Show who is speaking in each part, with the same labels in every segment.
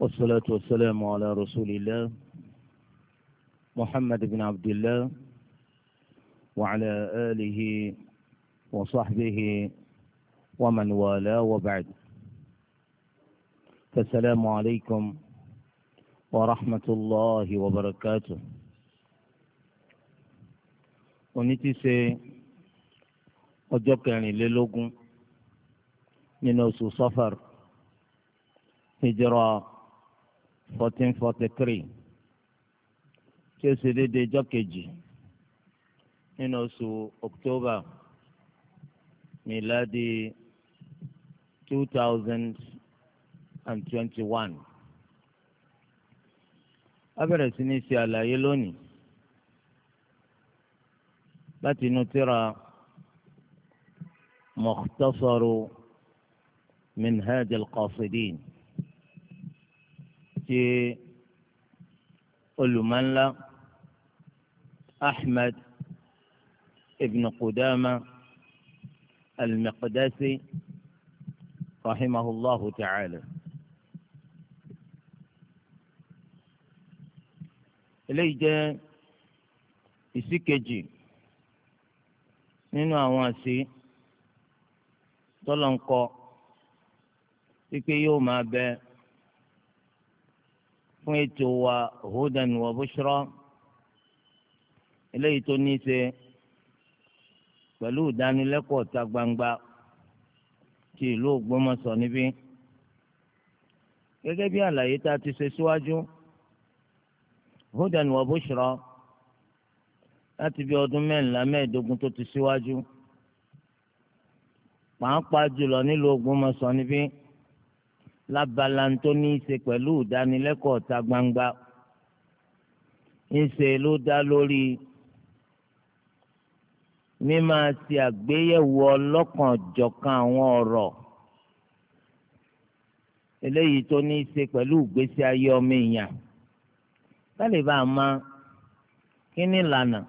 Speaker 1: والصلاة والسلام على رسول الله محمد بن عبد الله وعلى آله وصحبه ومن والاه وبعد فالسلام عليكم ورحمة الله وبركاته سي وجوكاني للوغن من أسو صفر هجرة fourteen forty three tí ó ṣe déédéé ọjọ́ kejì nínú oṣù october miladi two thousand and twenty one a sí ní ṣe àlàyé lónìí láti inú tírà mukhtasaru minhaj al-qasidin ti olùmọ̀ńlá Ahmad ibn Qudama al-Maqdisi rahimahullahu ta'ala. eléyìí jẹ́ ìsíkejì nínú àwọn àṣì tọ́lọ̀ ń kọ́ wípé yóò máa bẹ́ẹ̀ fún ètò wa hudan wa bushra eléyìí tó ní í ṣe pẹ̀lú ìdánilẹ́kọ̀ọ́ ta gbangba ti ìlú Ògbómọ̀ṣọ́ níbí gẹ́gẹ́ bí àlàyé tá a ti ṣe síwájú hudan wa bushra láti bí ọdún mẹ́rìnlá mẹ́ẹ̀ẹ́dógún tó ti síwájú pàápàá jùlọ nílùú Ògbómọ̀ṣọ́ níbí lábala tó ní í ṣe pẹ̀lú ìdánilẹ́kọ̀ọ́ ta gbangba ńṣe ló dá lórí mímá ṣe àgbéyẹ̀wò ọlọ́kanòjọ̀kan àwọn ọ̀rọ̀ eléyìí tó ní í ṣe pẹ̀lú ìgbésí ayé ọmọ èèyàn tálẹ̀ bá a ma kí ni ìlànà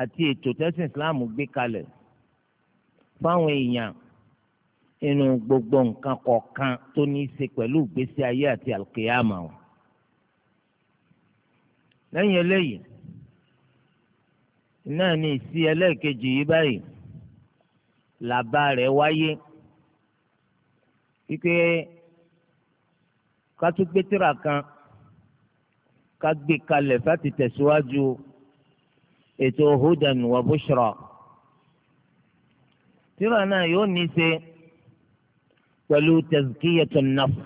Speaker 1: àti ètò tẹ́sán Islam gbé kalẹ̀ fáwọn èèyàn inú gbogbo nǹkan kọ̀ọ̀kan tó ní í ṣe pẹ̀lú ìgbésí ayé àti àlùkìyàmà wọn. lẹ́yìn eléyìí náà ní ìsí ẹlẹ́ẹ̀kejì yìí báyìí làbá rẹ̀ wáyé wípé ká tún gbé tírà kan ká gbé kalẹ̀ fáti tẹ̀síwájú ètò hudan wa bushra tírà náà yóò ní í ṣe pẹ̀lú tazkiyatun nafs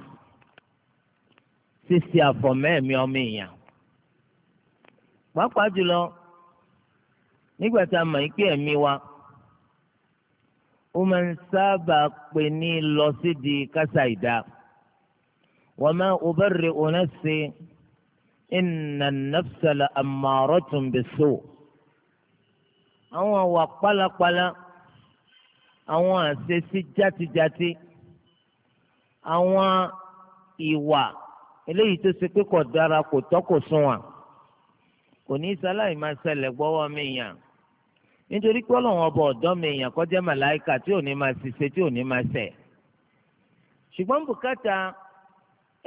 Speaker 1: ṣíṣe àfọ̀mẹ́ẹ̀mí ọmọ èèyàn. pàápàá jùlọ nígbà tá a mọ̀ pé ẹ̀mí wa ó máa ń sábà pè ní lọ sídìí kásá ìdá wa ma ubarri'u nafsi inna an-nafsa la'ammaratun bis-su'. àwọn àwà pálapàla àwọn àṣeṣí játijáti. Jati àwọn ìwà eléyìí tó ṣe pé kò dára kò tọ́ kò sunwọ̀n kò ní sáláì máa ṣẹlẹ̀ gbọ́wọ́ mi yàn nítorí pé ọlọ́run ọba ọ̀dọ́ mi yàn kọjá màláìka tí ò ní máa ṣiṣẹ́ tí ò ní máa ṣẹ̀ ṣùgbọ́n bùkátà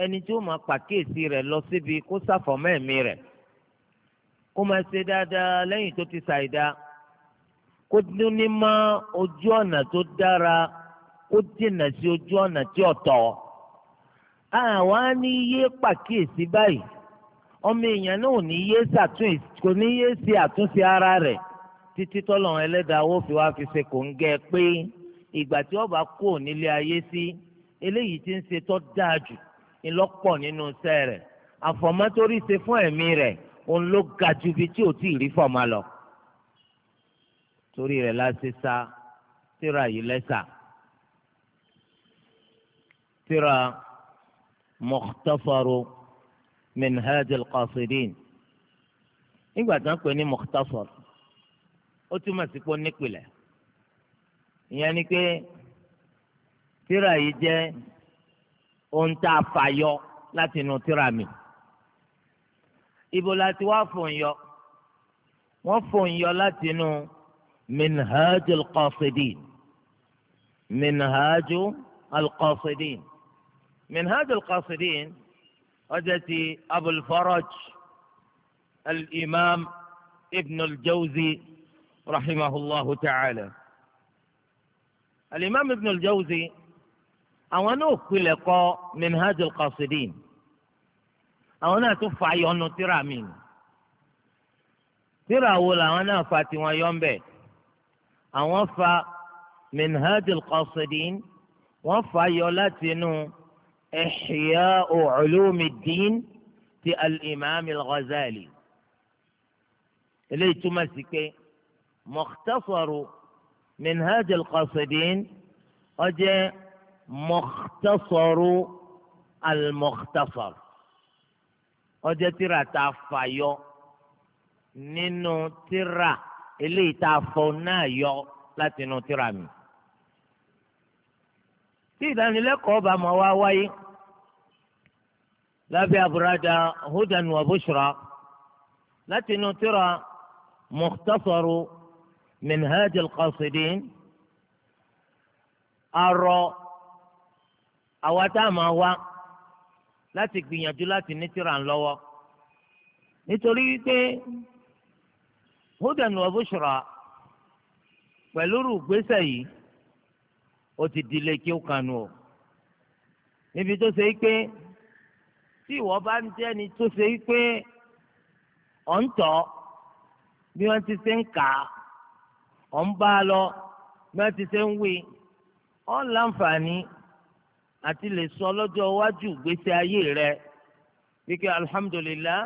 Speaker 1: ẹni tí ó máa pàkíyèsí rẹ̀ lọ síbi kó ṣàfọ̀mọ́ ẹ̀mí rẹ̀ kó máa ṣe dáadáa lẹ́yìn tó ti ṣàìdá kó ní mọ́ ojú ọ̀nà tó dára kó dènà sí ojú ọ̀nà tí ọ̀tọ̀ àwa ní yé pàkíyèsí báyìí ọmọ èèyàn náà ò ní yé ṣàtúnṣe kò ní yé ṣe àtúnṣe ara rẹ̀ títí tọ́lọ́run ẹlẹ́dàá ó fi wá fi ṣe kò ń gẹ pé ìgbà tí ọba kú nílé ayé sí eléyìí ti ń ṣe tó dáa jù ńlọ́pọ̀ nínú iṣẹ́ rẹ̀ àfọ̀mọ́tórí ṣe fún ẹ̀mí rẹ̀ òun ló ga ju ibi tí ò tí ì rí fọ̀mà lọ. torí rẹ̀ la ṣe sa yìí lẹ́sà. ترى مختصر منهاج القاصدين nígbà tí wọn pè ní mukhtasar ó túmọ̀ sí pé ó nípìlẹ̀ ìyẹn ni pé tíra yìí jẹ́ ohun tá a fàyọ láti inú tíra mi ibo láti wá fòun yọ wọ́n fòun yọ láti inú minhajul qasidin minhajul qasidin من هذا القاصدين وجدت أبو الفرج الإمام ابن الجوزي رحمه الله تعالى الإمام ابن الجوزي أونوه كل قاء من هذا القاصدين أونا تفع يونو ترى مين ترى أولا أونا فاتي ويوم بي أونا من هذا القاصدين وفع يولاتي نوه إحياء علوم الدين ti al-imam al-ghazali eléyìí túmọ̀ sí pé mukhtasaru minhaj al-qasidin ó jẹ́ mukhtasaru al-mukhtasar ó jẹ́ tírà tá a fàyọ nínú tírà eléyìí tá a fọ náà yọ látinú tírà mi tí ìdánilẹ́kọ̀ọ́ bá máa wá wáyé lábẹ́ àbúradà hudan wa bushra láti inú tíra mukhtasaru minhaj al-qasidin arọ àwa tá a máa wá láti gbìyànjú láti ní tíra lọ́wọ́ nítorí wípé hudan wa pẹ̀lú rúgbésẹ̀ yìí ó ti di ilé kí ó kanu o níbi tó ṣe pé tí ìwọ bá ń jẹ́ni tó ṣe pé ọ̀ ń tọ́ bí wọ́n ti ṣe ń kà á ọ̀ ń bá a lọ bí wọ́n ti ṣe ń wí ọ̀ ń láǹfààní àti lè sọ lọ́jọ́ iwájú ìgbésí ayé rẹ wíkẹ́ alhamdulillah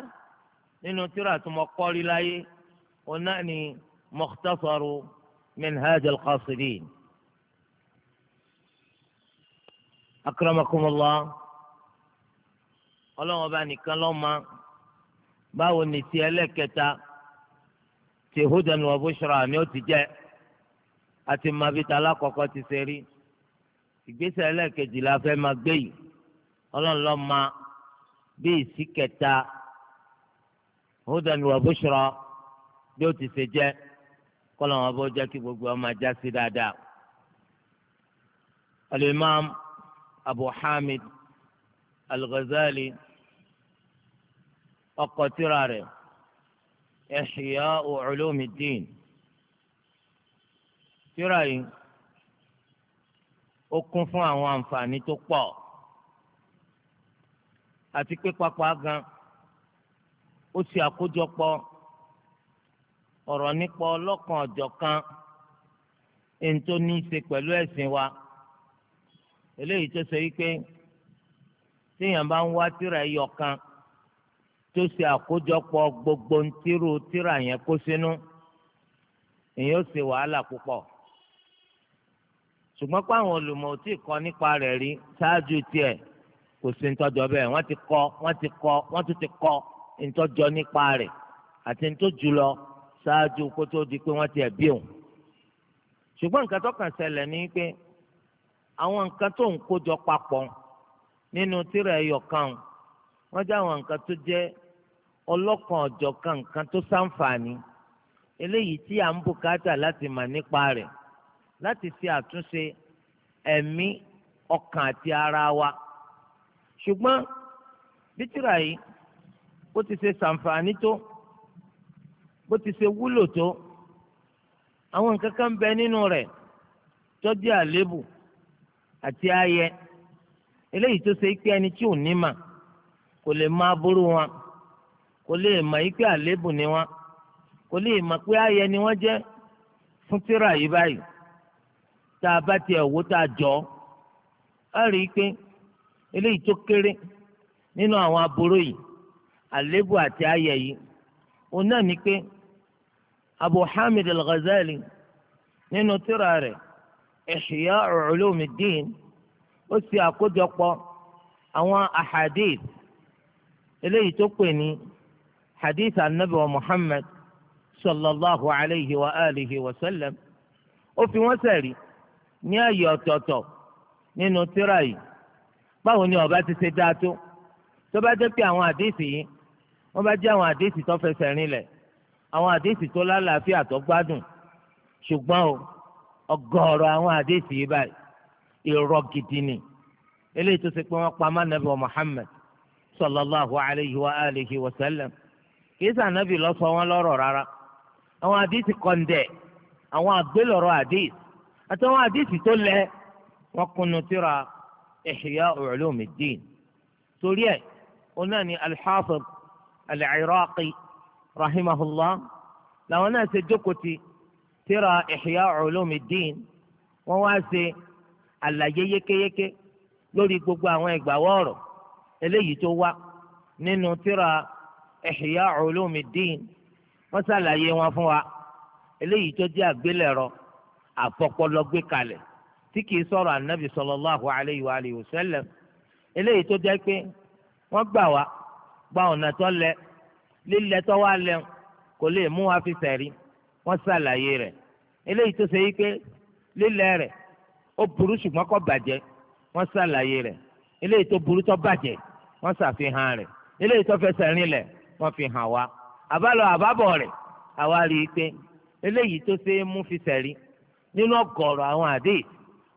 Speaker 1: nínú tíra tí mo kọ́rí láyé ọ̀nà ni mukhtasaru min hajj al akramakumullah ọlọ́wọ́n bá nìkan lọ́mọ báwo ni ti ẹlẹ́kẹta ti hudan wa bushra ni ó ti jẹ́ àti mabita alákọ̀ọ́kọ́ ti ṣe rí ìgbésẹ̀ ẹlẹ́kejì la fẹ́ máa gbé yìí ọlọ́run ló mọ̀ bí ìsí kẹta hudan wa bushra bí ó ti ṣe jẹ́ kọ́lọ́wọ́n bó jẹ́ kí gbogbo ọmọ ajá sí dáadáa. al abu hamid al-ghazali ọkọ tírà rẹ̀ ihya'u ulumiddin tírà yìí ó kún fún àwọn àǹfààní tó pọ̀ àti pé pápá gan ó ṣe àkójọpọ̀ ọ̀rọ̀ nípa ọlọ́kan ọ̀jọ̀kan ẹni tó ní í ṣe pẹ̀lú ẹ̀sìn wa eléyìí tó ṣe wípé téèyàn bá ń wá tírà ẹyọ kan tó ṣe àkójọpọ̀ gbogbo ntírú tírà yẹn kó sínú èyàn ó ṣe wàhálà púpọ̀ ṣùgbọ́n pé àwọn olùmọ̀ ò tí ì kọ́ nípa rẹ̀ rí ṣáájú tiẹ̀ kò sí ntọ́jọ́ bẹ́ẹ̀ wọ́n ti kọ́ wọ́n ti kọ́ wọ́n tún ti kọ́ ntọ́jọ́ nípa rẹ̀ àti ntójú lọ ṣáájú kó tó di pé wọ́n ti ẹ̀ bí òun ṣùgbọ́n nǹkan tó kàn ṣẹlẹ̀ ni pé àwọn nǹkan tó ń kójọ papọ̀ nínú tírà ẹyọ kan wọ́n jẹ́ àwọn nǹkan tó jẹ́ ọlọ́kan ọ̀jọ̀kan nǹkan tó ṣàǹfààní eléyìí tí à ń bùkátà láti mà nípa rẹ̀ láti ṣe àtúnṣe ẹ̀mí ọkàn àti ara wa ṣùgbọ́n bí tírà yìí bó ti ṣe ṣàǹfààní tó bó ti ṣe wúlò tó àwọn nǹkan kan bẹ nínú rẹ̀ tó jẹ́ àti ayẹ eléyìí tó ṣe pé ẹni tí ò ní mà kò lè má aburú wọn kò lè mọ ipe àléébù ni wọn kò lè mọ pé ayẹ ni wọn jẹ fún tíra yìí báyìí tá a bá tiẹ̀ wò tá a jọ á rí i pé eléyìí tó kéré nínú àwọn aburú yìí àti ayẹ yìí òun náà ni Abu Hamid al-Ghazali nínú tíra rẹ̀ Ihya Ulumuddin ó ṣe àkójọpọ̀ àwọn ahadith eléyìí tó pè ní hadith anabi wa Muhammad sallallahu alayhi wa alihi wa sallam ó fi wọ́n sẹ̀rí ní ààyè ọ̀tọ̀ọ̀tọ̀ nínú tírà yìí báwo ni ọba ti ṣe dáa tó tó bá jẹ́ pé àwọn àdéhìsì yìí wọ́n bá jẹ́ àwọn àdéhìsì tó fẹsẹ̀ rinlẹ̀ àwọn àdéhìsì tó lálàáfíà tó gbádùn ṣùgbọ́n o ọgọ́rọ̀ àwọn àdéhìí yìí báyìí irọ́ gidi ni eléyìí tó ṣe pé wọ́n pa mánàbí wa Muhammad sallallahu alayhi wa alihi wa sallam kì í sànàbí lọ sọ wọn lọ́rọ̀ rárá àwọn àdéhìí kọ̀ǹdẹ̀ àwọn àgbélọ̀rọ̀ àdéhìí àtàwọn àdéhìí tó lẹ wọn kunu tíra Ihya Ulumiddin torí ẹ̀ òun náà ni al-Hafiz iraqi rahimahullah làwọn náà ṣe jókòó ti tíra Ihya Ulumuddin wọ́n wá ṣe àlàyé yékéyéké lórí gbogbo àwọn ìgbàwọ́ ọ̀rọ̀ eléyìí tó wá nínú tíra Ihya Ulumuddin wọ́n ṣàlàyé wọn fún wa eléyìí tó jẹ́ àgbélẹ̀rọ àfọpọlọgbé kalẹ̀ tí kìí sọ̀rọ̀ ànábì sallallahu alayhi wa alihi wa sallam eléyìí tó jẹ́ pé wọ́n gbà wá gba ọ̀nà tó lẹ lílẹ̀ tó wá lẹ kò lè mú wa fi sẹ̀rí wọ́n ṣàlàyé rẹ̀ eléyìí tó ṣe yí pé lílẹ̀ rẹ̀ ó burú ṣùgbọ́n kò bàjẹ́ wọ́n ṣàlàyé rẹ̀ eléyìí tó burú tó bàjẹ́ wọ́n ṣàfihàn rẹ̀ eléyìí tó fẹsẹ̀ rinlẹ̀ wọ́n fi hàn wá àbálọ àbábọ̀ rẹ̀ àwa rí i pé eléyìí tó ṣe é mú fi sẹ̀rí nínú ọ̀gọ̀rọ̀ àwọn àdéhì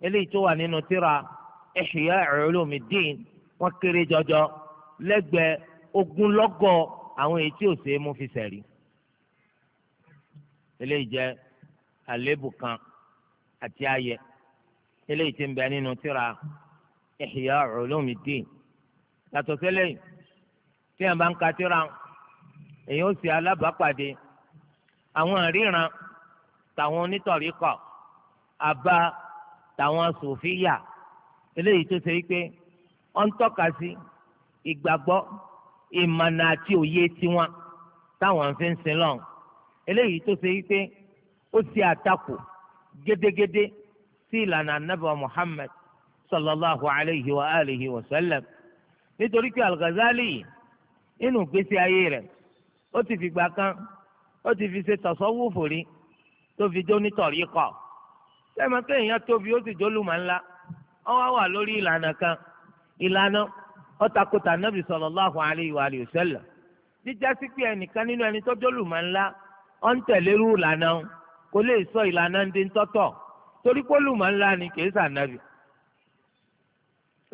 Speaker 1: eléyìí tó wà nínú tíra Ihya Ulumuddin wọ́n kéré jọjọ lẹ́gbẹ̀ẹ́ ogunlọ́gọ̀ àwọn èyí tí ò ṣe é mú fi sẹ̀rí. eléyìí jẹ́ àléébù kan àti ayẹ eléyìí tí ń bẹ nínú tírà Ihya Ulumuddin yàtọ̀ sẹ́lẹ̀ tí a bá ń ka tírà èyí ó sì alábàápàdé àwọn àríran tàwọn onítọ̀ríkọ̀ àbá tàwọn sòfíyà eléyìí tó ṣe wípé ó ń tọ́ka sí ìgbàgbọ́ ìmọ̀nà àti òye tiwọn táwọn fi ń sin lọ́hùn eléyìí tó ṣe wípé ó ti àtakò gédégédé sí ìlànà anábà Muhammad sallallahu alayhi wa alihi wa sallam nítorí pé al-Ghazali yìí nínú ìgbésí ayé rẹ̀ ó ti fìgbà kan ó ti fi ṣe tasawufu rí tó fi jó nítorí kọ́ sẹ́mi kéèyàn tóbi ó sì jólùmọ̀ ńlá ó wá wà lórí ìlànà kan ìlànà ó takò sallallahu alayhi wa sallam jíjásí pé ẹnìkan nínú ẹni tó jólùmọ̀ ńlá ọ̀ ń tẹ̀lé irú ìlànà o kò lè sọ ìlànà ń di tọ́tọ̀ torí pé olùmọ̀ ńlá ni kì í sànàbì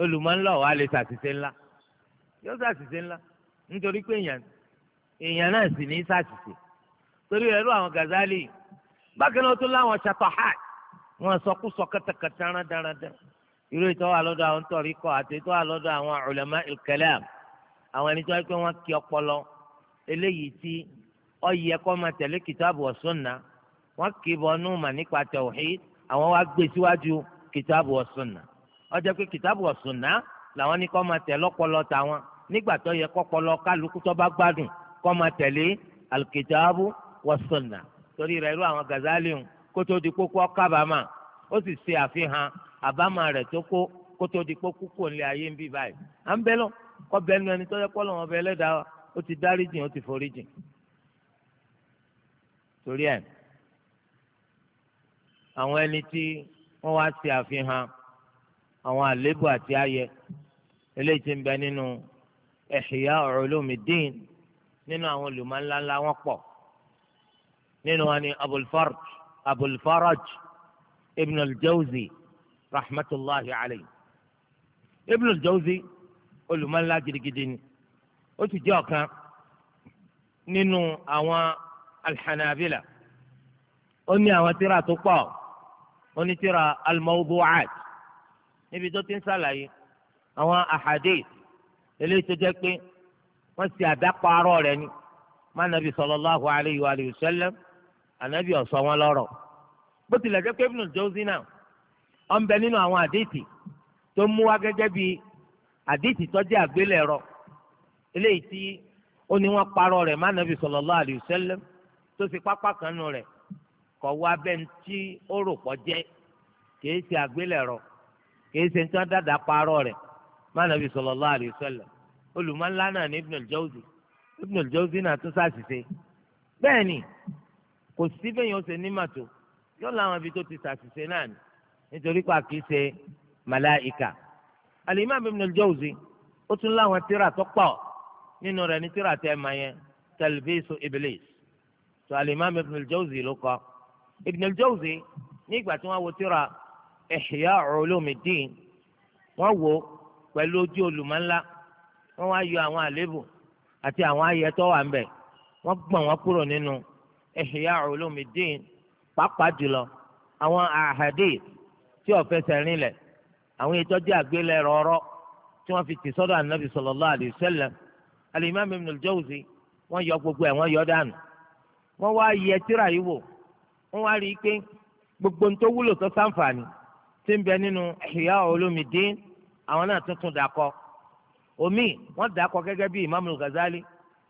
Speaker 1: olùmọ̀ ńlá wà lè ṣàṣìṣe ńlá yóò ṣàṣìṣe ńlá nítorí pé èèyàn èèyàn náà sì ní ṣàṣìṣe torí ẹ̀rú àwọn Gazali bákan náà tó láwọn ṣàtọ̀hát wọn sọkúsọ kẹtẹkẹtẹ rán dáradára irú ìtọ́ wà lọ́dọ̀ àwọn tọ̀rí kọ àti ìtọ́ wà lọ́dọ̀ àwọn ulama al-kalam àwọn ẹni tó wáyé pé wọ́n kí ọpọlọ eléyìí tí ọyẹ kọ́ máa tẹ̀lé kìtàbù wa sunna wọ́n kì í bọ́nú mà nípa tawhid àwọn wa gbé síwájú kìtàbù wa sunna ó jẹ́ pé kìtàbù wa sunna làwọn ní kọ́ máa tẹ̀ lọ́pọlọ tàwọn nígbà tó yẹ kọ́pọlọ kálukú tó bá gbádùn kọ́ máa tẹ̀lé alkìtàbù wa sunna torí rẹ̀ irú àwọn Gazali ń kótó di kókó kábàámà ó sì ṣe àfihàn àbámà rẹ̀ tó kó kótó di kókó kò ní ayé ń bí báyìí à ń bẹ́ lọ kọ́ bẹ́ẹ̀ ẹni tó yẹ kọ́ lọ́wọ́ bẹ́ẹ̀ lẹ́dàá ó ti dáríjìn ó ti foríjìn torí ẹ̀ àwọn ẹni tí wọ́n wá ṣe àfihàn àwọn àléébù àti ayẹ eléyìí tí ń bẹ nínú Ihya Ulumuddin nínú àwọn olùmọ̀ ńláńlá wọn pọ̀ nínú wọn ni Abul Faraj Abul Faraj Ibn al-Jawzi rahmatulahi alayhi Ibn al-Jawzi olùmọ̀ ńlá gidigidi ni ó sì jẹ́ ọ̀kan nínú àwọn alḥanabila ó ní àwọn tíra tó pọ̀ ó ní tíra almawdu'at níbi tó ti ń sàlàyé àwọn ahadith eléyìí tó jẹ́ pé wọ́n ti àdáparọ́ rẹ̀ ni má nàbì sallallahu alayhi wa sallam ànábì ọ̀sọ́ wọn lọ́rọ̀ bó tilẹ̀ jẹ́ pé Ibn Jawzi náà ó ń bẹ nínú àwọn àdéhìtì tó mú wá gẹ́gẹ́ bí àdéhìtì tó jẹ́ àgbélẹ̀rọ eléyìí tí ó ní wọ́n parọ́ rẹ̀ má nàbì sallallahu alayhi wa sallam tó fi pápá kan nù rẹ kọ̀ wá bẹ́ẹ̀ tí ó rò pọ̀ jẹ́ kìí ṣe àgbélẹ̀rọ kìí ṣe tí wọ́n dáadáa parọ́ mánàbí náà ní bẹ́ẹ̀ ni kò sí bẹ́yìn ọ̀sẹ̀ nímàtó yóò láwọn ibi tó ti náà ni nítorí pé àkìí ṣe màláìka al-Imam Ibn ó tún láwọn tíra tó pọ̀ nínú rẹ̀ ní tíra tẹ́ ẹ̀ máa yẹn Talbisu Iblis tó alimami ibn al-jawzi ló kọ ibn al-jawzi ní ìgbà tí wọ́n wo tírà ihya ulumuddin wọ́n wò pẹ̀lú ojú olùmọ̀ ńlá wọ́n wá yọ àwọn àlébù àti àwọn ayẹtọ́ wà ń bẹ̀ wọ́n gbọ̀n wọ́n kúrò nínú ihya ulumuddin pàápàá jùlọ àwọn ahadith tí ó fẹsẹ̀ rinlẹ̀ àwọn ìtọ́jú àgbélẹ̀ rọ̀ọ̀rọ̀ tí wọ́n fi tì ànábì sallallahu alaihi wasallam ibn jawzi wọ́n yọ gbogbo ẹ̀ wọ́n yọ dànù wọ́n wá yẹ tíra yìí wò wọ́n wá rí i pé gbogbo ń tó wúlò tó sáǹfààní tí ń bẹ nínú Ihya Ulumuddin àwọn náà tuntun dàkọ omi wọ́n dàkọ gẹ́gẹ́ bí Imamul Ghazali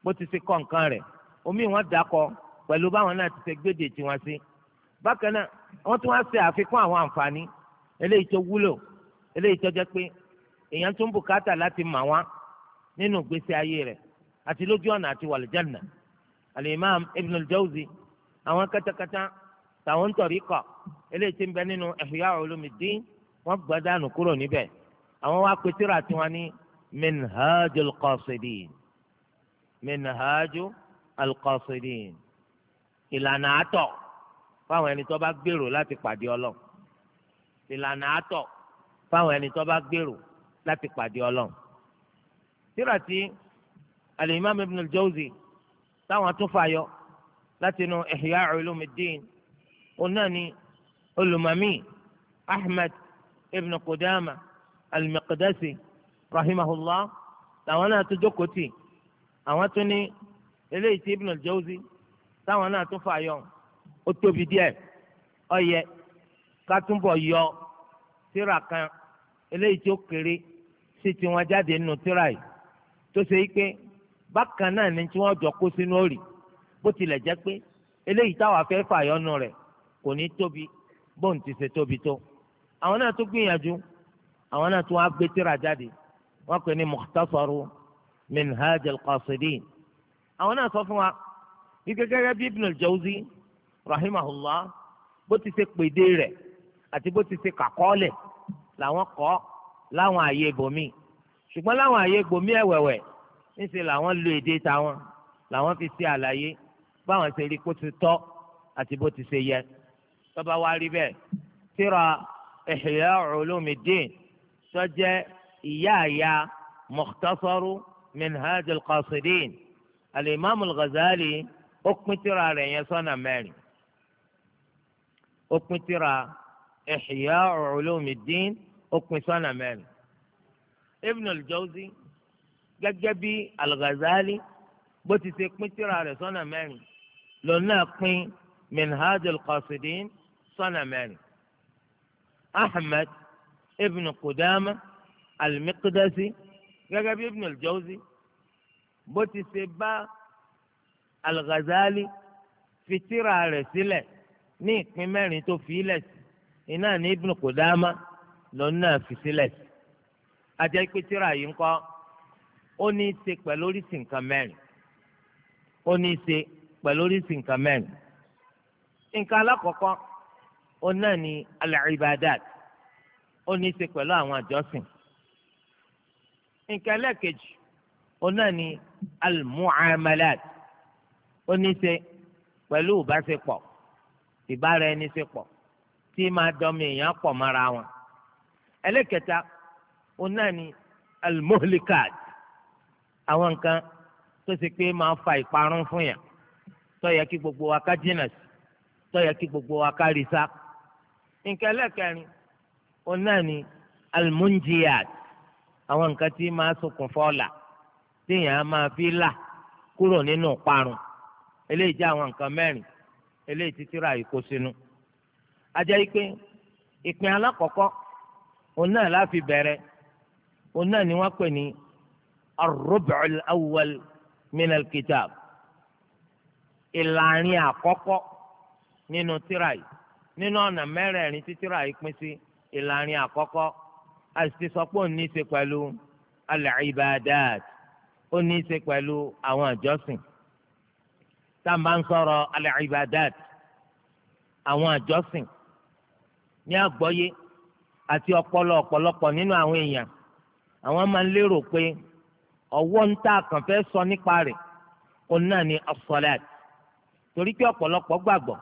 Speaker 1: bó ti ṣe kọ nǹkan rẹ̀ omi wọ́n dàkọ pẹ̀lú báwọn náà ti ṣe gbédè tiwọn sí bákan náà wọ́n tún wá ṣe àfikún àwọn àǹfààní eléyìí tó wúlò eléyìí tó jẹ́ pé èèyàn tún bùkátà láti mà wá nínú ìgbésí ayé rẹ̀ àti lójú ọ̀nà àti wàlùjánnà alimam ibn al-jawzi àwọn katakata tàwọn tọ̀ríkọ̀ eléyìí tí ń bẹ nínú ihya ulumuddin wọ́n gbọ́dánù kúrò níbẹ̀ àwọn wá pẹ̀tìrà tiwọn ní minhajul qasidin minhajul qasidin ìlànà àtọ̀ fáwọn ẹni tó bá gbèrò láti pàdé ọlọ́run ìlànà àtọ̀ fáwọn ẹni tó bá gbèrò láti pàdé ọlọ́run tírà alimami ibn al táwọn tún fàyọ láti inú Ihya Ulumuddin onáni olùmọ̀mí Ahmad ibn Qudama al-Miqdasi rahimahullah làwọn náà tún jókòó tì àwọn tún ní eléyìí tí ibn al-Jawzi táwọn náà tún fàyọ ó tóbi díẹ̀ ó yẹ yọ tírà kan eléyìí tí kéré sí tiwọn jáde nínú tírà yìí tó ṣe é pé bákan náà ni tí wọ́n jọ kó sínú òrì bó tilẹ̀ jẹ́ pé eléyìí táwa fẹ́ fàyọnu rẹ̀ kò ní tóbi bóun ti ṣe tóbi tó àwọn náà tó gbìyànjú àwọn náà tó wá gbé tíra jáde wọ́n pè ní mukhtasaru minhaj al àwọn náà sọ fún wa bí gẹ́gẹ́ bí ibn al rahimahullah bó ti ṣe pèdè rẹ̀ àti bó ti ṣe kàkọ́ọ̀lẹ̀ làwọn kọ́ láwọn àyè ibòmíì ṣùgbọ́n láwọn àyè ibòmíì ẹ̀wẹ̀wẹ̀ níṣẹ́ làwọn lo èdè táwọn làwọn fi ṣe àlàyé báwọn ṣe rí kó ti tọ́ àti bó ti ṣe yẹ tọ́ba wa rí bẹ́ẹ̀ tíra Ihya Ulumuddin tó jẹ́ ìyá àyà Mukhtasaru Minhaj qasidin al-Imam ó pín tíra rẹ̀ yẹn sọ́nà mẹ́rin ó pín tíra Ihya Ulumuddin ó pín sọ́nà mẹ́rin Ibn al-Jawzi. gẹ́gẹ́ alugazali bó ti ṣe pín tírà rẹ̀ sọ́nà mẹ́rin lòun náà pín Minhaj al-Qasidin sọ́nà mẹ́rin ahmed ibn kudama al-Miqdasi gẹ́gẹ́ bí ibn al-Jawzi bó ti ṣe alugazali fi tírà rẹ̀ sílẹ̀ ní ìpín mẹ́rin tó fi ilẹ̀ sí iná ní ibn kudama lòun náà fi sílẹ̀ sí àti ẹgbẹ́ tírà yìí ń kọ́. ó ní í ṣe pẹ̀lú oríṣi nǹkan mẹ́rin ó ní í ṣe pẹ̀lú oríṣi nǹkan mẹ́rin nǹkan alákọ̀ọ́kọ́ ó náà ní al-ibadat ó ní í ṣe pẹ̀lú àwọn àjọsìn nǹkan ẹlẹ́ẹ̀kejì ó náà ní al ó ní í ṣe pẹ̀lú ìbáṣepọ̀ ìbára ẹni ṣe pọ̀ tí máa dọ́mi èèyàn pọ̀ mọ́ra wọn ẹlẹ́ẹ̀kẹta ó náà ní al àwọn nǹkan tó ṣe pé máa fa ìparun fún yàn kí gbogbo wa ká jìnà kí gbogbo wa ká rí nǹkan ẹlẹ́kẹrin òun náà ni almunjiyat àwọn nǹkan tí máa ṣokùnfà ọ̀la máa fi là kúrò nínú parun eléyìí jẹ́ àwọn nǹkan mẹ́rin eléyìí títí ra ìkó sínú. pé ìpín alákọ̀ọ́kọ́ òun náà láfi bẹ̀rẹ̀ òun náà ni wọ́n pè الربع الأول من الكتاب ìlànà àkọ́kọ́ nínú tírà yìí nínú ọ̀nà mẹ́rẹ̀ẹ̀rin tí tírà yìí pín sí ìlànà àkọ́kọ́ àti sọpọ́ ó ní í ṣe pẹ̀lú al-ibadat ó ní í ṣe pẹ̀lú àwọn àjọsìn tá a ibadat àwọn àjọsìn ní àgbọ́yé àti ọpọlọ ọ̀pọ̀lọpọ̀ nínú àwọn èèyàn àwọn máa ń lérò ọwọ́ ń tà kàn fẹ́ sọ nípa rẹ̀ òun náà ni as-salat torí pé ọ̀pọ̀lọpọ̀ gbàgbọ́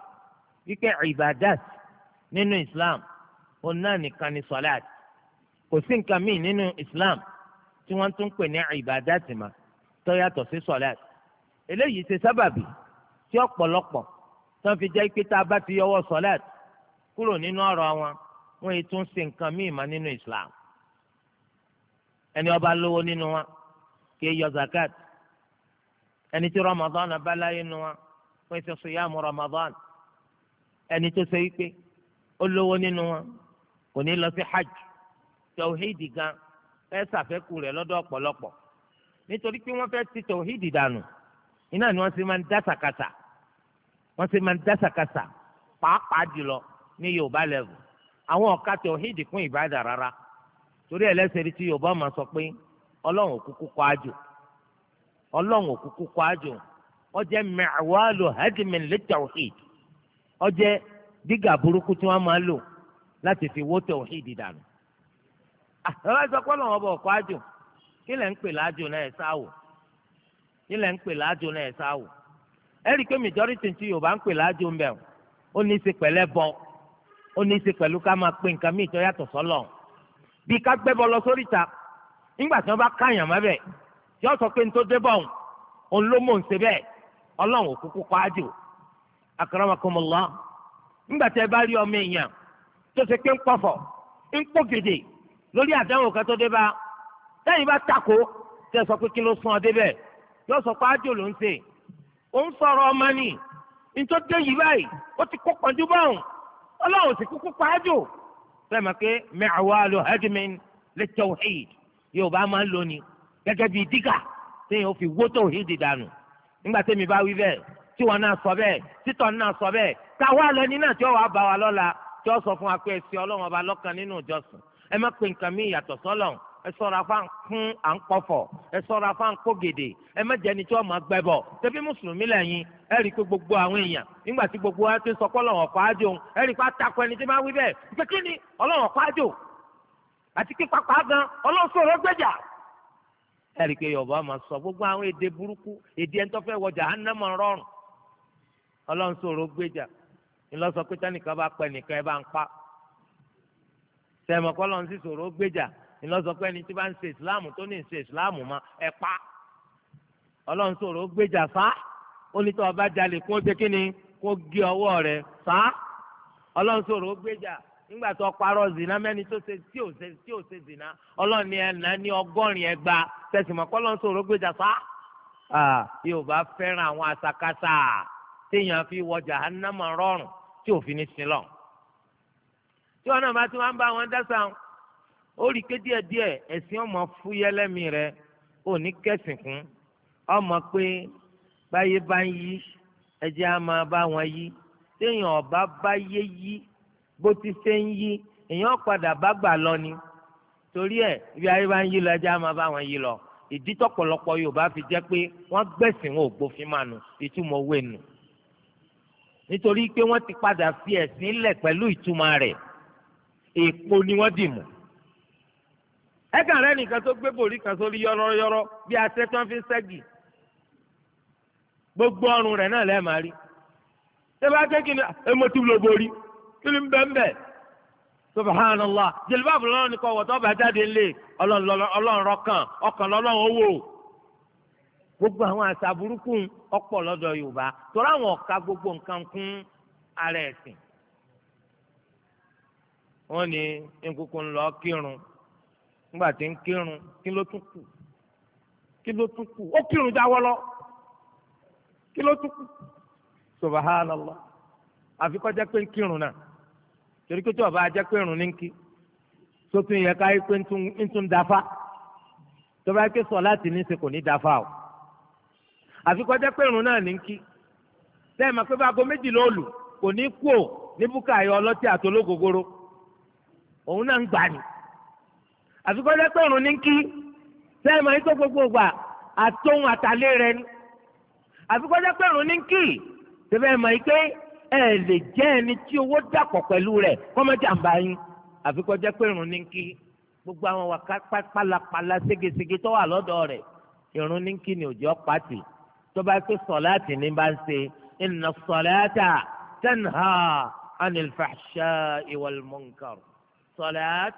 Speaker 1: wípé ibadat nínú islam òun náà nìkan ni salat kò sí nǹkan míì nínú islam tí wọ́n tún pè ní ibadat mà tó yàtọ̀ sí salat eléyìí ṣe sábàbí tí ọ̀pọ̀lọpọ̀ tó ń fi jẹ́ pé tá a bá ti yọwọ́ salat kúrò nínú ọ̀rọ̀ wọn wọ́n yìí tún ṣe nǹkan míì mà nínú islam ẹni ó lówó nínú wọn kì í yọ zakat ẹni tí Ramadan bá láyé nu wa wọ́n ti sùyàmù Ramadan ẹni tó ṣe wípé ó lówó nínú wa kò ní lọ sí hajj tòhídì gan ẹ ṣàfẹ́kù rẹ̀ lọ́dọ̀ ọ̀pọ̀lọpọ̀ nítorí pé wọ́n fẹ́ ti tòhídì dànù iná ni wọ́n sì máa ń dá sàkàsà wọ́n sì máa ń dá pàápàá jùlọ ní yorùbá lẹ́vù àwọn ọ̀ka tòhídì kún ìbádà rárá torí ẹlẹ́sẹ̀ rí tí yorùbá máa sọ pé ọlọ́run òkúkú kọ́ àjò ọlọ́run òkúkú kọ́ àjò ọjẹ́ mẹ́wàálù diga litawhid ọjẹ́ dígà burúkú tí wọ́n máa lò láti fi wó tawhid dànù. àtàlà ah, sọ pé ọlọ́run ọba ọ̀kọ́ àjò kí lẹ́ ń pè láàjò náà ẹ̀ sáwò kí lẹ́ ń pè láàjò náà ẹ̀ sáwò ẹ rí i pé majority ti Yorùbá ń pè láàjò ń bẹ̀ nígbà tí wọ́n bá káyàn mọ́ bẹ́ẹ̀ yóò sọ pé nítorí débọ̀ òun ló mò ń ṣe bẹ́ẹ̀ ọlọ́run ò kúkú pa á jù akaramakumullah nígbà tí ẹ bá rí ọmọ èèyàn tó ṣe pé ń pọ̀fọ̀ ń pò gèdè lórí àdánwò kan tó dé bá lẹ́yìn bá takò tẹ sọ pé kí ló sún ọ débẹ̀ yóò sọ pé ájò ló ń ṣe ó ń ọmọ nì nítorí dé yìí báyìí ó ti kó pọ̀jú báwọn ọlọ́run sì kúkú pa mọ̀ pé mẹ́àwá lo yorùbá máa ń lò ní gẹ́gẹ́ bíi dígà téèyàn ó fi wó tòhídì dànù nígbà tẹ́mi bá wí bẹ́ẹ̀ tí wọn náà sọ bẹ́ẹ̀ títọ̀ náà sọ bẹ́ẹ̀ táwa lẹni náà tí ó wàá bá wa lọ́la tí ó sọ fún wa pé ẹsẹ̀ ọlọ́run ọba lọ́kàn nínú ìjọsìn ẹ má pe nǹkan mí ìyàtọ̀ sọ́lọ́run ẹ sọ̀rọ̀ afá ń à ń pọ̀fọ̀ ẹ sọ̀rọ̀ afá ń kó gèdè ẹ má jẹ́ni tí wọ́n máa gbẹ bọ̀ tẹ́bí mùsùlùmí lẹ́yìn ẹ rí i pé gbogbo àwọn èèyàn nígbà tí gbogbo wa ti sọ pé ọlọ́run ọ̀pá àjò ẹ rí i pé atakọ ẹni tí máa wí bẹ́ẹ̀ pé kí ni ọlọ́run ọ̀pá àjò àti kí pápá gan ọlọ́sọ̀rọ̀ gbẹ́jà ẹ̀rí pé yorùbá máa sọ gbogbo àwọn èdè burúkú èdè ẹni tó fẹ́ wọ jahannama rọrùn ọlọ́sọ̀rọ̀ gbẹ́jà ńlọsọ pé tẹ́nìkan bá pẹ́ nìkan ẹ bá ń pa sẹ́mọ̀kọ́ lọ́n sì sọ̀rọ̀ gbẹ́jà ńlọsọ pé ẹni tí bá ń ṣe ìsìláàmù tó ní ṣe ìsìláàmù ma ẹ pa ọlọ́sọ̀rọ̀ gbẹ́jà fa onítọ̀ ọba jalè kó o ṣe kíni kó o gé ọwọ́ rẹ̀ fa ọlọ́sọ̀rọ̀ gbẹ́jà nígbà tó parọ́ zina mẹ́ni tó ṣe tí ò ṣe tí ò ṣe zina ọlọ́ọ̀ni ẹ̀nà ní ọgọ́rin ẹgba tẹ̀sìmọ̀ kọ́ lọ́n sọ̀rọ̀ gbèjà fa. yorùbá fẹ́ràn àwọn àṣàkáṣà téèyàn fi wọ jahannama rọrùn tí òfin ní sílọ̀. tí wọn náà bá ti wọn bá wọn dẹ́sà ó rí pé díẹ̀díẹ̀ ẹ̀sìn ọmọ fúyẹ́ lẹ́mìí rẹ ò ní kẹ́sìn kún ọmọ pé báyé bá ń yí ẹjẹ́ á máa bá wọn yí téèyàn ọba báyé yí bó ti ṣe ń yí èèyàn padà bá gbà lọ ni torí ẹ ibi ayé bá ń yí lọ ẹjẹ á máa bá wọn yí lọ ìdí tọ̀pọ̀lọpọ̀ Yorùbá fi jẹ́ pé wọ́n gbẹ̀sìn wọn ò gbófin máa nù ìtumọ̀ owó nù nítorí pé wọ́n ti padà fi ẹ̀sìn lẹ̀ pẹ̀lú ìtumọ̀ rẹ̀ èèpo ni wọ́n dì mú ẹ̀ka rẹ̀ nìkan tó gbé bòrí kan sórí yọ́rọ́yọ́rọ́ bí asẹ́ tí wọ́n fi ń ṣẹ́gi gbogbo ọrùn rẹ̀ náà lẹ́ẹ̀ máa rí ṣé bá jẹ́ kí ni ẹ mo ti lo kí ni bẹ́ẹ̀ subhanallah jìlbáàbù lọ́nà ní kọ́ wọ́tọ́ bá jáde ńlẹ̀ ọlọ́ọ̀rọ̀ kan ọkàn gbogbo àwọn àṣà burúkú ọ̀pọ̀ lọ́dọ̀ yorùbá àwọn ọka gbogbo nǹkan kún ara ẹ̀sìn wọ́n ní nkukú kírun nígbà tí ń kírun kí ló tún kù kí ló tún kù ó kírun torí pé tí ọba ajẹ́ pé irun ní kí sótún yẹ ká pé ń tún dáfá tọ́ba ké sọ láti ní ṣe kò ní dáfá o àfi kọjá pé irun náà ní kí sẹ́yìn máa pé bá aago méjì ló lù kò ní kú ò ní búkà ayọ̀ ọlọ́tí àtológogoro òun náà ń gbà ní àfi kọjá pé irun ní kí sẹ́yìn máa tó gbogbo gbà àtòhun àtàlẹ́ rẹ ni àfi kọjá pé irun ní kí sẹ́yìn máa pé ẹ lè jẹ́ ẹni tí owó dàpọ̀ pẹ̀lú rẹ̀ kọ́mọ́jàmbá yín àfi kó jẹ́ pé irun ní kí gbogbo àwọn wà pálapàla ségesège tó wà lọ́dọ̀ rẹ̀ irun ní kí ni òjò pàtì tó bá pé sọ̀láàtì ní bá ń ṣe inna sọ̀láàtà tanha anil fahsha'i wal munkar sọ̀láàt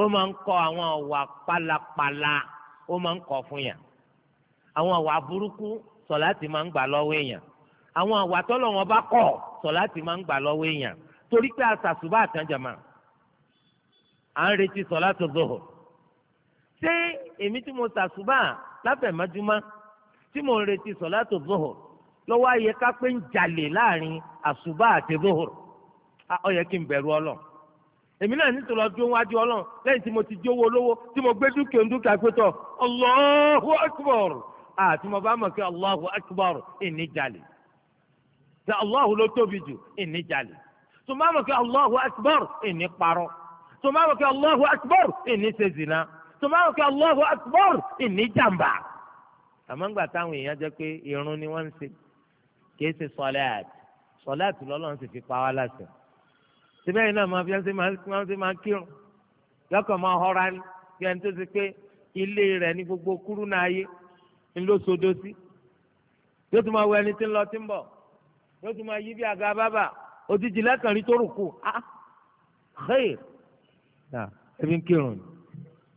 Speaker 1: ó máa ń kọ́ àwọn àwà pálapàla ó máa ń kọ́ fún yàn àwọn àwà burúkú sọ̀láàtì máa ń gbà lọ́wọ́ èèyàn àwọn àwa tọ́lọ̀ wọn bá kọ̀ sọ̀láàtì máa ń gbà lọ́wọ́ èèyàn torí pé àṣàṣùbà àtàjàmà à ń retí sọ̀láàtì zuhur ṣé èmi tí mo ṣàṣùbà láfẹ̀mọ́júmọ́ tí mo ń retí sọ̀láàtì zuhur lọ́wọ́ ayẹ ká pé ń jalè láàrin àṣùbà àti zuhur ó yẹ kí n bẹ̀rù Ọlọ́run èmi náà ní sọ̀rọ̀ dúró wájú ọlọ́run lẹ́yìn tí mo ti jówó olówó tí mo gbé dúkìá dúkìá pẹ́tọ̀ Allahu Akbar àti mo bá mọ̀ kí Allahu Akbar ìníjàlè pé Allahu ló tóbi jù ìní jalè tó máa mọ̀ pé Allahu akbar ìní parọ́ tó máa mọ̀ pé Allahu akbar ìní ṣe zina tó máa mọ̀ pé Allahu akbar ìní jàmbá. àmọ́ ńgbà táwọn èèyàn jẹ́ pé irun ni wọ́n ń ṣe kìí ṣe sọláàtì sọláàtì lọ́lọ́run sì fi pa wá láṣẹ. síbẹ̀ yìí náà máa fi ẹsẹ̀ máa ṣe máa kírun lọ́kàn máa họra ní bí ẹni tó ṣe pé ilé rẹ̀ ní gbogbo kúrú náà yé ńlọ́sọdọ́sí yóò tún máa wọ ẹni tí ń lọ tí ń bọ̀ yóò tún máa yí bí àga bábà òjijì lẹ́kànrí tó rùkù á xeyr nà ebi ń kírun ni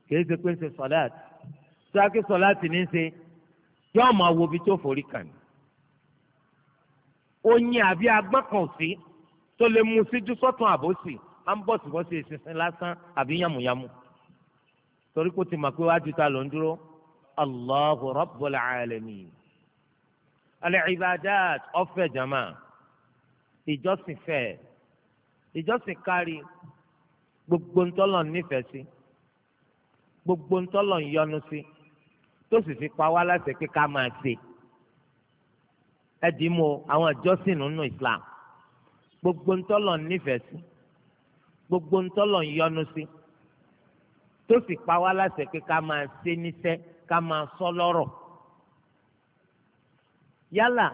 Speaker 1: kìí ṣe pé ń ṣe sọláàtì sáàkì sọláàtì ní í ṣe yóò máa wo ibi tó forí kàn ní. oyin àbí agbọ́n kan sí tó lè mu síjú sọ́tún àbòsí à ń bọ̀ síbọ̀ sí ìsinsin lásán àbí yàmùyàmù torí kó ti mọ̀ pé wájú ta ló ń dúró Allahu Rabbul Alamin al-ibadat ọ̀fẹ́ jama ìjọsìn fẹ́ ìjọsìn kárí gbogbo ntọ́lọ̀ nífẹ̀ẹ́ sí gbogbo ntọ́lọ̀ yọ́nú sí tó sì fi pa wá láṣẹ pé ká máa ṣe ẹ dì í mọ àwọn ìjọsìn nínú Islam gbogbo ntọ́lọ̀ nífẹ̀ẹ́ sí gbogbo ntọ́lọ̀ yọ́nú sí tó sì pa wá láṣẹ pé ká máa ṣe níṣẹ́ ká máa sọ lọ́rọ̀ yálà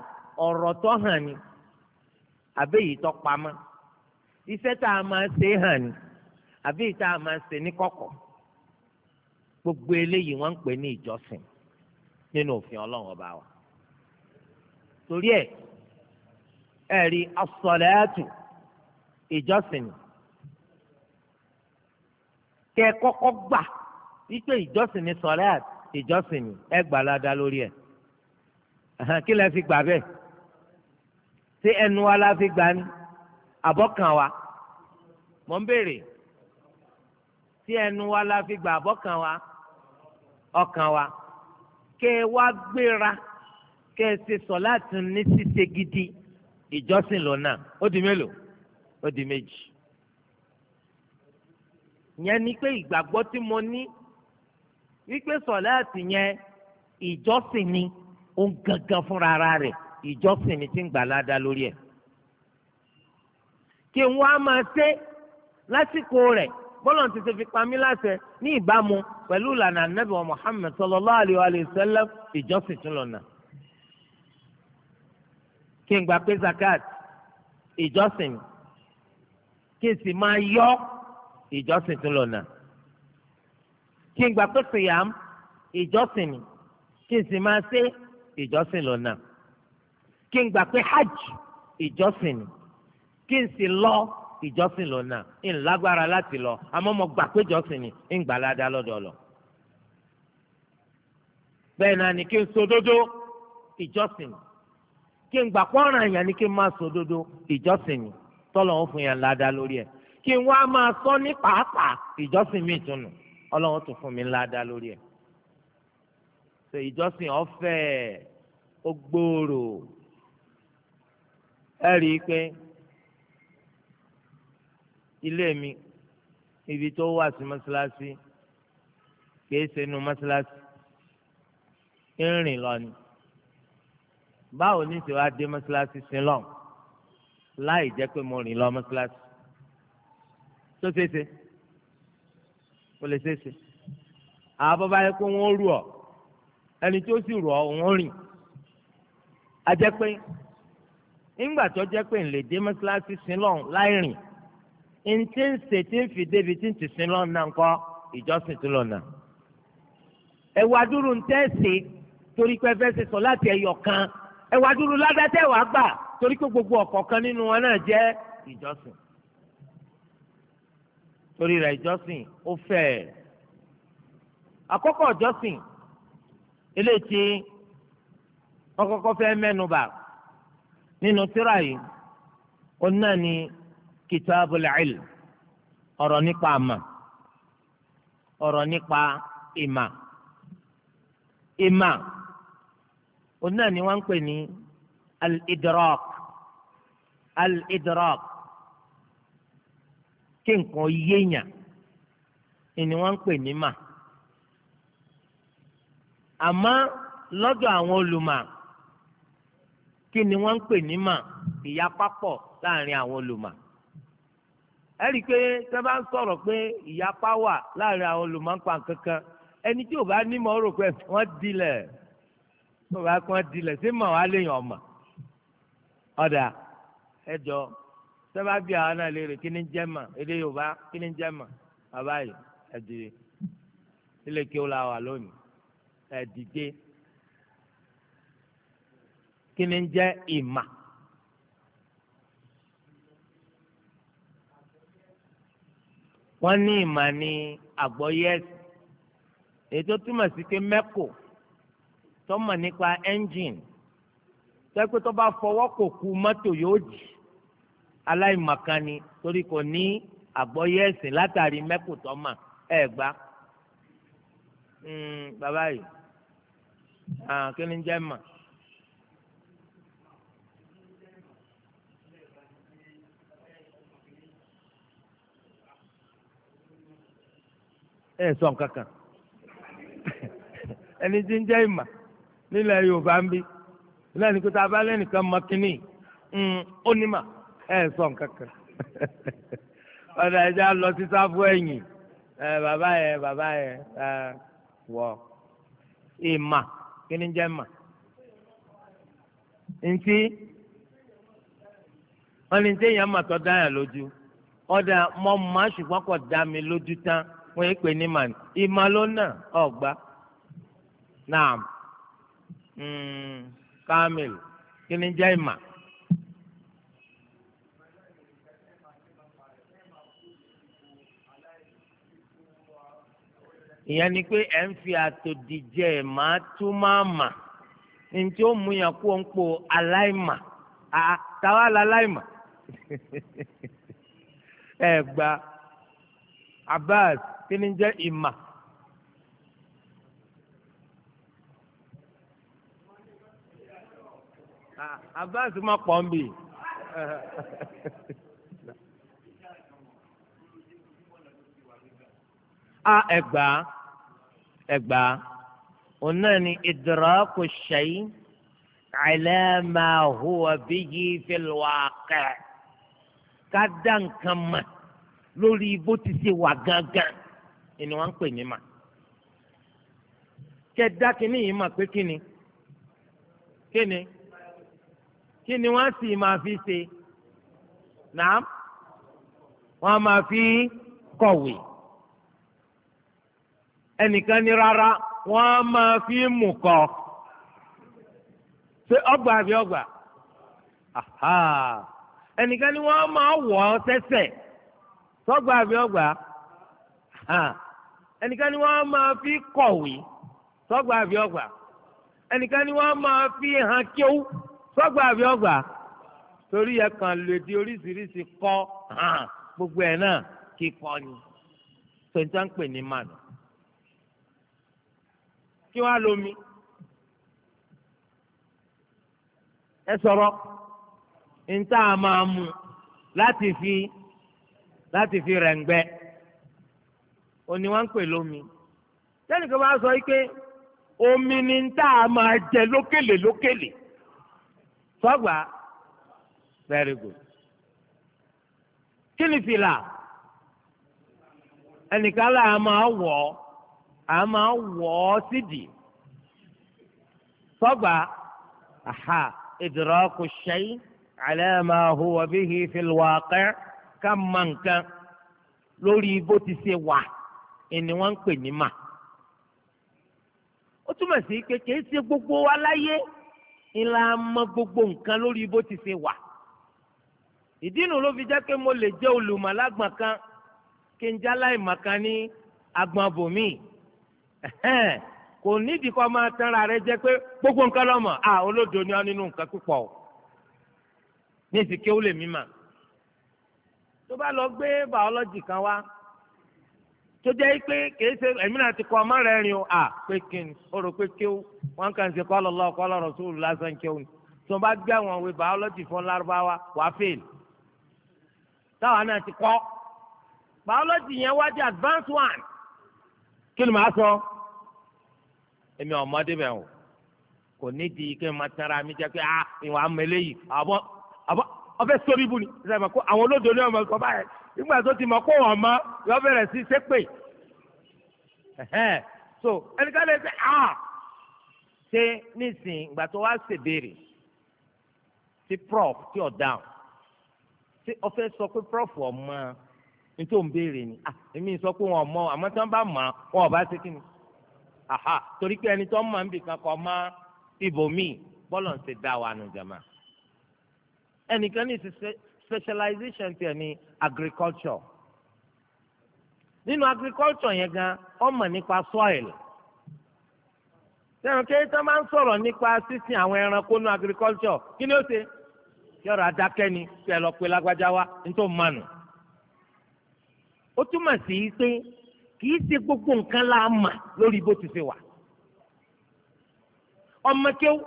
Speaker 1: ọ̀rọ̀ tó hàn ni àbí èyí tó pamọ́ iṣẹ́ tá a máa ṣe hàn ni àbí èyí tá a máa ṣe ní kọ̀kọ̀ gbogbo eléyìí wọ́n ń pè ní ìjọsìn nínú òfin ọlọ́run ọba wa torí ẹ̀ ẹ̀rí as-salatu ìjọsìn ni kẹ́ ẹ kọ́kọ́ gbà wípé ìjọsìn ni sọ̀lẹ́t ìjọsìn ni ẹ gbà ládàá lórí ẹ̀ kí lẹ fi gbà bẹ́ẹ̀ ṣé ẹnu wa la fi gbà ni àbọ̀kàn wa mọ̀ ń béèrè ṣé ẹnu wa la fi gbà àbọ̀kàn wa ọkàn wa kẹ wá gbéra kẹ ṣe sọ láti ní ṣíṣe gidi ìjọsìn lọ́nà ó di mélòó ó di méjì yẹn ni pé ìgbàgbọ́ tí mo ní wípé sọ̀láàtì yẹn Ìjọsìn ni òun gangan fúnra ara rẹ̀ ìjọsìn mi ti ń gbà ládá lórí ẹ̀ kí n wá máa ṣe lásìkò rẹ̀ bọ́lá ti ṣe fi pa mí láṣẹ ní ìbámu pẹ̀lú ìlànà ànábì wa Muhammad sallallahu alayhi wa sallam ìjọsìn tún lọ́nà kí n gbà pé zakat ìjọsìn kí n sì máa yọ ìjọsìn tún lọ́nà kí n gbà pé siyam ìjọsìn kí n sì máa ṣe ìjọsìn lọ́nà kí n gbà pé hajj ìjọsìn ni kí n sì lọ ìjọsìn lọ́nà ń lágbára láti lọ àmọ́ mo gbà pé ìjọsìn ni ń gbà ládàá lọ́dọ̀ lọ. bẹ́ẹ̀ náà ni kí n ṣòdodo ìjọsìn ni kí n gbà pọ́nrán èèyàn ni kí n máa ṣòdodo ìjọsìn tọ́lọ̀ ń fún yàn ládàá lórí ẹ̀ kí n wá máa sọ ní pàápàá ìjọsìn mi ìtùnú ọlọ́run tún fún mi ládàá lórí ẹ̀ so ìjọsìn ọ̀fẹ́ ó gbòòrò ẹ rí i pé ilé mi ibi tó wà sí mọ́ṣáláṣí kìí ṣe inú mọ́ṣáláṣí ń rìn lọ ni báwo ní ìṣèwà dé mọ́ṣáláṣí sí lọ láì jẹ́ pé mo rìn lọ mọ́ṣáláṣí tó ṣeéṣe ó lè ṣeéṣe àwọn bàbá yẹ kó wọ́n rú ọ ẹni tí ó sì rọ ọ̀hún rìn a jẹ́ pé ńgbà tó jẹ́ pé ńlẹ̀ dé mọ́ṣáláṣí láì rìn ń tí ń ṣe tí ń fi débi tí ń ti sílọ̀n náà kọ́ ìjọsìn tó nà. ẹ̀wà dúró ń tẹ̀sí torí pé fẹ́ ṣe sọ láti ẹ̀yọ̀ kan ẹ̀wà dúró ládàtẹ̀ wàá gbà torí pé gbogbo ọ̀kọ̀ọ̀kan nínú wọn náà jẹ́ ìjọsìn torí rẹ̀ ìjọsìn ó fẹ́ẹ̀ àkọ́kọ́ ìjọsìn eléyìí tí wọ́n kọ́kọ́ fẹ́ mẹ́nubà nínú tírà yìí ó náà ní kitabul ilm ọ̀rọ̀ nípa àmà ọ̀rọ̀ nípa ìmà ìmà ó náà ní wọ́n pè ní al-idrak kí nǹkan yéèyàn ni wọ́n pè ní mà. àmọ́ lọ́dọ̀ àwọn olùmọ̀ kí ni wọ́n ń pè ní mà ìyapa pọ̀ láàrin àwọn olùmọ̀ ẹ rí i pé tẹ́ bá ń sọ̀rọ̀ pé ìyapa wà láàrin àwọn olùmọ̀ ń pa kankan ẹni tí ò bá nímọ̀ ó rò pé wọ́n dilẹ̀ ẹ ẹ dìde kí je ima ìmà. wọ́n ní ìmà ní àgbọ́yé ẹ̀sìn túmọ̀ sí pé mẹ́kò tó nípa ẹ́ńjìn tẹ́pẹ́ tó bá fọwọ́ kò ku mọ́tò yóò jì ni torí kò ní àgbọ́yé látàrí mẹ́kò ẹ̀ àwọn kí ni jẹ́ mà. ẹ sọ nǹkan kan ẹni tí ń jẹ́ ìmà nílẹ̀ Yorùbá ń bí náà ní kótó abálẹ̀ nìkan mọ kínní hmm, ó ẹ sọ nǹkan ọ̀dà ẹ̀já lọ sí sáfù ẹ̀yìn bàbá yẹn bàbá yẹn wọ ìmà kí ni jẹ́ mà ntí wọ́n ní téèyàn mà tọ́ dáyà lójú ọ̀dà mọ́ mà ṣùgbọ́n kò dá mi lójú tán wọ́n yé pè ní mà ní ìmà ló nà ọ̀gbá naam hmm, kamil kí ni jẹ́ ìyẹn ni pé ẹ̀ ń fi àtòdìjẹ́ màá tún máa mà ntí ó mú yàn kó ń po aláìmà àtàwọn aláìmà ẹ gba Abbas kí ni jẹ́ ìmà. Abbas ma pọ̀ ń bì. a ẹgbàá ẹgbàá òun náà ni idraku shay ala ma huwa bihi fil waqi' ká dá nǹkan mà lórí bó ti ṣe wà gángan ni wọ́n ń pè ní mà kẹ dá kínní yìí mà pé kínni kínni kínni wọ́n sì máa fi ṣe nàá wọ́n máa fi kọ̀wé. ẹnìkan ní rárá wọ́n á máa fi mú kọ, ṣé ọgbà àbí ọgbà ẹnìkan ní wọ́n á máa wọ̀ ọ́ sẹ́sẹ̀ sọ́gbà àbí ọgbà ẹnìkan ní wọ́n á máa fi kọ̀wé sọ́gbà àbí ọgbà ẹnìkan ní wọ́n á máa fi hàn kíó sọ́gbà àbí ọgbà torí ẹ kàn lè di oríṣiríṣi kọ́ gbogbo ẹ̀ náà kíkọ́ ni tòǹtà ń pè ní mànà. kí wọ́n á lomi. ẹ sọ̀rọ̀ níta máa mú láti fi láti fi rẹ̀ǹgbẹ́ òní wọ́n ń pè lómi. sẹ́nìkan bá sọ pé omi ni níta máa jẹ lókèlè lókèlè sọ́gbà very good. kí ni fìlà ẹnìkan láà máa wọ̀ ọ́. a ma wọ̀ ọ́ sọgba sọ́gbà aha idraku shay ala ma huwa bihi lórí bó ti ṣe wà ẹni wọ́n ń pè ní mà ó túmọ̀ sí ṣe gbogbo wa láyé ńlá mọ gbogbo nǹkan lórí bó ti ṣe wà ìdí nu ló fi jẹ́ pé mo lè jẹ́ kò nídìí kọ́ máa tẹ́ra rẹ jẹ́ pé gbogbo nǹkan lọ́mọ à olódo ni ọ́ nínú nǹkan púpọ̀ o ní èsì kí ó lè mí mà tó bá lọ gbé bàọ́lọ́jì kan wá tó jẹ́ pé kìí ṣe ẹ̀mí náà ti kọ́ ọmọ rẹ̀ rìn o à pé kí ni ó rò pé kí ó wọn kàn ṣe kọ́ lọ́lọ́ kọ́ lọ́rọ̀ tó lù lásán kí ó ni tó bá gbé àwọn òwe bàọ́lọ́jì fún lárúbáwá wà á fèèlì táwa náà ti kọ́ bàọ́lọ́jì yẹn wá di advanced one kí ni màá sọ. So? èmi ọmọdé bẹ̀ wò kò nídìí kí n máa tẹ́ra mi jẹ́ pé ah ìwà àmẹ́lẹ́ yìí àbọ̀ àbọ̀ ọbẹ̀ sórí ibu ni ṣe mọ̀ kó àwọn olódò ní ọmọ ìkọ́ báyẹn nígbà tó ti mọ̀ kó wọ́n mọ́ yọ bẹ̀rẹ̀ sí sépè so ẹnikẹ́ni ṣe ah ṣe nísìnyí ìgbà tó wá ṣèbéèrè ti prof ti ọ̀daràn ṣé ọfẹ sọ pé prof ọmọ nítorí òun béèrè ni ah èmi sọ pé wọn ọmọ àmọ́ tí wọ́n bá mọ̀ wọn ọba ṣe kí ni aha torí pé ẹni tó ń mọ̀ níbi kan kọ́ ibòmíì bọ́lọ̀ ń ṣe dá wa nù jàmá ẹnìkan ní specialization tiẹ̀ ní agriculture nínú agriculture yẹn gan ó mọ̀ nípa soil sẹ́wọ̀n kí tó máa ń sọ̀rọ̀ nípa sísìn àwọn ẹranko nínú agriculture kí ni ó ṣe yọ̀rọ̀ adákẹ́ ni kí ẹ lọ pe lágbájá wa nítorí mọ̀nù ó túmọ̀ sí pé kì í ṣe gbogbo nǹkan la mà lórí bó ti ṣe wà ọmọ kéwú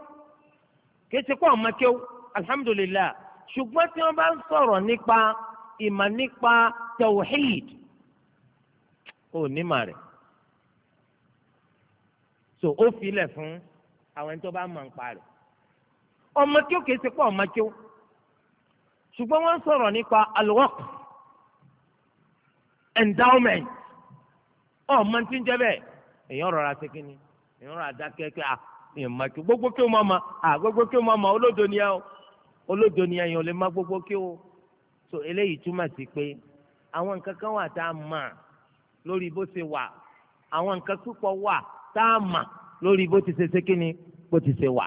Speaker 1: kì í ṣe kó ọmọ kéwú alhamdulilayi ṣùgbọ́n tí wọ́n bá ń sọ̀rọ̀ nípa ìmọ̀ nípa tawhid ò ní mà rẹ̀ so ó filẹ̀ fún àwọn ẹni tó bá mọ̀ ń pa rẹ̀ ọmọ tí ó kìí ṣe pọ̀ ọmọ ṣùgbọ́n wọ́n ń sọ̀rọ̀ nípa alwaqf endowment ọmọ tí ń jẹ bẹ́ẹ̀ èèyàn rọra ṣe kínní èèyàn rọra dákẹ́ kí a èèyàn máa kí gbogbo kí o máa ma ah, à gbogbo kí o máa ma olódo ni ẹ o olódo ni ẹyàn lè má gbogbo kí o so eléyìí túmọ̀ sí pé àwọn nǹkan kan wà tá a mà lórí bó ṣe wà àwọn nǹkan púpọ̀ wà tá a mà lórí bó ti ṣe ṣe kínní bó ti ṣe wà.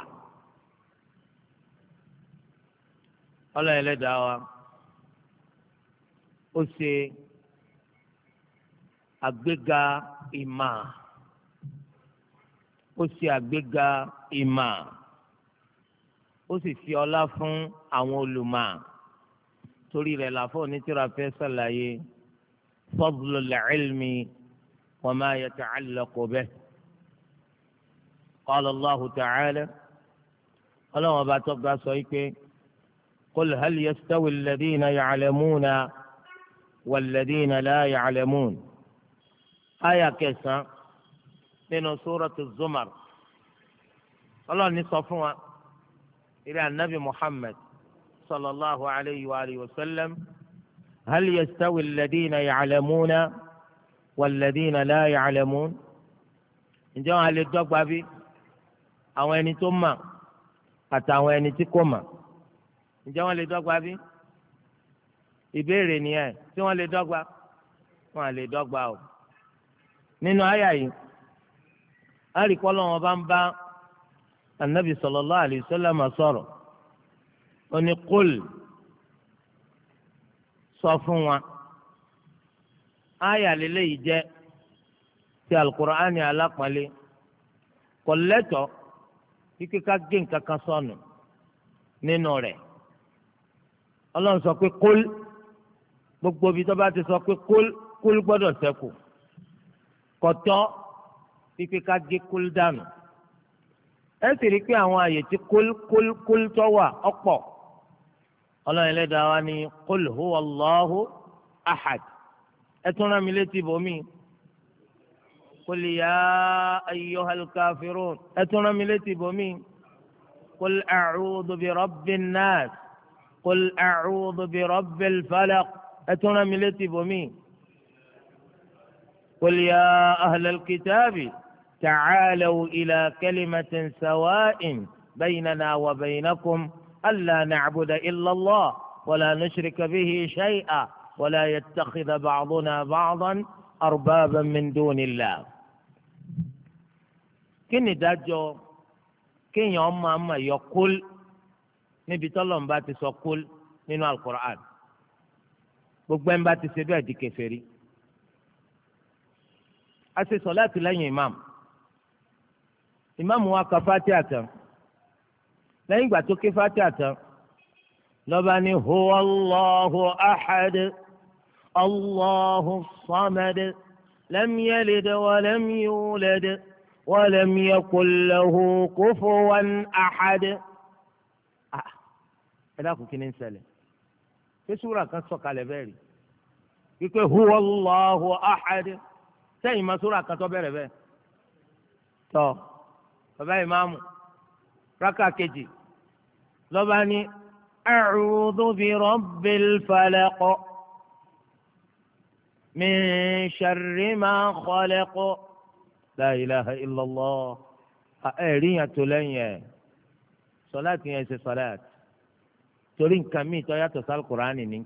Speaker 1: ọlọ́yẹ̀lẹ́dàá wa ó ṣe àgbéga ìmà ó ṣe àgbéga ìmà ó sì fi ọlá fún àwọn olùmọ̀ torí rẹ̀ làfọ onítìrà fẹ́ sàlàyé fadlul ilmi wa ma yata'allaqu bih qala Allahu ta'ala ọlọ́run ọba tó ga sọ yìí pé qul hal yastawi alladhina ya'lamuna walladhina la ya'lamun àyà kẹsàn-án nínú sóràtú zumar ọlọ́ọ̀ni sọ fún wa eré anabi muhammad sallallahu alayhi wa alihi wa sallam hal yastawi alladhina ya'lamuna walladhina la ya'lamun ǹjẹ́ wọn a lè dọ́gba bí àwọn ẹni tó mà àtàwọn ẹni tí kò mà ǹjẹ́ wọn lè dọ́gba bí ìbéèrè nìyẹn tí wọ́n lè dọ́gba wọn à lè dọ́gba o nínú àyà yìí àríkọ́ lọ́wọ́ bá ń bá anabi sallallahu alayhi wa sallam sọ̀rọ̀ ó ní kúl sọ fún wa àyà lélẹ́yìí jẹ́ ti alukur'ani alápọ̀nlé kò lẹ́tọ̀ kíkẹ́ ká gé nǹkan kan sọnù nínú rẹ̀ ọlọ́run sọ pé kúl gbogbo ibi tó bá ti sọ pé kúl kúl gbọ́dọ̀ ṣẹ́kù kọtọ pípé ká gé kúl dànù ẹ sì rí i pé àwọn àyè tí kúl kúl kúl tó wà ọ̀pọ̀ ọlọ́run ẹlẹ́dàá wa ni kúl huwa Allahu ahad ẹ tún rán mi létí bòmí kúl ya ayyuhal kafirun ẹ tún rán mi létí bòmí kúl a'udhu bi rabbin nas kúl a'udhu bi rabbil falaq ẹ tún rán mi létí bòmí. قل يا أهل الكتاب تعالوا إلى كلمة سواء بيننا وبينكم ألا نعبد إلا الله ولا نشرك به شيئا ولا يتخذ بعضنا بعضا أربابا من دون الله kíni dájọ́ kéèyàn ọmọ àmọ́ yọ kúl níbi tọ́lọ́mùbá ti sọ kúl nínú alukur'an gbogbo ẹ̀ ń a ṣe sọ̀láàtì lẹ́yìn imam imam wa ka fatiha tán lẹ́yìn ìgbà tó ké fatiha tán lọ́ba ní huwallahu ahad allahu samad lam yalid wa lam yulad wa lam yakul lahu kufuwan ahad. Ah, ẹ dákun kí kan sọ̀kalẹ̀ bẹ́ẹ̀ rí wípé huwallahu ahad sẹ́yìn máa sóra kan tó bẹ̀rẹ̀ bẹ́ẹ̀ tọ́ bàbá ìmáàmù rákà kejì lọ́ba ní a'udhu bi rabbil falaq min sharri ma khalaq la ilaha illallah ẹ̀rí yẹn tó lẹ́yìn ẹ̀ sọláàtì yẹn ṣe sọláàtì torí nǹkan míì tó yàtọ̀ sálùkùránì ní ń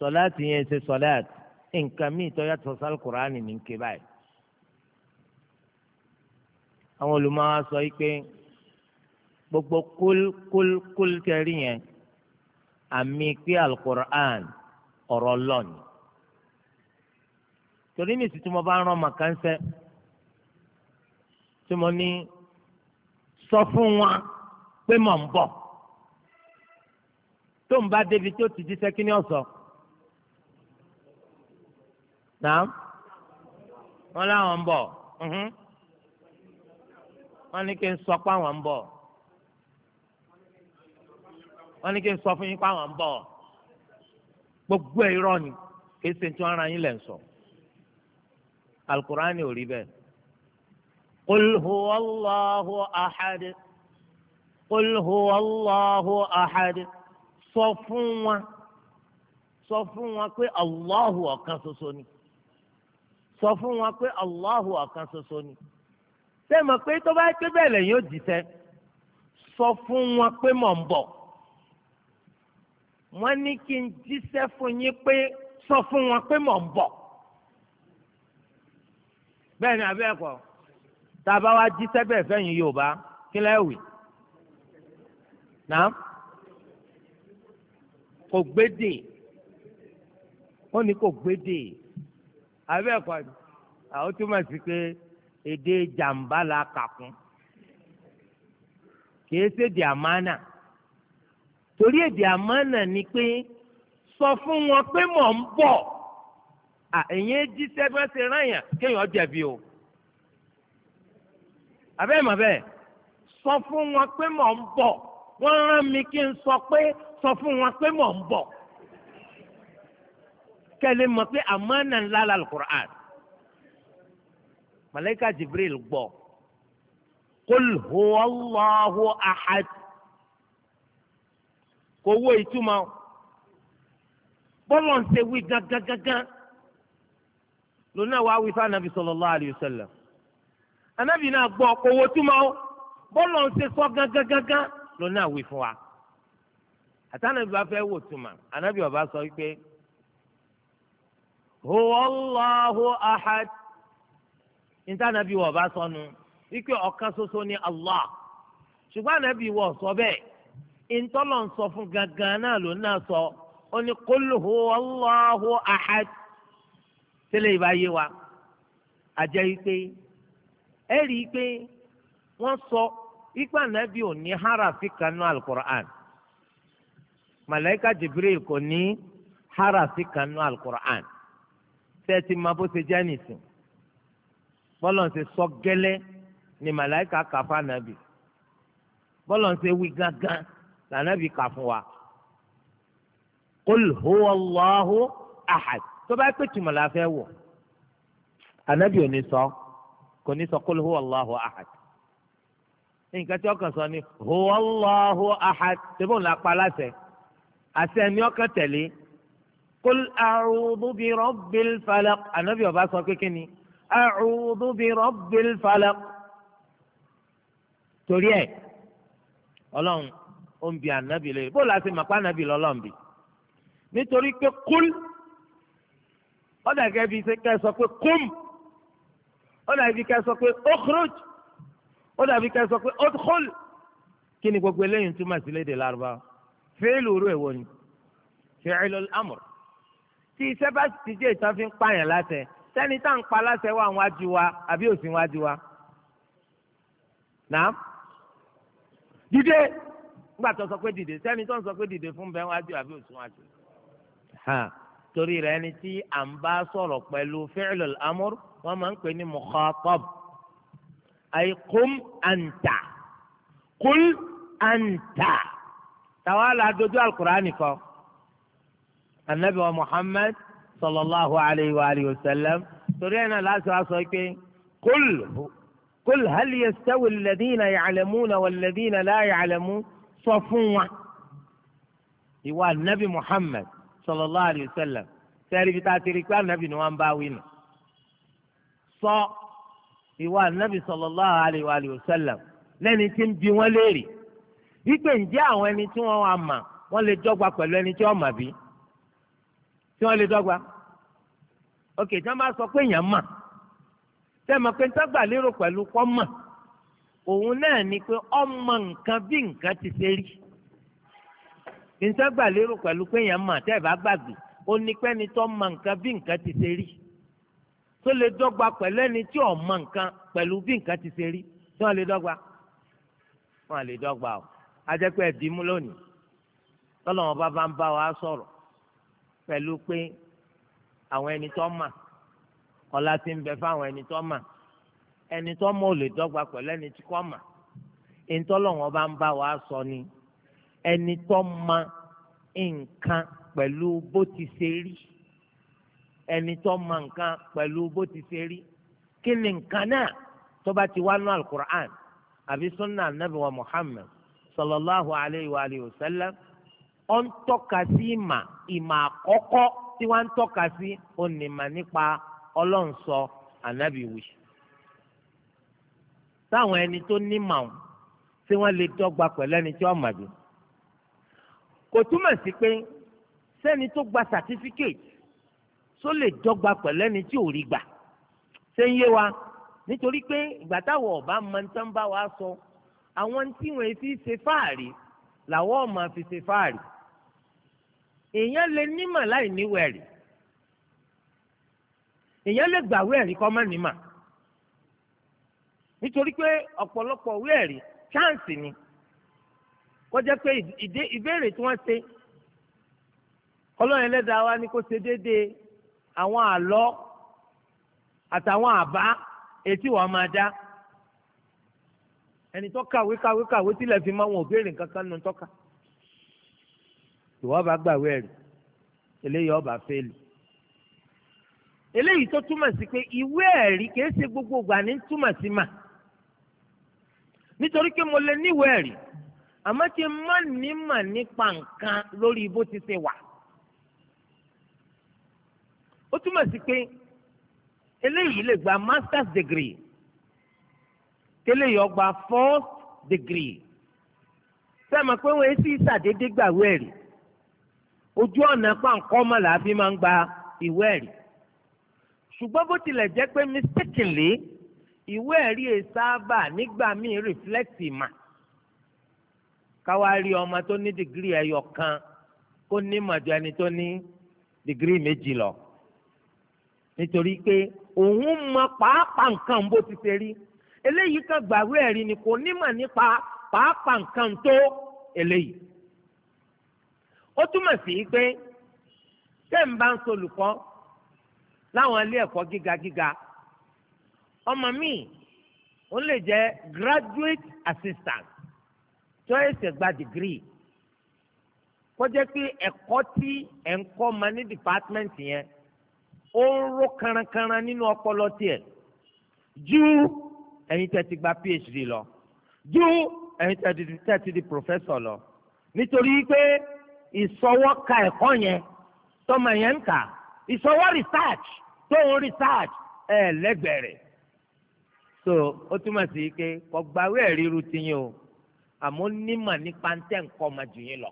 Speaker 1: sọláàtì yẹn ṣe sọláàtì nǹkan míì tó yàtọ̀ sálù kùránì ní ké báyìí. àwọn olùmọ̀wá sọ pé gbogbo kúlkúlkúl tẹ̀rí yẹn àmì pé alukur'an ọ̀rọ̀ lọ́ni. torí ní ìsìtúmọ̀ bá rán ọmọ kan sẹ́ tí mo ní sọ fún wa pé mò ń bọ̀ tó ń bá débi tó ti di sẹ́kíní ọ̀sán. naam wọn láwọn ń bọ̀ mhm. wọn ní kí n sọ pé àwọn ń wọn ní kí n sọ fún yín pé àwọn ń gbogbo ẹ̀ irọ́ ni kí n ṣe tí wọ́n ara yín lẹ̀ ń sọ alukur'ani ò sọ fún sọ fún sọ fún wọn pé Allahu ọ̀kan ṣoṣo ni ṣé mọ̀ pé tó bá pé bẹ́ẹ̀ lẹ́yìn ó jìṣẹ́ sọ fún wọn pé mò ń bọ̀ wọ́n ní kí n jíṣẹ́ fún yín pé sọ fún wọn pé mò ń bọ̀ bẹ́ẹ̀ ni àbẹ́ ẹ̀kọ́ tá a bá wá jíṣẹ́ bẹ́ẹ̀ fẹ́yìn Yorùbá kí lẹ́ wì náà kò gbédè ó ní kò gbédè àbẹ́ ẹ̀kọ́ ni àwọn túmọ̀ sí pé èdè jàǹbá la kà kún kìí ṣèdè àmánà torí èdè àmánà ni pé sọ fún wọn pé mò ń bọ̀ èyí jíṣẹ́ bí wọ́n ṣe ráyàn kéèyàn jẹ̀bi o àbẹ́ mọ̀ bẹ́ẹ̀ sọ fún wọn pé mò ń bọ̀ wọ́n rán mi kí n sọ pé sọ fún wọn pé mò ń bọ̀ kẹ́lẹ́ mọ̀ pé àmánà ńlá la alukur'an malayika jibril gbọ́ kul huwa allahu ahad kò wo ìtumọ̀ bọ́lọ̀ ń ṣe wí gángangángan lónà wàá wí fún anabi sallallahu alayhi wa sallam anabi náà gbọ́ kò wo túmọ̀ bọ́lọ̀ ń ṣe sọ gángangángan lónà wí fún wa àtànàbí bá fẹ́ wò túmọ̀ anabi ọba sọ wípé. huwallahu ahad nta nabi wọ̀ bá sọnù wípé ọ̀kan ṣoṣo ni allah ṣùgbọ́n nàbí wọ̀ sọ bẹ́ẹ̀ ntọ́lọ̀ ń sọ fún gangan náà ló sọ ó ní huwallahu ahad tẹ́lẹ̀ ìbá yé wa àjẹ́ wípé ẹ rí i pé wọ́n sọ ipa nàbí ò ní harafi kanu alukur'an màláíkà jibril kò ní harafi kanú alukur'an. tẹ́ ti ma bó ṣe jẹ́ nìsín bọ́lọ̀ ń ṣe sọ gẹ́lẹ́ ni màláìka kà fún ànábì bọ́lọ̀ ń ṣe wí gángan lànábì kà fún wa qul huwa Allahu ahad tó bá pè tùmọ̀ la fẹ́ wọ̀ ànábì ò ní sọ kò ní sọ qul huwa Allahu ahad nǹkan tí ọkàn sọ ni huwa Allahu ahad tẹ́bọ̀n la pa láṣẹ àṣẹ ni ọkàn tẹ̀lé kul a'udhu bi rabbil falaq ànábì ọba sọ pé kí ni a'udhu bi rabbil falaq torí ẹ ọlọ́run ó ń bi ànábì lè bó la ṣe mọ̀ pé ànábì lọ́lọ́run bì nítorí pé kul ọ̀dà gẹ́gẹ́ bí kẹ́ sọ pé kum ọ̀dà bí kẹ́ sọ pé okhruj ọ̀dà bí kẹ́ sọ pé odkhul kí ni gbogbo eléyìí túmọ̀ sí léde lárúbá fẹ́ẹ́lì òru ẹ̀wọ̀ ni fẹ́ẹ́lì amr tí iṣẹ́ bá sì ti jẹ́ ìtàn fi ń pààyàn láṣẹ sẹ́ni tá à ń pa láṣẹ wà wájú wa àbí òsì wájú wa. nàá dìde nígbà tó sọ pé dìde sẹ́ni tó ń sọ pé dìde fún bẹ́ẹ̀ wájú àbí òsì wájú. torí rẹ̀ ẹni tí à ń bá sọ̀rọ̀ pẹ̀lú fi'lul amr wọ́n máa ń pè ní mukhatab ay qum anta qul tàwa la dojú alukur'ani kan anabi wa muhammad sallallahu alayhi wa alihi wa sallam torí ẹ̀ náà láti wá sọ pé kul kul hali yastawi alladhina ya'lamuna walladhina la ya'lamun sọ fún wa ìwà anabi muhammad sallallahu alayhi wa sallam sẹ́ẹ̀rì bí táà ti rí pé anabi ni wọ́n bá wí nù sọ ìwà anabi sallallahu alayhi wa alihi wa sallam lẹ́ni tí ń bi wọ́n léèrè wípé ǹjẹ́ àwọn ẹni tí wọ́n wà mà wọ́n lè jọ́gba pẹ̀lú ẹni tí wọ́n mà bí tí wọ́n lè dọ́gba ok tí wọ́n bá sọ pé èèyàn mà tẹ́mọ̀ pé ntọ́gbà lérò pẹ̀lú kọ́ mà òun náà ni pé ọmọ nǹkan bí nǹkan ti ṣe rí ntọ́gbà lérò pẹ̀lú pé èèyàn mà tẹ́ ẹ̀ bá gbàgbé ó ní pẹ́ni tó mọ nǹkan bí nǹkan ti ṣe rí tó lè dọ́gba pẹ̀lú ẹni tí ò mọ nǹkan pẹ̀lú bí nǹkan ti ṣe rí tí wọ́n lè dọ́gba wọ́n lè dọ́gba o ajẹ́pẹ́ ẹ̀dínmú lónìí tọ́lọ́wọ́n bá bá ń bá wa sọ̀rọ̀ pẹ̀lú pé àwọn ẹni tó mà ọlá ti ń bẹ fáwọn ẹni tó mà ẹni tó mọ̀ ò lè dọ́gba pẹ̀lú ẹni tí kò mà ìtọ́lọ́wọ́n bá ń bá wa sọ ni ẹni tó ma nǹkan pẹ̀lú bó ti ṣe rí ẹni tó ma nǹkan pẹ̀lú bó ti ṣe rí kí ni nǹkan náà tó bá ti wá nú alukur'an àbí sunna anabi wa muhammed sallallahu alayhi wa alihi wa sallam ó ń tọ́ka sí ìmà ìmà àkọ́kọ́ tí wọ́n ń tọ́ka sí onímà nípa ọlọ́run sọ ànábì wí. táwọn ẹni tó nímà ọ̀hún tí wọ́n lè dọ́gba pẹ̀lú ẹni tí wọ́n mà jù. kò túmọ̀ sí pé sẹ́ni tó gba sàtífíkèètì tó lè dọ́gba pẹ̀lú ẹni tí ò rí gbà ṣé ń yé wa nítorí pé ìgbà táwọn ọba máa ń tán bá wa sọ àwọn tí wọn fi ṣe fáàrí làwọn máa fi ṣe fáàrí èèyàn lè nímọ̀ láì níwọ̀ ẹ̀rí èèyàn lè gbàwé ẹ̀rí kọ́ má nímọ̀ nítorí pé ọ̀pọ̀lọpọ̀ ìwé ẹ̀rí chance ni kó jẹ́ pé ìbéèrè tí wọ́n ṣe ọlọ́run ẹlẹ́dàá wa ni kó ṣe déédéé àwọn àlọ́ àtàwọn àbá etí wàá máa dá ẹni tó kàwé kàwé kàwé tí lè fi máa wọn ò béèrè nǹkan kan nù tọ́ka ìwọ bá gbàwé ẹ̀rí eléyìí ọba fẹ́ẹ̀lì eléyìí tó túmọ̀ sí pé ìwé ẹ̀rí kìí ṣe gbogbo ìgbà ní túmọ̀ sí mà nítorí pé mo lè níwèé ẹ̀rí àmọ́ tí má ní mà nípa nǹkan lórí bó ti ṣe wà ó túmọ̀ sí pé eléyìí lè gba master's degree kéléyìí ó gba first degree sẹ́ẹ̀ mọ̀ pé wọ́n ti ṣàdédé gbàwé ẹ̀rí ojú ọ̀nà pàǹkọ́ mọ̀ làá fi máa ń gba ìwé ẹ̀rí ṣùgbọ́n bó tilẹ̀ jẹ́ pé mistakenly ìwé ẹ̀rí ẹ̀ sábà nígbà míì reflect ìmà káwa rí ọmọ tó ní dìgírì ẹyọ kan kó ní mọ̀jọ ẹni tó ní dìgírì méjì lọ nítorí pé òun mọ pàápàá nǹkan bó ti ṣe rí eléyìí kan gbàwé ẹ̀rí ni kò nímọ̀ nípa pàápàá nǹkan tó eléyìí ó túmọ̀ sí pé tẹ́ ń bá ń solùkọ́ láwọn ilé ẹ̀kọ́ gíga gíga ọmọ míì ó lè jẹ́ graduate assistant tó ẹsẹ̀ gba degree kó jẹ́ pé ẹ̀kọ́ tí ẹ̀ ń kọ́ ma ní department yẹn ó ń ró karankaran nínú ọpọlọ tiẹ̀ ju ẹ̀yin tẹ́ ti gba PhD lọ ju ẹ̀yin tẹ́ ti di professor lọ nítorí pé ìsọwọ́ka ẹ̀kọ́ yẹn tọmọ yẹn ń kà ìsọwọ́ research tóun research ẹ̀ lẹ́gbẹ̀rẹ̀ so ó túmọ̀ sí pé kọgbàwé ẹ̀rí ru ti yín o àmọ́ nímọ̀ nípa ń tẹ̀ ń kọ́ ọmọ jù yín lọ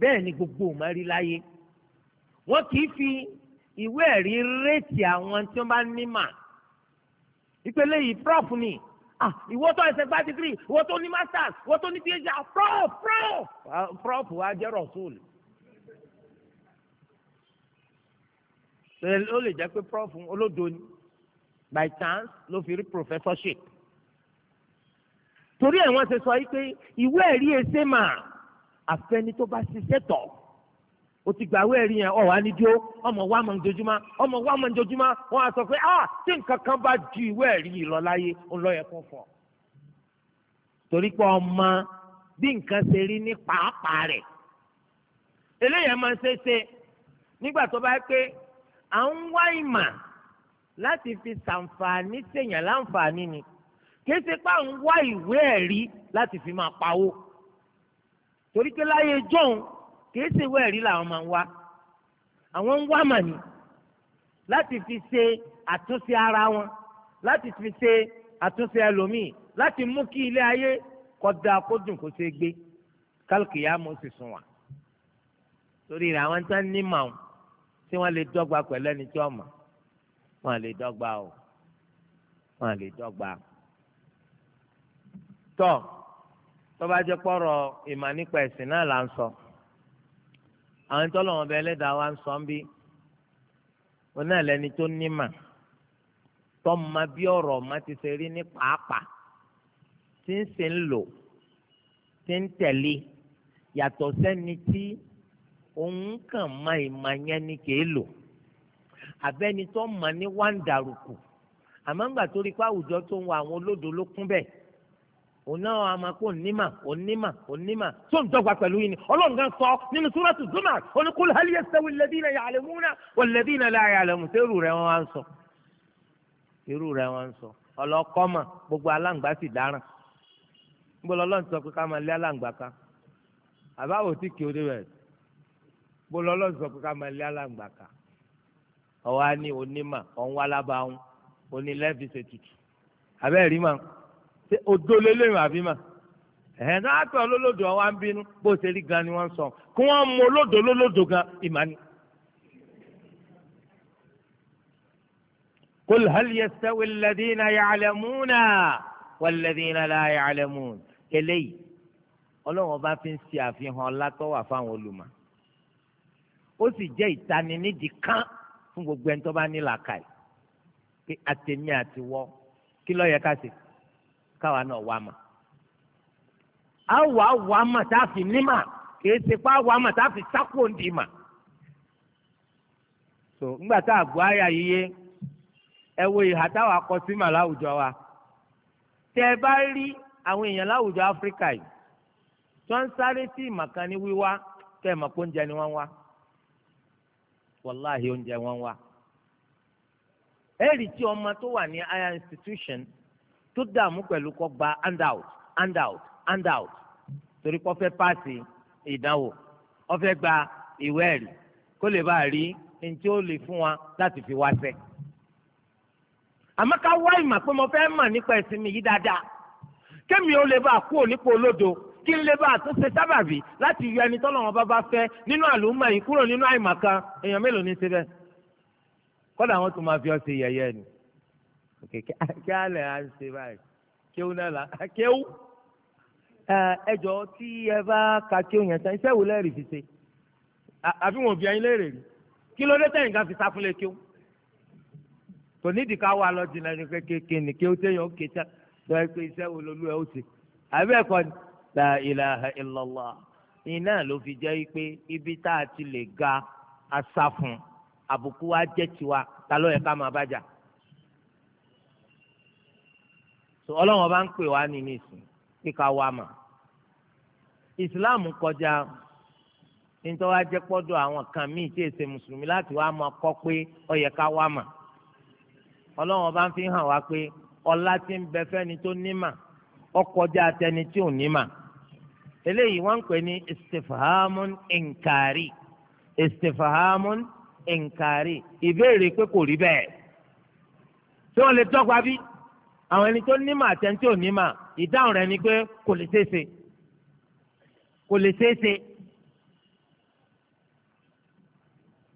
Speaker 1: bẹ́ẹ̀ ni gbogbo ò máa rí láyé wọ́n kì í fi ìwé ẹ̀rí réètì àwọn tí wọ́n bá nímọ̀ ìpele yìí prof ni ah ìwọ tó ẹsẹ̀ gba degree ìwọ tó ní masters ìwọ tó ní phd prof prof prof wa jẹ́ rọ̀sùl. ó lè jẹ́ pé prof olódo ni by chance ló fi rí professorship. torí ẹ̀ wọ́n ṣe sọ yìí pé ìwé ẹ̀rí ẹsẹ̀ mà àfẹni tó bá ṣiṣẹ́ tọ̀ o ti gbàwé ẹ̀rí yẹn ọ̀ wá ní dúró ọmọ wa mọ̀ njojúmọ́ ọmọ wa mọ̀ njojúmọ́ wọ́n á sọ pé ah tí nǹkan kan bá ju ìwé ẹ̀rí yìí lọ láyé ó lọ yẹ kó fọ̀. torí pé ọmọ bí nǹkan ṣe rí ní pàápàá rẹ̀ eléyìí máa ń ṣe ṣe nígbà tó bá pé à ń wá ìmà láti fi ṣàǹfààní ṣèyàn láǹfààní ni kì í ṣe pé à ń wá ìwé ẹ̀rí láti fi máa pawó torí pé láyé jọ̀hún kìí ṣe ìwé ẹ̀rí làwọn máa ń wá àwọn ń wá màní láti fi ṣe àtúnṣe ara wọn láti fi ṣe àtúnṣe ẹlòmíì láti mú kí ilé ayé kódà kó dùn kó ṣe gbé kálukì yá mo sì sùn wà torí rẹ̀ àwọn tán ní màá tí wọ́n lè dọ́gba pẹ̀lú ẹni tí wọ́n mọ̀ wọ́n lè dọ́gba o wọ́n lè dọ́gba tọ́ tó bá jẹ́ pọ̀rọ̀ ìmọ̀ nípa ẹ̀sìn náà là ń sọ. So àwọn tọ́lọ́wọ́n bẹ ẹlẹ́dàá wa ń sọ ń bí wọn náà lẹni tó nímà tọ́mọ bí ọ̀rọ̀ ọ̀ma ti ṣe rí ní pàápàá tí ń sìn lò tí ń tẹ̀lé yàtọ̀ sẹ́ni tí òun kàn má ìmọ̀ yẹn ni kèé lò àbẹ́ni tó mọ̀ ní wàǹdàrùkù àmọ́ ńgbà tó rí pé àwùjọ tó ń wọ àwọn olódo ló kún bẹ́ẹ̀ òun náà wà máa kó onímà onímà onímà tó ń dọ́gba pẹ̀lú yìí ni ọlọ́run kan sọ nínú súrọ́tù zumar oníkúlù hali yastawi alladhina ya'lamuna walladhina la ya'lamun tẹ́rù rẹ̀ wọ́n á ń sọ irú rẹ̀ wọ́n ń sọ ọlọ́kọ́mà gbogbo aláǹgbá sì dáràn gbọ́dọ̀ ọlọ́run sọ pé ká máa lé aláǹgbá ká àbáwò tí kì í dé bẹ̀rẹ̀ gbọ́dọ̀ ọlọ́run sọ pé ká máa lé aláǹgbá ká ọ̀wá ni onímà ọ̀nwálábàáhùn onílẹ́fìsẹ̀ tutù odó lélẹ́yìn ẹ̀hẹ́n náà pẹ́ olólòdò wa ń bínú bó ṣe rí gan ni wọ́n sọ kí wọ́n mú olódò lólòdò gan ìmánì. قل هل يستوي الذين يعلمون والذين لا يعلمون eléyìí ọlọ́run ọba fi ń ṣe àfihàn ọlá tó wà fáwọn olùmọ̀ ó sì jẹ́ ìtaninídìí kan fún gbogbo ẹni tó bá ní làákàyè pé àtẹ̀mí àtiwọ́ kí ló yẹ ká ṣe. káwa náà wá mà á wà á wà mà tá a fi nímà kì í ṣe pé á wà mà tá a fi sákò ń mà so ńgbà tá a gbọ́ àyà yíyé ẹ wo ìhà táwa kọ sí mà láwùjọ wa tẹ ẹ bá rí àwọn èèyàn láwùjọ áfíríkà yìí tí wọ́n ń sáré sí ìmàkan ní wíwá kẹ́ ẹ̀ mọ̀ pé oúnjẹ ni wọ́n ń wá wàláhì oúnjẹ wọ́n ń wá tí ọmọ tó wà ní higher institution tó dààmú pẹ̀lú kọ́ gba handout handout handout torí kọ́ fẹ́ paasi ìdánwò ó fẹ́ gba ìwé ẹ̀rí kó lè bá a rí ní tí ó lè fún wa láti fi wá ṣe. àmọ́ ká wá ìmọ̀ pé mo fẹ́ mọ̀ nípa ẹ̀sìn mi yìí dáadáa kémi ó lè bá a kú ònípo olódo kí n lè bá a tún ṣe sábàbí láti yọ ẹni tọ́lọ́run bá bá fẹ́ nínú àlùmọ̀ yìí kúrò nínú àìmọ̀ kan èèyàn mélòó ní í ṣe bẹ́ẹ̀ kọ́dà wọn tún máa fi ọ ṣe yẹ̀yẹ́ ni kí á lè à ń ṣe báyìí kéwú náà là kéwú ẹjọ́ tí ẹ bá ka kéwú yẹn tán iṣẹ́ wo lẹ́rìí fi ṣe àfi wọn ò bí ẹyin léèrè rí kí ló dé tẹ̀yìn ká fi sáfúnlé kéwú kò nídìí ká wà lọ jìnnà ní kékeré ní kéwú téèyàn ó ké tán lọ́wọ́ pé iṣẹ́ wo lolú ẹ ó ṣe àbí ẹ̀kọ́ ni la ilaha illallah iná ló fi jẹ́ pé ibi tá a ti lè ga asáfún àbùkù wa jẹ́ tiwa ta ló yẹ ká máa bá jà. so ọlọ́run ọba ń pè wá ní nísìn kíka wá mà islam kọjá nítorí wàá jẹ́ pọ́dọ̀ àwọn kan míì tí èsè mùsùlùmí láti wá máa kọ́ pé ó yẹ ká wá mà ọlọ́run ọba ń fi hàn wá pé ọlá tí ń bẹ fẹ́ni tó nímà ó kọjá tẹni tí ò nímà eléyìí wọ́n ń pè ní istifahamun inkari istifahamun inkari ìbéèrè pé kò rí bẹ́ẹ̀ tí wọ́n lè tọ́gba bí àwọn ẹni tó nímọ̀ àtẹ̀ntì ò nímọ̀ ìdáhùn rẹ̀ ni pé kò lè ṣeéṣe kò lè ṣeéṣe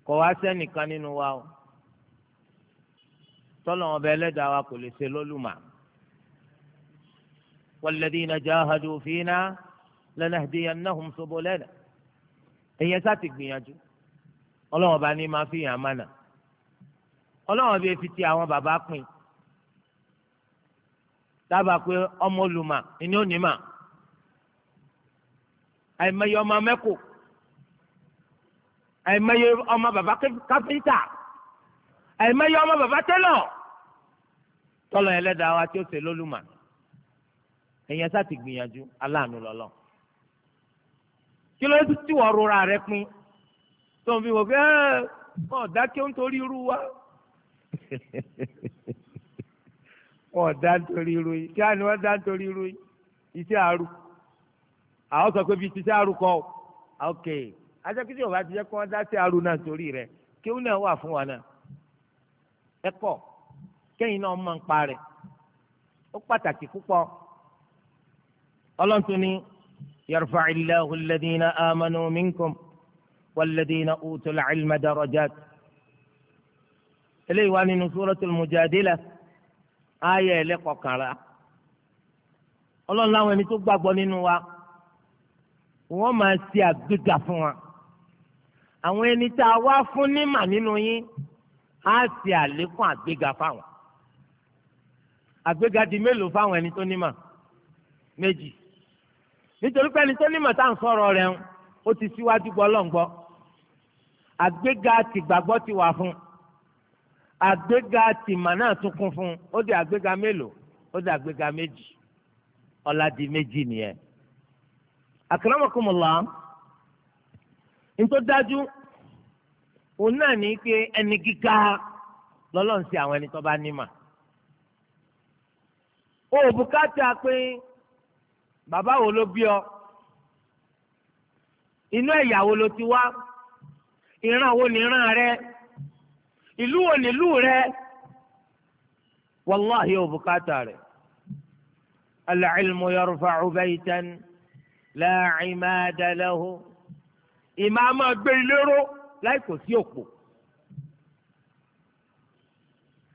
Speaker 1: kò wá sẹ́nìkan nínú wa o tọ́lọ̀ ọba ẹlẹ́dàá wa kò lè ṣe lólùmọ̀ walladhina jahadu fina lanahdiyannahum subulana ẹ̀yẹ sá gbìyànjú ọlọ́wọ́n ọba ní máa fi yàn án mánà ọlọ́wọ́n ọba fi ti àwọn bàbá pin dábàá pé ọmọ olùmọ̀ ni ó nímọ̀ àìmọye ọmọ mẹ́kò àìmọye ọmọ bàbá káfíńtà àìmọye ọmọ bàbá tẹ́lọ̀ tọ́lọ̀ ẹlẹ́dàá wa tí ó ṣe lólùmọ̀ ẹ̀yẹn sá ti gbìyànjú aláàánú lọlọ kí ló ti wọ́n rora rẹ pin tó ń fi dákẹ́ ń torí irú wa wọn dá nítorí ìròyìn kí á ní wọn dá nítorí ìròyìn iṣẹ́ àrù àwọn sọ pé bí iṣẹ́ àrù kọ́ ok ajẹ́kítì ọba ti jẹ́ kí wọ́n dá sí àrù náà torí rẹ̀ kí ó náà wà fún wa náà ẹ kọ́ kẹ́yìn náà máa ń pa rẹ̀ ó pàtàkì púpọ̀ ọlọ́run tún ní yarfa' illahu alladhina amanu minkum walladhina utul ilma darajat eléyìí wá nínú suratul mujadilah ayé ẹlẹ́kọ̀ọ́kànlá ọlọ́run láwọn ẹni tó gbàgbọ́ nínú wa wọ́n máa ṣe àgbéga fún wa àwọn ẹni tá a wá fún nímà nínú yín á ṣe àlékún àgbéga fáwọn àgbéga di mélòó fáwọn ẹni tó nímà méjì nítorí pé ẹni tó nímà tá à ń sọ̀rọ̀ rẹ̀ ó ti síwájú gbọ́ lọ́ngbọ́ àgbéga tìgbàgbọ́ ti wà fún un àgbéga tìmà náà tún kún fún un ó di àgbéga mélòó ó di àgbéga méjì ọlá di méjì nìyẹn. àkàràmọ̀kùnmọ̀lá ní tó dájú òun náà ní pé ẹni gíga lọ́lọ́run sí àwọn ẹni tó bá nímà. o ò bùkátà pé bàbá wo ló bí ọ inú ẹ̀yà wo ló ti wá ìran wo ni ìran rẹ ìlú ni ìlú rẹ wàláhì ò bùkátà rẹ. العلم يرفع بيتا لا عماد له ìmáàmà gbé lérò láì kò sí òpó.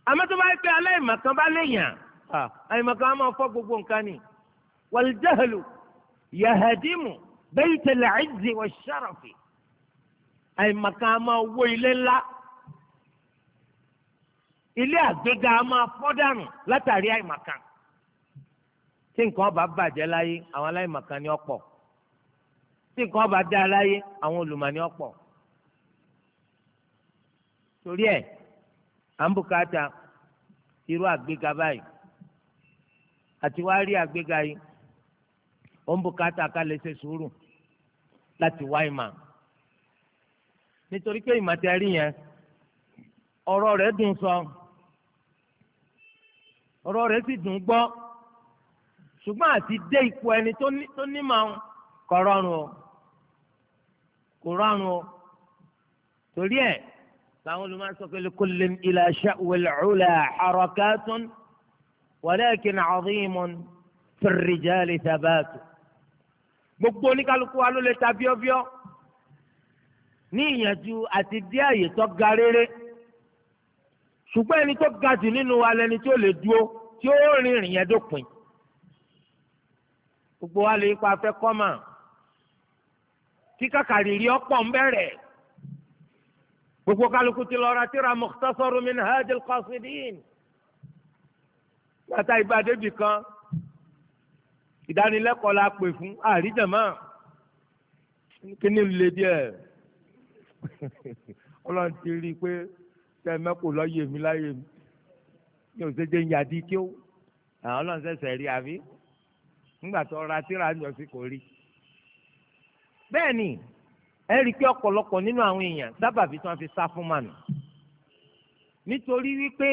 Speaker 1: àmọ́ tó bá yẹ pé aláìmọ̀kan bá léèyàn àìmọ̀kan á máa fọ́ gbogbo nǹkan ni. والجهل يهدم بيت العز والشرف àìmọ̀kan á máa wó ilé ńlá. ilé àgbéga máa fọ́dànù látàrí àìmọ̀kan tí nǹkan ọba bàjẹ́ láyé àwọn aláìmọ̀kan ni ọ̀pọ̀ tí nǹkan ọba dá láyé àwọn olùmọ̀ ni ọ̀pọ̀ torí ẹ̀ à ń bùkátà irú àgbéga báyìí àti wá rí àgbéga yìí ó ká lè ṣe sùúrù láti wá ìmọ̀ nítorí pé ìmọ̀ yẹn ọ̀rọ̀ rẹ̀ dùn sọ. So, ọ̀rọ̀ rẹ̀ sì dùn gbọ́ ṣùgbọ́n àti dé ipò ẹni tó ní màá kò rọrùn o kò rọrùn o torí ẹ̀ làwọn olùmọ̀ sọ pé kullin ila sha'wil 'ula harakatun walakin 'azimun fi r-rijali thabatu gbogbo oníkálukú wa ló lè ta bíọ́bíọ́ ní ìyànjú àti dí àyè tó ga rere ṣùgbọ́n ẹni tó ga jù nínú wa lẹni tí ó lè dúró tí ó rìnrìn yẹn dópin gbogbo wa lè ipa fẹ́ kọ́mà tí kàkàrírí ọ̀pọ̀ ń bẹ̀rẹ̀ gbogbo kálukú ti lọ ra tíra Mukhtasaru min Hadil Qasidin bàtà ìgbàdé bì kan ìdánilẹ́kọ̀ọ́ la pè fún àríjàmá kíní lè díẹ̀ ọlọ́run ti rí i pé tẹ mẹ́kò lọ́yẹ̀ mi láyẹ̀ mi ní òṣèjẹ́ ń yàdí kí ó àwọn náà ṣẹ̀ṣẹ̀ rí àbí nígbà tó ra tíra ń jọ sí kò rí. bẹ́ẹ̀ ni ẹ rí i pé ọ̀pọ̀lọpọ̀ nínú àwọn èèyàn sábàbí tí wọ́n fi sá fún mànà nítorí wípé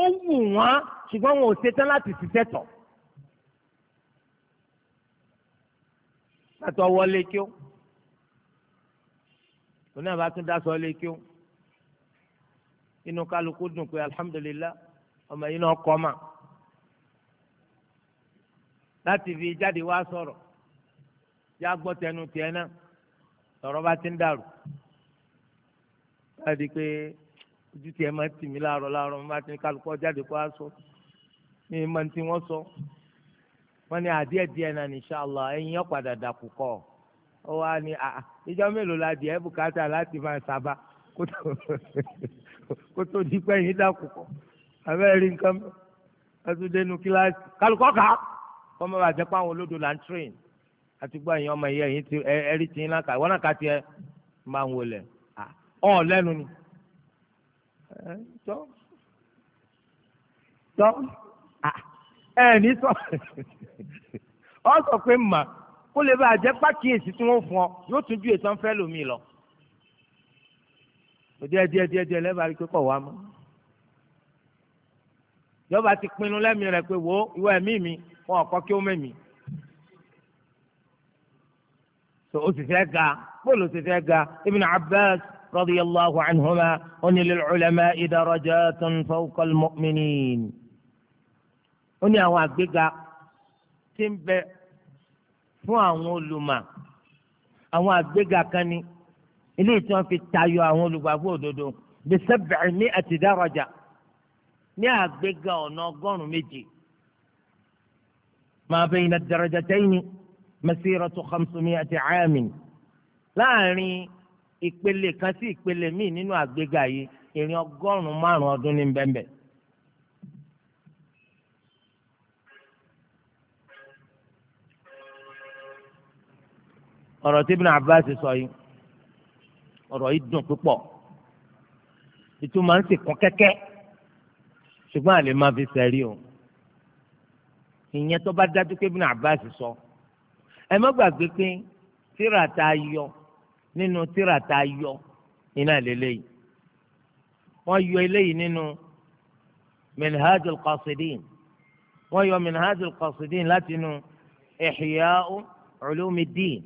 Speaker 1: ó wù wọ́n ṣùgbọ́n wọn ò ṣetán láti ṣiṣẹ́ tọ̀. látọ̀ wọlé kí ó oní àbá tún dá sọ lé kí ó inú kálukú dùn pé alhamdulillah ọmọ yìí náà kọ́ mà láti fi jáde wá sọ̀rọ̀ yá gbọ́ tẹnu tiẹ̀ náà lọ́rọ̀ bá ti ń dàrú láti pé ojú tiẹ̀ máa tì mí láàárọ̀ láàárọ̀ mo bá ti ní kálukú jáde kó a sọ ní ìmọ̀ tí wọ́n sọ wọ́n ní àdíẹ̀ díẹ̀ náà ní sàlọ̀ ẹ̀yin ọ̀padà dàkú kọ́ ọ wá ní ìjọ mélòó la díẹ̀ bùkátà láti máa sábà kó tó kó tó di pé yín dákòkò abẹ́rẹ́ rí nǹkan ẹtùdẹ́nu kíláàsì kálukọ́ ká kọ́mọ́ bàjẹ́ pé àwọn olódò là ń train àti gbọ́ ẹ̀yin ọmọ yẹn ti ẹ̀rí ti ńlá ká ìwọ náà ká tiẹ̀ máa ń wọlé ọ̀ lẹ́nu ni tọ́ tọ́ ẹ̀ ní sọ ọ sọ pé mà kó lè bàjẹ́ pàkíyèsí tí wọ́n fún ọ yóò tún ju ètò ń fẹ́ lómi lọ díẹ̀ díẹ̀ díẹ̀ díẹ̀ lẹ́bàá rí pé kọ̀ wá mọ́ yọba ti pinnu lẹ́mìí rẹ̀ pé wo ìwọ ẹ̀mí mi wọn ọ̀kọ́ kí ó mẹ́mí tó o sì fẹ́ ga bóòlù sì fẹ́ ga Ibn Abbas radiyallahu anhuma ó ní lil ulama'i darajatun fawqa al-mu'minin ó ní àwọn àgbéga tí ń bẹ fún àwọn olùmọ̀ àwọn àgbéga kan ni eléyìí tí wọ́n fi tayọ àwọn olùgbàgbọ́ òdodo bí sab'i mi'ati daraja ní àgbéga ọ̀nà ọgọ́rùn-ún méje ma bayna ad-darajatayni masiratu khamsu mi'ati 'amin láàrin ìpele kan sí ìpele míì nínú àgbéga yìí ìrìn ọgọ́rùn-ún márùn-ún ọdún ní bẹ́ẹ̀nbẹ́. ọ̀rọ̀ tí Ibn Abbas sọ yìí ọ̀rọ̀ yìí dùn púpọ̀ ìtumọ̀ ń sì kún kẹ́kẹ́ ṣùgbọ́n àlè máa fi sẹ́rí o ìyẹn tó bá dájú pé Ibn Abbas sọ ẹ má gbàgbé pé tíra ta yọ nínú tíra ta yọ iná lélẹ́yìí wọ́n yọ eléyìí nínú minhajul qasidin wọ́n yọ minhajul qasidin látinú Ihya'u Ulumuddin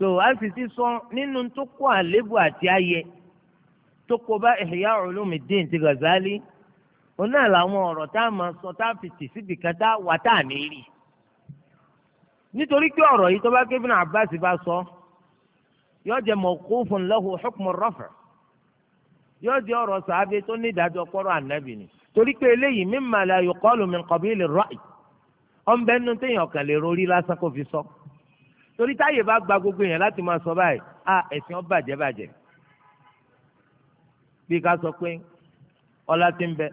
Speaker 1: so icc sọ nínú tó kó àléébù àti ayẹ tó kó bá Ihya Ulumuddin ti Ghazali oná làwọn ọ̀rọ̀ tá a máa sọ tá a fi tì síbi kan tá a wà tá a ní rí nítorí pé ọ̀rọ̀ yìí tó bá ké Ibn Abbas bá sọ yóò jẹ́ mawqufun lahu hukmu raf' yóò jẹ́ ọ̀rọ̀ sàábé tó ní ìdájọ́ kọ́rọ̀ ànábì ni torí pé eléyìí mimma la yuqalu min qabili ar-ra'y ọ̀nbẹ́nu téèyàn kàn lè rori lásán kó fi sọ. So torí táyè bá gba gbogbo yẹn láti máa sọ báyìí a ẹ̀sìn ọ bàjẹ́ bàjẹ́ bí ká sọ pé ọlá ti ń bẹ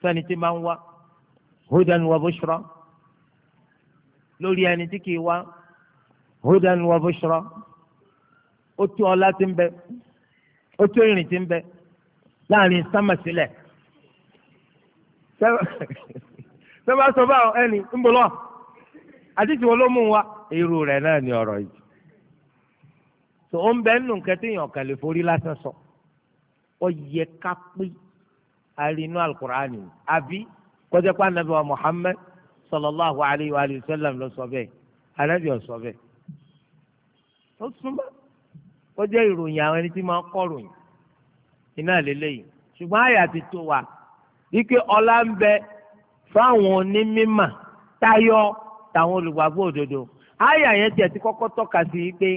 Speaker 1: fẹ́ni tí máa ń wá hudan wa bushra lórí ẹni tí kìí wá hudan wa bushra ó tó ọlá ti ń bẹ ó tó ìrìn ti ń bẹ láàrin sámàsílẹ̀ sẹ́wọ́n sọ báwọn ẹni ń bọ̀ lọ́wọ́ àdìsí wo ló mú wa irú rẹ̀ náà ni ọ̀rọ̀ yìí tó ń bẹ nínú kẹtíyàn kan lè forí lásán sọ ó yẹ ká pé arínú alukur'ani àbí kọjá pa anabi wa Muhammad sallallahu alayhi wa sallam ló sọ bẹ́ẹ̀ anabi ò sọ bẹ́ẹ̀ ó súnmọ́ ó jẹ́ ìròyìn àwọn ẹni tí máa ń kọ́ ròyìn iná lélẹ́yìn ṣùgbọ́n àyà ti tó wa wípé ọlá ń bẹ fáwọn onímímà tayọ tàwọn olùgbàgbọ́ òdodo àyà yẹn tiẹ̀ ti kọ́kọ́ tọ́ka sí i pé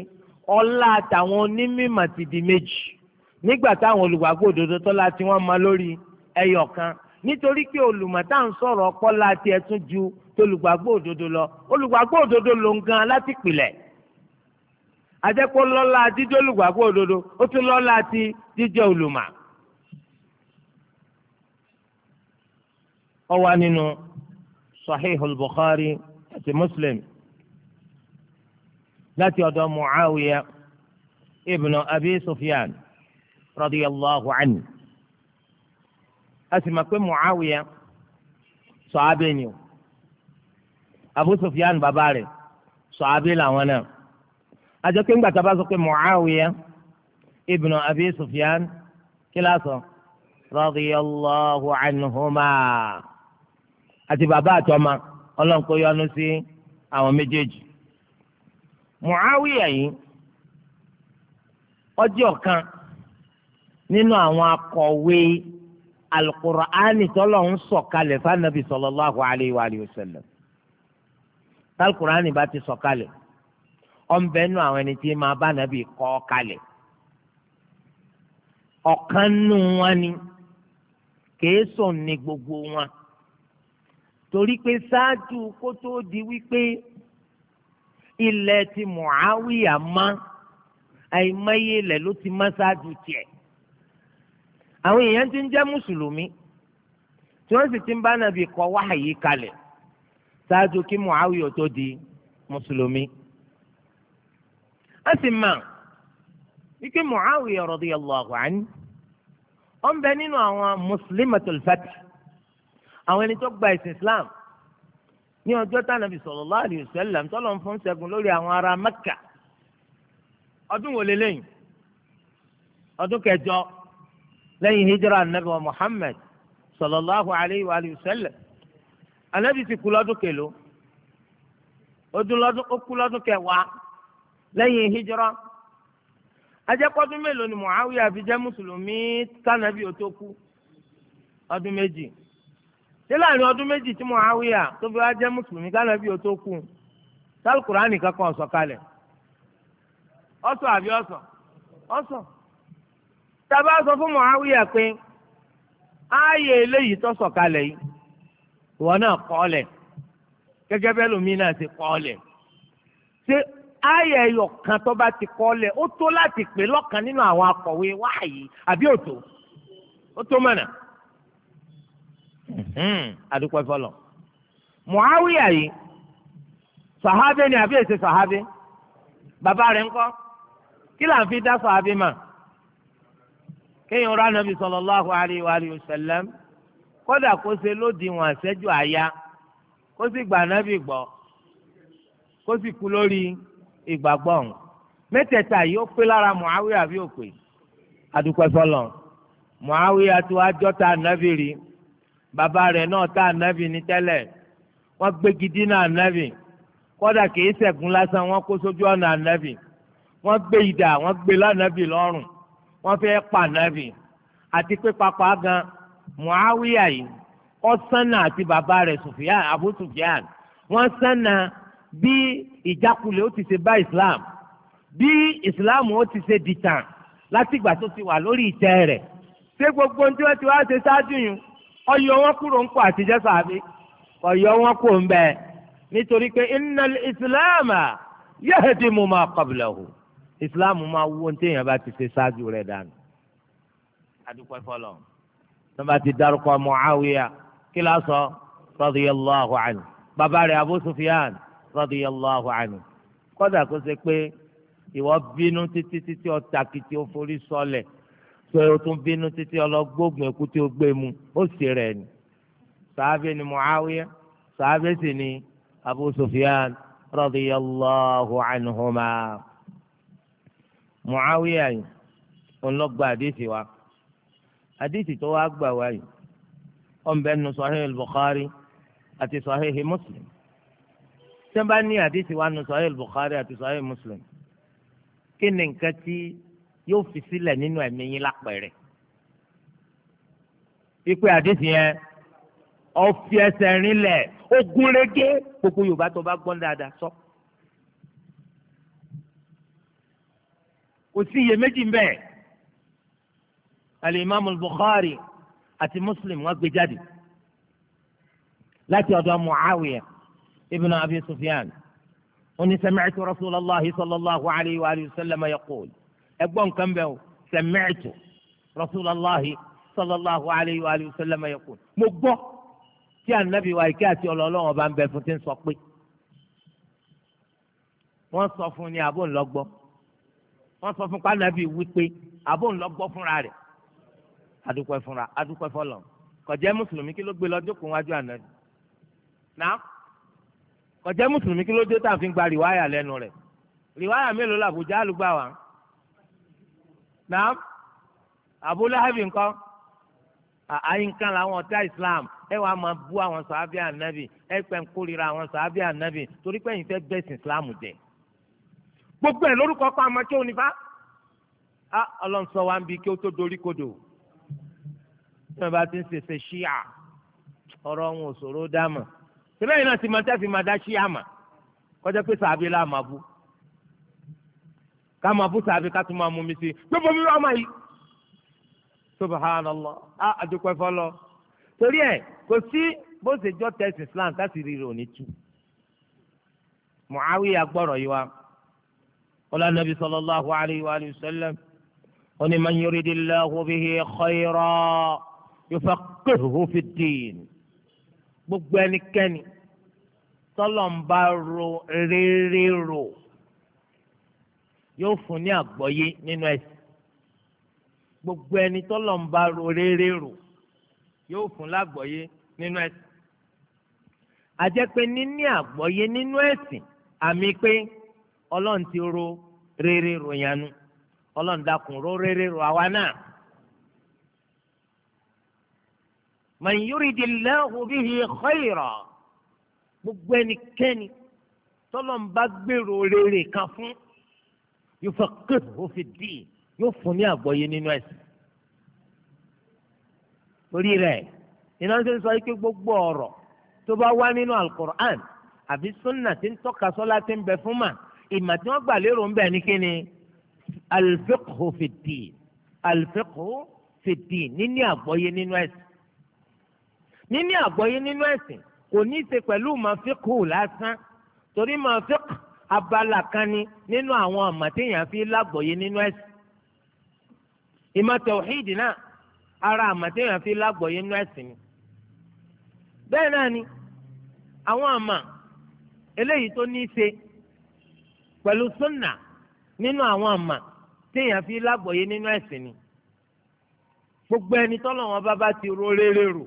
Speaker 1: ọlá tàwọn onímọ̀ ti di méjì nígbà táwọn olùgbàgbọ́ òdodo tọ́lá tí wọ́n mọ lórí ẹyọ kan nítorí pé olùmọ̀ tá à ń sọ̀rọ̀ ọpọlá tiẹ̀ tún ju tolùgbàgbọ́ òdodo lọ olùgbàgbọ́ òdodo ló ń gan láti pìlẹ̀ àjẹpọ̀ lọ́la olùgbàgbọ́ òdodo ó tún lọ́la ti jíjẹ́ olùmọ̀. ó wà nínú Sahihul Bukhari àti muslim láti ọ̀dọ̀ muawiya ibnu abi sufyan radiyallahu anhu a sì mọ̀ pé muawiya sọ̀hábẹ́ ni o abu sufyan bàbá rẹ̀ sọ̀hábẹ́ làwọn náà àjọké ńgbà tá a bá pé muawiya ibnu abi sufyan kí lásọ radiyallahu anhuma àti bàbá àtọ́mà. ọlọ́run kó yọ́nú sí àwọn méjèèjì. Muawiya yìí ọjọ́ ọ̀kan nínú àwọn akọ̀wé alukur'ani tọ́lọ́run sọ̀kalẹ̀ fanabi sallallahu alayhi wa alihi wa sallam talukur'ani bá ti sọ̀kalẹ̀ ọ̀nbẹ nù àwọn ẹni tí máa bá nàbì kọ́ kalẹ̀ ọ̀kan nù wọn ni kèé sùn ní gbogbo wọn torí pé ṣáájú kó tó di wípé ilẹ̀ ti Muawiya mọ́ àìmọye ilẹ̀ ló ti mọ́ ṣáájú tiẹ̀ àwọn èèyàn ti ń jẹ́ mùsùlùmí tí wọ́n sì ti ń bá nàbì kọ wáhàyí kalẹ̀ ṣáájú kí Muawiya tó di mùsùlùmí a sì mọ̀ wípé Muawiya radiyallahu anhu ó ń bẹ nínú àwọn muslimatul fath. àwọn ẹni tó gba ìsìn islam ní ọjọ́ tánàbì sallallahu alaihi wasallam tọ́lọ̀ ń fún ṣẹ́gun lórí àwọn ará mẹ́kà ọdún wo lélẹ́yìn ọdún kẹjọ lẹ́yìn hijra anabi wa muhammed sallallahu alayhi wa sallam anabi ti kú lọ́dún kẹló ó kú lọ́dún kẹwàá lẹ́yìn hijra ajẹ́pọ́dún mélòó ni muawiya fi mùsùlùmí tó kú ọdún méjì. ṣé láàrin ọdún méjì tí Muawiya tó fi wá jẹ́ mùsùlùmí kánà bí o tó kú sálùkùrá nìkan kan ọ̀sọ̀ kalẹ̀ ọ̀sọ̀ àbí ọ̀sọ̀ ọ̀sọ̀ tàbá sọ fún Muawiya pé ààyè eléyìí tó sọ̀ kalẹ̀ yìí ìwọ náà kọ́ lẹ̀ gẹ́gẹ́ bẹ́ẹ̀ lómi náà ti kọ́ tó láti pè lọ́kàn nínú àwọn akọ̀wé àbí ó tó mọ̀nà. Hmm. adúpẹ́ fọlọ́ muawiya yìí sahabe ni àbí èsè sahabe bàbá rẹ̀ ńkọ́ kí là ń fi dá sahabe mà kéèyàn rà nàbì sallallahu alaihi wa alihi wasallam kódà kó ṣe lódiwọ̀n àṣẹjù àyà kó sì gbà nàbì gbọ́ kó sì kú lórí ìgbàgbọ́ ọ̀hún mẹ́tẹ̀ẹ̀ta yìí ó pé lára muawiya àbí òpè adúpẹ́ fọlọ́ muawiya tó ajọ́ta nàbì rí i bàbá rẹ̀ náà tá ànábì ní tẹ́lẹ̀ wọ́n gbégi dínà ànábì kódà kìí ṣẹ̀gún lásán wọ́n kó sójú ọ̀nà ànábì wọ́n gbé idà wọ́n gbé lánàbì lọ́rùn wọ́n fẹ́ pa ànábì àti pé papá gan Muawiya yìí ọ̀sánà àti bàbá rẹ̀ Sufyan Abu Sufyan wọ́n sánà bí ìjákulẹ̀ ó ti ṣe bá Islam bí Islam ó ti ṣe dìtàn látìgbà tó ti wà lórí ìtẹ́ rẹ̀ ṣé gbogbo ohun tí wọ́n ti wá ṣe ṣáájú yìí ọyọ wọn kúrò ń kó àtijọ́ sàbí ọyọ wọn kò ń bẹ nítorí pé innal islam yahdimu ma qablahu islam máa wó ní téèyàn bá ti ṣe ṣáájú rẹ̀ dànù adúpẹ́ fọlọ́ tó bá ti dárúkọ Muawiya kí la sọ radiyallahu anhu bàbá rẹ̀ Abu Sufyan radiyallahu anhu kódà kó ṣe pé ìwọ bínú títí títí ọ̀tàkìtì ó forí sọlẹ̀. So sọ yóò tún bínú títí ọlọgbógun ẹkú tí ó gbé mu ó sì rẹ̀ ni sàábẹ ni muawiya sàábẹ sì ni abu sufyan radiyallahu anhuma muawiya yìí ọlọgba àdìsí wa àdìsí tó wá gbà wá yìí ọ̀nbẹ nu sahih al-bukhari àti sahih muslim tẹ́ńbà ní àdìsí wa nu sahih bukhari àti sahih muslim kí ni nǹkan tí yóò fi sílẹ̀ nínú ẹ̀mí yín lápẹ̀rẹ̀. ìpè àdéhùn yẹn ọ̀fi ẹsẹ̀ rinlẹ̀ ogúnrégé gbogbo yorùbá tó bá gbọ́n dáadáa sọ. kò sí iyèméjì ń bẹ̀ alimami bukhari àti muslim wọ́n gbé jáde láti ọ̀dọ̀ muawiya ibn abi sufyan onísàmìtì rasulallah sallallahu alayhi wa sallam yaqul ẹgbọ́n nǹkan bẹ́ẹ̀ o sami'tu rasulallahi sallallahu alayhi wa sallam yaqul mo gbọ́ tí anabi wa ike àti ọlọ́lọ́wọ́n bá ń bẹ fún ti ń sọ pé wọ́n sọ fún ni àbò ńlọgbọ́ wọ́n sọ fún pànàbí wípé àbò ńlọgbọ́ fúnra rẹ̀ adúpẹ́ fúnra adúpẹ́ fọlọ́ kọjá mùsùlùmí kí ló gbé lọ jókòó wájú ànábì náà kọjá mùsùlùmí kí ló dé tá a fi gba rìwáyà lẹ́nu rẹ̀ rìwáyà mélòó làbújá àlùgbà wa náà Abu Lahabi nǹkan àyínká làwọn ọ̀tá Islam ẹ wàá máa bú àwọn sàábì ànábì ẹ pẹ́ ń kórìíra àwọn sàábì ànábì torí pé ẹ̀yin fẹ́ bẹ́sìn Islam jẹ gbogbo ẹ̀ lórúkọ pa àmọ́ kí òní bá a ọlọ́nsọ wa ń bi kí ó tó dorí kodò tí wọ́n bá ti ń ṣèṣe ṣíà ọ̀rọ̀ wọn ò ṣòro dáàmà síbẹ̀ yìí náà ti máa tẹ́ fi máa dá ṣíà mà kọjá pé sàábì láàmà bú ká máa bú sàbí ká tún máa mú mi sí gbogbo mi wá máa yí. subhanallah a àdúpẹ́ fọlọ́ torí ẹ̀ kò sí bó ṣe jọ tẹ̀sí islam láti rí rò ní tú. muawiya gbọ́rọ̀ yìí wa ọlá nàbí sallallahu alayhi wa sallam ó ní man yuridillahu bihi khayran yufaqqihhu fid-din gbogbo ẹnikẹ́ni tọ́lọ̀ bá ro rere rò yóò fún ní àgbọ́yé nínú ẹ̀sìn gbogbo ẹni tọ́lọ̀ ń bá ro rere rò yóò fún lágbọ́yé nínú ẹ̀sìn àjẹpé níní àgbọ́yé nínú ẹ̀sìn àmì pé ọlọ́run ti ro rere rò yanu ọlọ́run dákun ro rere rò àwa náà. man yuridillahu bihi khayra gbogbo ẹnikẹ́ni tọ́lọ̀ ń bá gbèrò rere yufaqqihu fi ddin yóò fún ní àgbọ́yé nínú ẹ̀sìn. orí rẹ̀ iná ń sọ pé gbogbo ọ̀rọ̀ tó bá wá nínú alukur'an àbí sunna tí ń tọ́ka sọ́lá tí ń bẹ fún mà ìmọ̀ tí wọ́n gbà lérò ń bẹ ní kíni alfiqhu fi ddin alfiqhu fi ddin níní àgbọ́yé nínú ẹ̀sìn. níní àgbọ́yé nínú ẹ̀sìn kò ní í ṣe pẹ̀lú màfíkù lásán torí màfíkù abala kan ni nínú àwọn ọ̀mà téèyàn fi lágbòye nínú ẹ̀sìn ìmọ̀ tẹ̀wọ̀hídì náà ara àmà téèyàn fi lágbòye nínú ẹ̀sìn ni bẹ́ẹ̀ náà ni àwọn àmà eléyìí tó ní í ṣe pẹ̀lú súnà nínú àwọn àmà téèyàn fi lágbòye nínú ẹ̀sìn ni gbogbo ẹni tọ́lọ́wọ́n bá bá ti ro rere rò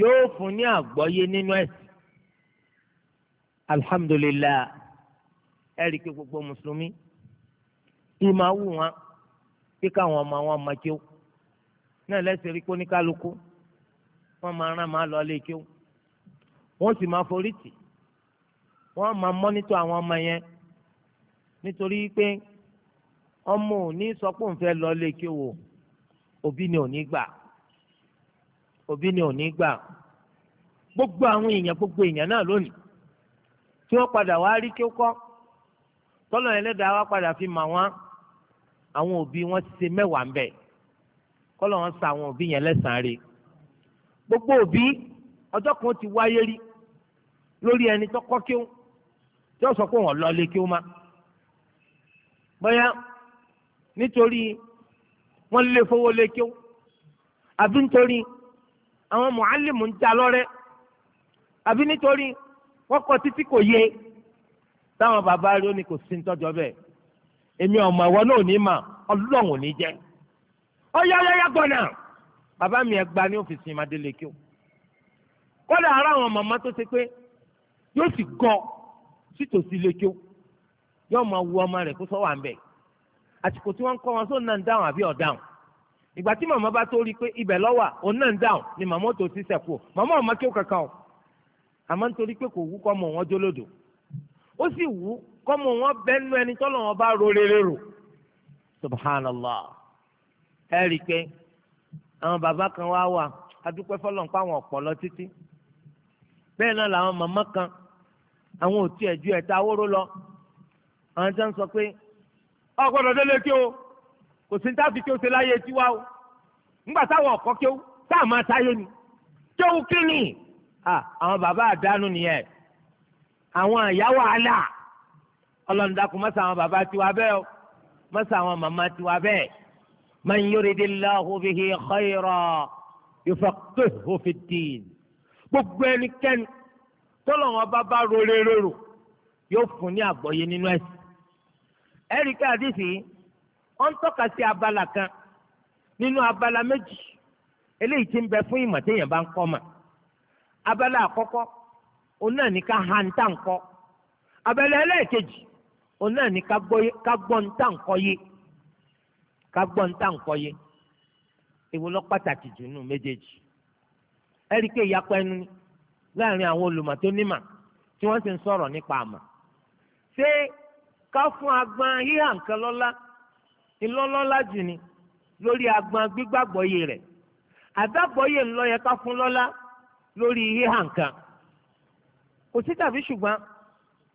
Speaker 1: yóò fún ní àgbọ́yé nínú ẹ̀sìn alhamdulilayi. ẹ̀rí pé gbogbo mùsùlùmí ìmọ̀ awù wọn kí káwọn ọmọ wọn máa kí ó náà lẹ́sẹ̀ rí kó nra ma máa rán máa lọ lé kí ó wọ́n sì máa forí tì máa mọ́nítọ̀ àwọn ọmọ yẹn nítorí pé ọmọ sọ pé òun fẹ́ ni ò gbogbo àwọn èèyàn gbogbo èèyàn náà lónìí tí wọ́n padà wá rí tọ́lọ̀ ẹlẹ́dàá wa padà fi mà wọ́n àwọn òbí wọn ti ṣe mẹ́wàá ń bẹ̀ kọ́lọ̀ wọn sa àwọn òbí yẹn lẹ́sàn-án rè gbogbo òbí ọjọ́ kan ti wáyé rí lórí ẹni tó kọ́ kéwù tí ó sọ pé wọ́n lọ lé kéwù má bóyá nítorí wọ́n lé fowó lé kéwù àbí nítorí àwọn mọ̀álìmù ń ta lọ́rẹ́ àbí nítorí wọ́n kọ́ títí kò yé e táwọn bàbá rí ó ní kò sí nítọ́jọ́ bẹ́ẹ̀ èmi ọmọ ìwọ náà ò ní mà ọlọ́run ò ní jẹ́ ọ̀yáyáyá gbọ́nà bàbá mi ẹ̀ gba ní ọ́fíìsì ìmàdélékè o kọ́dà ara àwọn màmá tó ṣe pé yóò sì gọ sítòsí lékè o yóò máa wu ọmọ rẹ̀ kó sọ wà ń bẹ̀ àsìkò tí wọ́n ń kọ́ wọn sóun náà ń dáhùn àbí ọ̀dáhùn ìgbà tí màmá bá tó rí i pé ibẹ̀ lọ́wà òun náà ń dáhùn ni màmá tó ti sẹ̀kù màmá ọ̀ma kí ó kankan o àmọ́ nítorí pé kò wú kọ́ mọ̀ wọ́n jólódò ó sì wù kọ́mọ wọn bẹ́nu ẹni tọ́lọ̀ wọn bá ro rere rò subhanallah ẹ rí i pé àwọn bàbá kan wá wà adúpẹ́ fọlọ́n pa àwọn ọ̀pọ̀ lọ títí bẹ́ẹ̀ náà làwọn màmá kan àwọn ò tiẹ̀ ju ẹ̀ta awóró lọ àwọn tó ń sọ pé ọ gbọ́dọ̀ délé kí o kò sí ní táàbì kí o ṣe láyé tiwa o ńgbà táwọn ọ̀kọ́ kí o táà máa táyé ni kí o kí ni àwọn bàbá àdánù nìyẹn àwọn àyà wàhálà ọlọ́run dákun mọ́sà àwọn bàbá tiwa bẹ́ẹ̀ o mọ́sà àwọn màmá tiwa bẹ́ẹ̀ man yuridillahu bihi khayra yufaqqihhu fid-din gbogbo ẹnikẹ́ni tọ́lọ́wọ́n bá bá rore rorò yóò fún ní àgbọ́yé nínú ẹ̀sìn ẹ̀ríkà àdìsí wọ́n ń tọ́ka sí abala kan nínú abala méjì eléyìí tí ń bẹ fún ìmọ̀ téèyàn bá ń kọ́ mà abala àkọ́kọ́ òun náà ní ká ha nta-nkọ ńkọ́ abẹ́lé ẹlẹ́ẹ̀kejì òun náà ní ká gbọ́ ń tà yé ká gbọ́ ń tà yé èwo lọ pàtàkì jù nù méjèèjì ẹ rí i pé ìyapa ẹnu láàrin àwọn olùmọ̀ tó nímà tí wọ́n sì ń sọ̀rọ̀ nípa àmà ṣé ká fún agbọn híhà nǹkan jù ni lórí agbọn gbígbàgbọ́ yé rẹ̀ àdàgbọ́ yé ńlọ yẹ ká fún lọ́lá lórí híhà nǹkan kò sí tàbí ṣùgbọ́n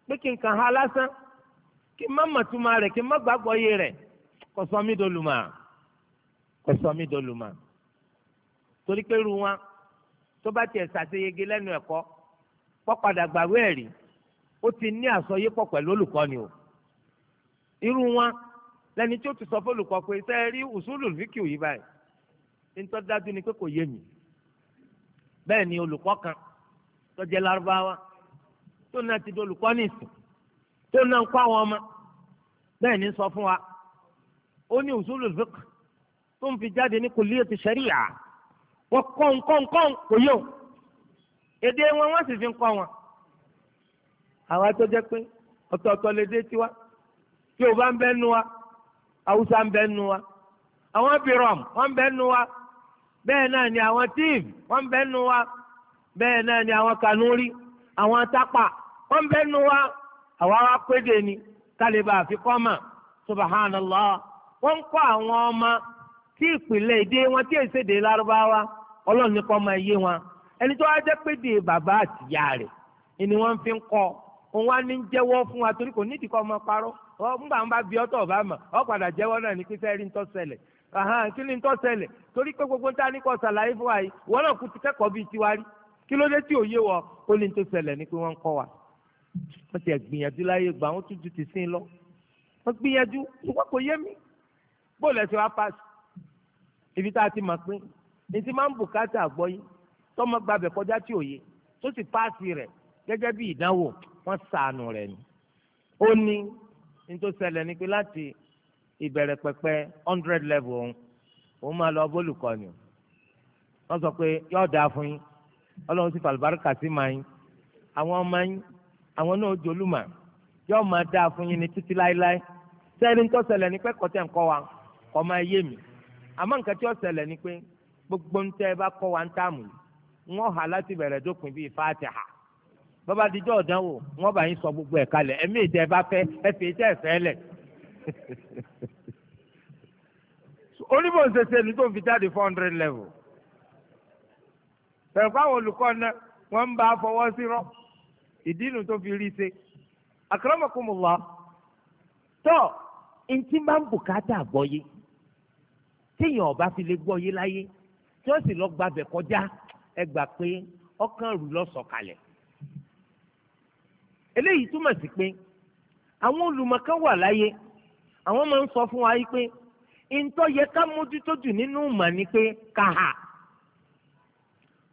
Speaker 1: pé kí n kàn ha lásán kí n má mọ̀túmọ̀ rẹ̀ kí n má gbàgbọ́ iye rẹ̀ kò sọ mí dolùmọ̀ kò sọ mí dolùmọ̀ torí pé irú wọn tó bá tiẹ̀ ṣàṣeyege lẹ́nu ẹ̀kọ́ pọ́padà gbàwé ẹ̀rí ó ti ní àsọyépọ̀ pẹ̀lú olùkọ́ni o irú wọn lẹni tí ó ti sọ fún olùkọ́ pé ṣe rí ùsùlù fíkì yìí báyìí nítorí dájú ni pé kò yé mi bẹ́ẹ̀ ni olùkọ́ kan tó jẹ́ lárúbáwá tó náà ti dolùkọ́ nìsín tó náà ń kọ́ àwọn ọmọ bẹ́ẹ̀ ní sọ fún wa ó ní usulu fiqh tó ń fi jáde ní kulliyati sharia wọ́n kọ́ nǹkan nǹkan kò yẹ o èdè wọn wọ́n sì fi ń kọ́ wọn. àwa tó jẹ́ pé ọ̀tọ̀ọ̀tọ̀ lè dé tiwa tí o bá ń bẹ́ nu wa haúsá ń bẹ́ nu wa àwọn birom wọ́n ń bẹ́ nu wa bẹ́ẹ̀ náà ni àwọn tíìf wọ́n ń bẹ́ nu wa bẹ́ẹ̀ náà ni àwọn kanúrí àwọn atápà wọ́n bẹ́ẹ̀ nu wa àwa wa péde ni kálíbà àfi kọ́mà wọ́n ń kọ́ àwọn ọmọ tí ìpìlẹ̀ èdè wọn tí lárúbáwá ọlọ́run wọn ẹni tó wá jẹ́ péde bàbá ni wọ́n fi ń kọ́ òun wá ní jẹ́wọ́ fún wa torí kò ọmọ parọ́ ọ bá ọ padà jẹ́wọ́ náà ní rí kí ni torí pé gbogbo ń ní kọ́ náà kú ti kẹ́kọ̀ọ́ bíi kí ló dé tí ò yé wọ ó ní tó ṣẹlẹ̀ ni pé wọ́n ń kọ́ wa wọ́n ti gbìyànjú láyé gbà wọ́n tún ju ti sin lọ wọ́n gbìyànjú ṣùgbọ́n kò yé mi bóòlù ẹ̀sìn wa pass ibi tá a ti mọ̀ pé ní ti máa ń bùkátà àgbọ̀ yìí tọ́mọ gbàbẹ̀ kọjá tí ò yé tó sì páàsì rẹ̀ gẹ́gẹ́ bí ìdánwò wọ́n sànù rẹ̀ ni ó ní ní tó ṣẹlẹ̀ ni pé láti ìbẹ̀rẹ̀ pẹ̀pẹ̀ hundred level òun òun máa lọ bólùkọ́ ni wọ́n sọ pé yóò dáa fún yín ọlọ́run sì fàlùbáríkà sí máa yín àwọn ọmọ yín àwọn náà jòlúmọ̀ yóò máa dáa fún yín ní títí láéláé sẹ́ni tó ṣẹlẹ̀ ní pé kọ́tẹ́ ńkọ́ wa kọ́ máa yé mi àmọ́ nǹkan tí ó ṣẹlẹ̀ ni pé gbogbo ńtẹ́ ẹ bá kọ́ wa ń táàmù yìí wọ́n hà láti bẹ̀rẹ̀ dópin bíi fàtìhà bàbá àdìjọ́ ọ̀dánwò wọ́n bá yín sọ gbogbo ẹ̀ kalẹ̀ ẹ̀mí ìtẹ́ ẹ bá fẹ́ ẹ fi ìtẹ́ ẹ fẹ́ lẹ̀ onímọ̀ ṣẹṣẹ ni tó fi jáde four hundred level bẹ̀rẹ̀ fáwọn olùkọ́ náà wọ́n ń bá a fọwọ́ sí rọ́ ìdí inú tó fi rí i ṣe àkàràmọ̀kùnmùlá tọ́ ntí máa ń bùkátà àgbọ́yé téèyàn ọba fi lè gbọ́yé láyé tí wọ́n sì lọ gbàbẹ̀ kọjá ẹ gbà pé ọkàn rù lọ́sọ̀kalẹ̀ eléyìí túmọ̀ sí pé àwọn olùmọ̀kan wà láyé àwọn máa ń sọ fún wa yìí pé ntọ́ yẹ ká mójútó jù nínú ìmọ̀ ni pé kàhà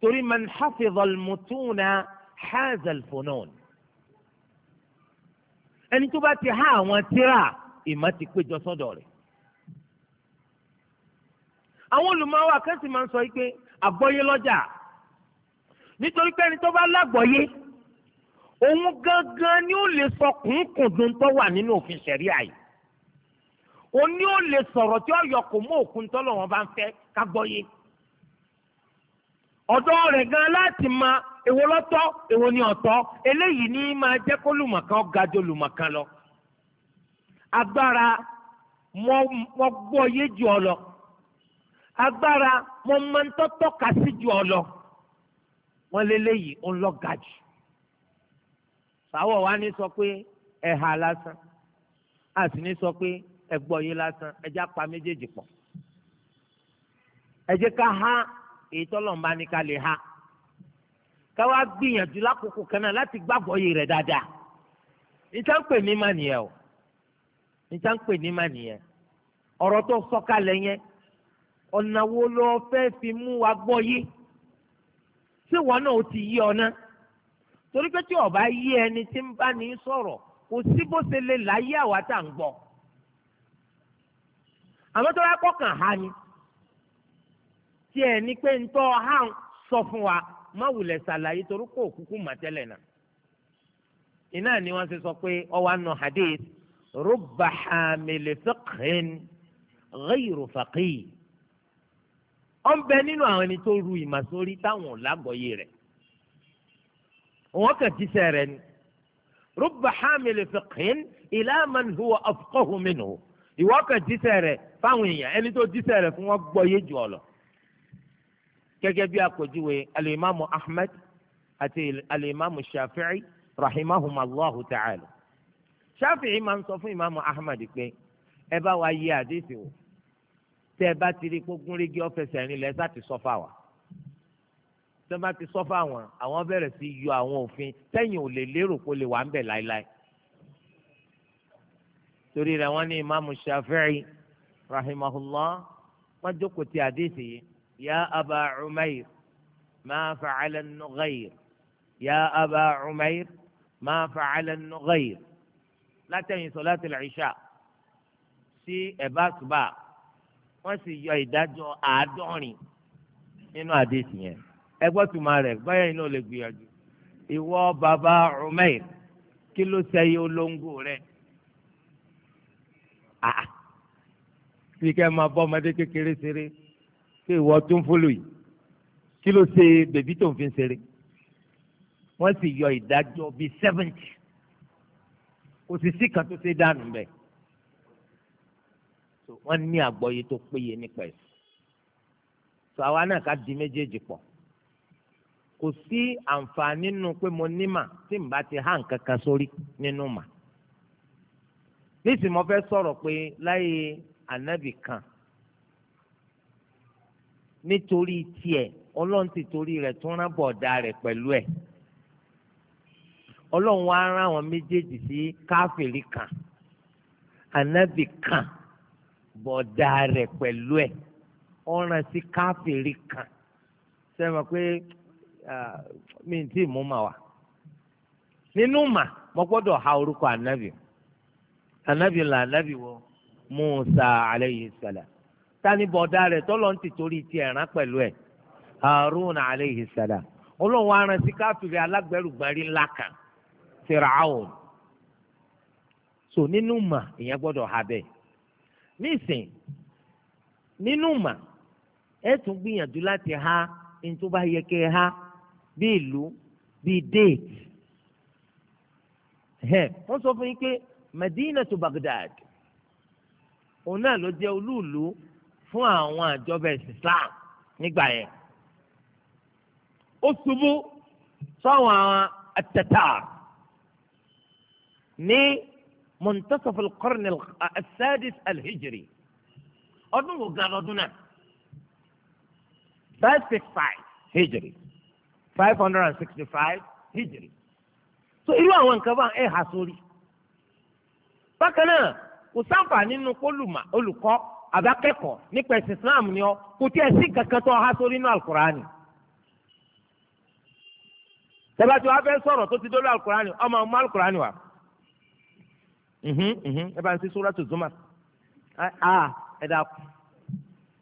Speaker 1: torí man hafiz al-mutuna haza al-funun ẹni tó bá ti há àwọn tíra ìmọ̀ ti péjọ sọ́dọ̀ rẹ̀ àwọn olùmọ̀wé akẹ́sì máa ń sọ pé àgbọ́yé lọ́jà nítorí pé ẹni tó bá lágbọ́yé òun gangan ni ó lè sọ kùnkùndùn tó wà nínú òfin ṣẹ̀ríà yìí òun ni ó lè sọ̀rọ̀ tí ó kò mú òkun tọ́lọ̀ wọn bá ń fẹ́ ká ọ̀dọ́ rẹ̀ gan láti ma èwo lọ́tọ́ èwo ni ọ̀tọ́ eléyìí ní máa jẹ́ kó lùmọ̀kan lọ. agbára mo gbọ́ yé lọ agbára mo máa ń tọ́tọ́ ka sí ju ọ lọ wọ́n léléyìí ó pé ẹ̀hà lásán a sì ní èyí bá ní ká lè ha káwá gbìyànjú lákòókò kan náà láti gbàgbọ́ yìí rẹ̀ dáadáa níta ń pè ní mà o níta ń pè ní mà ọ̀rọ̀ tó sọ̀kalẹ̀ yẹn ọ̀nà wo ló fẹ́ fi mú wa gbọ́ yìí tí wọn náà ti yí ọ ná torí pé tí ọba yí ẹni tí ń bá ní sọ̀rọ̀ kò sí bó ṣe lè láyé àwa tá à ń gbọ́ àmọ́ tó bá kàn ni. tiẹ̀ ní pé ntọ́ hàn sọ fún wa má wulẹ̀ ṣàlàyé torí kò kúkú mà tẹ́lẹ̀ náà iná ni wọ́n ti sọ pé ọwọ́ àna hadith rubba hamili fiqhin ghayru faqih ó ń bẹ nínú àwọn ẹni tó ru ìmàsórí táwọn ò lágbọ̀ọ́yé rẹ̀ wọ́n kàn jíṣẹ́ rẹ̀ ni rubba hamili fiqhin ila man huwa afqahu minhu ìwọ kàn fáwọn èèyàn ẹni tó jíṣẹ́ rẹ̀ fún wọn gbọ́yé jù ọ lọ gẹ́gẹ́ bí àpèjúwe alimami ahmed àti alimami shafi'i rahimahum allahu ta'ala shafi'i máa ń sọ fún imaamu ahmed pé ẹ bá wa yí àdéhìí o tẹ́ ẹ bá ti rí gbógun rígi ọ̀fẹ́sẹ̀ rìn lẹ́sà ti sọ fáwa tẹ́ bá ti sọ fáwọn àwọn bẹ̀rẹ̀ sí yọ àwọn òfin tẹ́yìn ò lè lérò kó lè wà ń bẹ̀ láéláé torí rẹ̀ wọ́n ní imaamu shafi'i rahimahullah wọ́n jókòó ti àdéhìí yìí يا أبا عمير ما فعل النغير يا أبا عمير ما فعل النغير لا تنهي صلاة العشاء sí ẹ̀bá àsùbá wọ́n sì yọ ìdájọ́ àádọ́rin nínú àdéhùn yẹn ẹgbẹ́ tuma rẹ̀ báyọ̀ iná lè gbìyànjú ìwọ bàbá Umair kí ló sẹ́yìn olóńgò rẹ̀ àà sì kẹ́ máa bọ́ ọmọdé kékeré ṣeré pé ìwọ tó ń fọlọ yìí kí ló ṣe bèbí tó ń fi ṣeré wọ́n sì yọ ìdájọ́ bíi seventy kò sì sí kan tó ṣe dànù bẹ́ẹ̀ wọ́n ní àgbọ́yé tó péye nípa ẹ̀ sọ àwa náà ká di méjèèjì pọ̀ kò sí àǹfààní nínú pé mo nímà tí n bá ti há nǹkan sórí nínú mà nísìnyí fẹ́ sọ̀rọ̀ pé láyé ànábì kan nítorí tiẹ̀ ọlọ́run ti torí rẹ̀ tó rán bọ̀dá rẹ̀ pẹ̀lú ẹ̀ ọlọ́run wá rán àwọn méjèèjì sí káfíìrì kan ànábì kan bọ̀dá rẹ̀ pẹ̀lú ẹ̀ ọ̀ràn sí káfíìrì kan sẹ́wọ̀n pé mi ti mú ma wá nínú mà mo gbọ́dọ̀ ha orúkọ anabi anabi là ànábì wo Musa aleyhi salam. tani bọ̀dá rẹ̀ tọ́lọ́ ń ti torí tiẹ̀ rán pẹ̀lú ẹ̀ haruna aleyhi salam olóhùn aran sí káfíìrì alágbẹ̀rùgbẹ̀rì ńlá kan firaun so nínú mà èèyàn gbọ́dọ̀ ha bẹ́ẹ̀ nísìn nínú mà ẹ tún gbìyànjú láti ha ní tó ha bí ìlú bí déètì wọ́n sọ fún yín pé Madina to Baghdad òun náà ló jẹ́ fún àwọn àjọbẹ Islam nígbà yẹn ó ṣubú sọ́wọ́n àwọn at-Tatar ní muntasaf al-qarn as-sadis al-hijri ọdún wo gan lọ́dún náà five six five hijri five hundred and sixty five hijri so irú àwọn nǹkan bá ẹ̀ hà sórí bákan náà kò sáǹfà nínú olùkọ́ àbákẹ́kọ̀ọ́ nípa ẹ̀sìn islam ni ọ kò tí ẹ sí kankan tó há sórí inú alukurani tẹ́bàtì wàá fẹ́ sọ̀rọ̀ tó ti dọ́lọ́ alukurani ọmọ ọmọ alukurani wa ẹ bá ń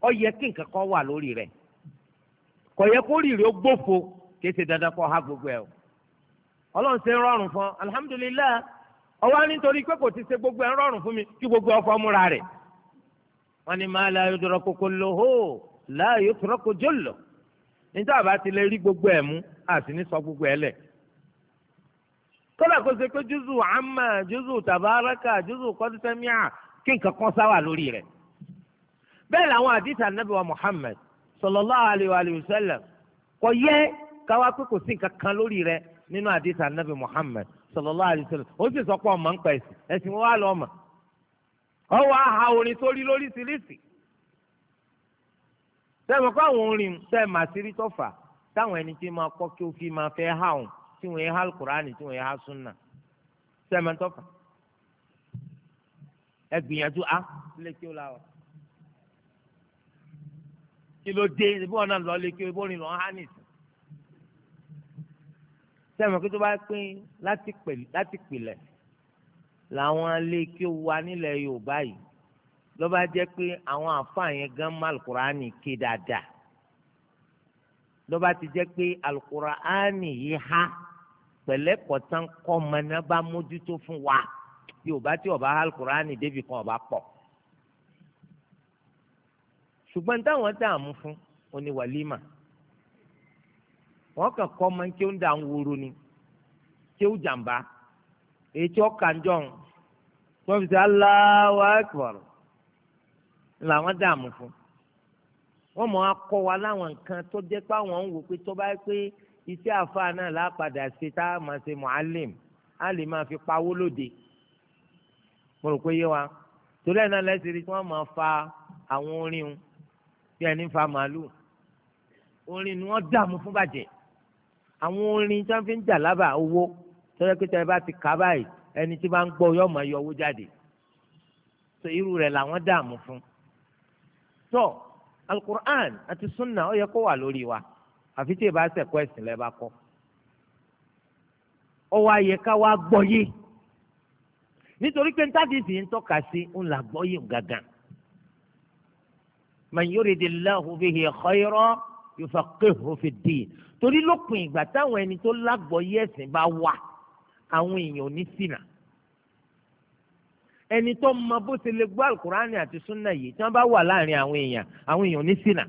Speaker 1: ọ yẹ kí nǹkan kan wà lórí rẹ̀ kò yẹ kó rírì ó gbófo gbogbo ẹ o ọlọ́run ṣe ń rọrùn fún alihamudulilayi ọwọ́ ti ṣe gbogbo ẹ ń rọrùn mi kí gbogbo ọkọ múra rẹ̀ wọ́n ní máa la yudraku kulluhu la yutraku julluhu níta àbá ti lè rí gbogbo ẹ̀ mú àti ní sọ gbogbo ẹ̀ lẹ̀. kódà kó ṣe pé júzù àmà júzù tàbáraka júzù kọ́dísẹ́míà kí nǹkan kan sáwà lórí rẹ̀. bẹ́ẹ̀ làwọn àdìsá nàbí wa Muhammad sallallahu alayhi wa sallam kò yẹ káwá pé kò sí nǹkan kan lórí rẹ̀ nínú àdìsá nàbí Muhammad sallallahu alayhi wa ó sì sọ pé ọmọ ń pa ẹ̀sìn ẹ̀sìn wọn wá lọ́ọ́ ọwọ́ aha orin tó rí lóríṣiríṣi sẹ́mi kọ́ àwọn orin sẹ́mi àṣírí tọ́fà táwọn ẹni tí máa kọ́ kí ó fi máa fẹ́ há òun tí wọ́n yẹ há kúránì tí wọ́n yẹ há súnà sẹ́mi tọ́fà ẹ gbìyànjú a lè kí ó la ọ kí ló dé ibi wọn náà lọ lè kí ó bórin lọ há nìsí sẹ́mi kí tó bá pín láti pìlẹ̀ làwọn aléèké wa nílẹ̀ yorùbá yìí lọ́ba jẹ́ pé àwọn àfáà yẹn gan mọ alukur'ani ké dáadáa lọ́ba ti jẹ́ pé alukur'ani yìí há pẹ̀lẹ́kọ̀tàn kọ́mọ̀nà bá mójútó fún wa yorùbá tí ọba alukur'ani débi kan ọba pọ̀ ṣùgbọ́n táwọn dààmú fún oní wàlímà wọ́n kàn kọ́ ọmọ kí ó ń dà ń woro ni kí ó jàǹbá èyí tí ó kàn jọ̀hún fi ṣe Allahu Akbar làwọn dààmú fún wọ́n mọ̀ akọ wa láwọn nǹkan tó jẹ́ pé àwọn ń wò pé tó bá yẹ pé iṣẹ́ àfáà náà lápadà ṣe tá a máa ṣe mu'allim á lè máa fi pawó lóde mo rò pé yé wa torí ẹ̀ náà lẹ́sìn rí tí máa fa àwọn orin un bí ẹni fa màálùú orin ni wọ́n dààmú fún bàjẹ́ àwọn orin tí wọ́n fi ń jà lábà owó tọ́jọ́ pé tẹ́lẹ̀ bá ti kà báyìí ẹni tí bá ń gbọ́ yọ̀ọ́ máa yọ owó jáde tó irú rẹ̀ làwọn dààmú fún. tọ́ alukur'an àti sunna ó yẹ kó wà lórí wa àfi tí ìbá sẹ̀kọ́ ẹ̀sìn lẹ́ bá kọ́. ó wá yẹ ká wá gbọ́ yé nítorí pé ntàdísì ń tọ́ka sí ń là gbọ́ yé gàgàn. man yuridillahu bihi khayra yufaqqihhu fid-din torí lópin ìgbà táwọn ẹni tó lágbọ́ yé ẹ̀sìn bá wà. àwọn èèyàn ní sínà. ẹni tó mọ bó ṣe lè gbọ́ àti sunna yìí tí wọ́n bá wà láàrin àwọn èèyàn àwọn èèyàn ní sínà.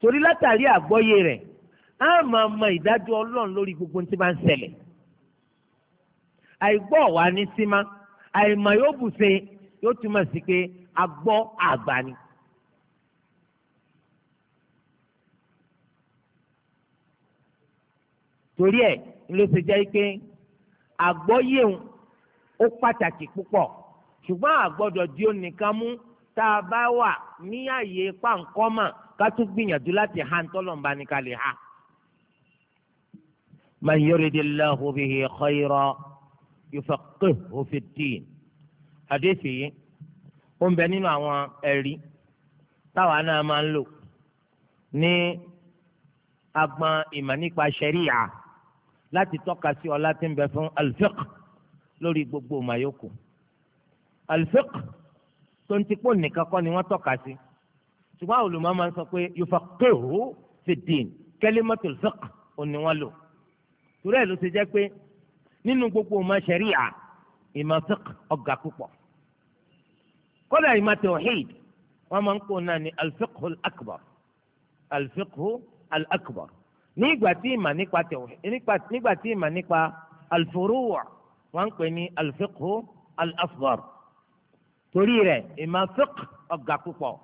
Speaker 1: torí látàrí àgbọ́yé rẹ̀ á máa mọ ìdájọ́ ọlọ́run lórí gbogbo tí bá ń ṣẹlẹ̀ àìgbọ́ ní símá àìmọ̀ yóò bù yóò túmọ̀ sí pé agbọ́ àgbà ni. ló ṣe jẹ́ pé àgbọ́yé ó pàtàkì púpọ̀ ṣùgbọ́n àgbọ́dọ̀ di onìkan mú tá a bá wà ní àyè pàǹkọ́mà ká tún gbìyànjú láti ha ń tọ́lọ̀ ń bá ní kalẹ̀ ha. man yuridillahu bihi khayra yufaqqihhu fid-din àdéhìí yìí ó ń bẹ nínú àwọn ẹ̀rí táwa náà máa ń lò ní láti tọ́ka sí ọlá tí ń bẹ fún alfiq lórí gbogbo mayoko alfiq tó ń ti pò nìkan kọ́ ni wọ́n tọ́ka sí ṣùgbọ́n àwọn olùmọ̀ máa ń sọ pé yufaqihu fi din kalimatu alfiq ò ní wọ́n lò torí ló ṣe jẹ́ pé nínú gbogbo ọmọ ṣẹ̀ríà ìmọ̀ fiq ọ̀gá púpọ̀ kódà ìmọ̀ tawhid wọ́n máa ń kó náà ní alfiqhu al-akbar alfiqhu al-akbar. al akbar alfiqhu al akbar nígbà tí ìmà nípa tẹ̀wẹ̀ nígbà tí ìmà nípa alfuruwa wọ́n ń pè ní alfiqhu alafdar torí rẹ̀ ìmà fiqh ọ̀gá púpọ̀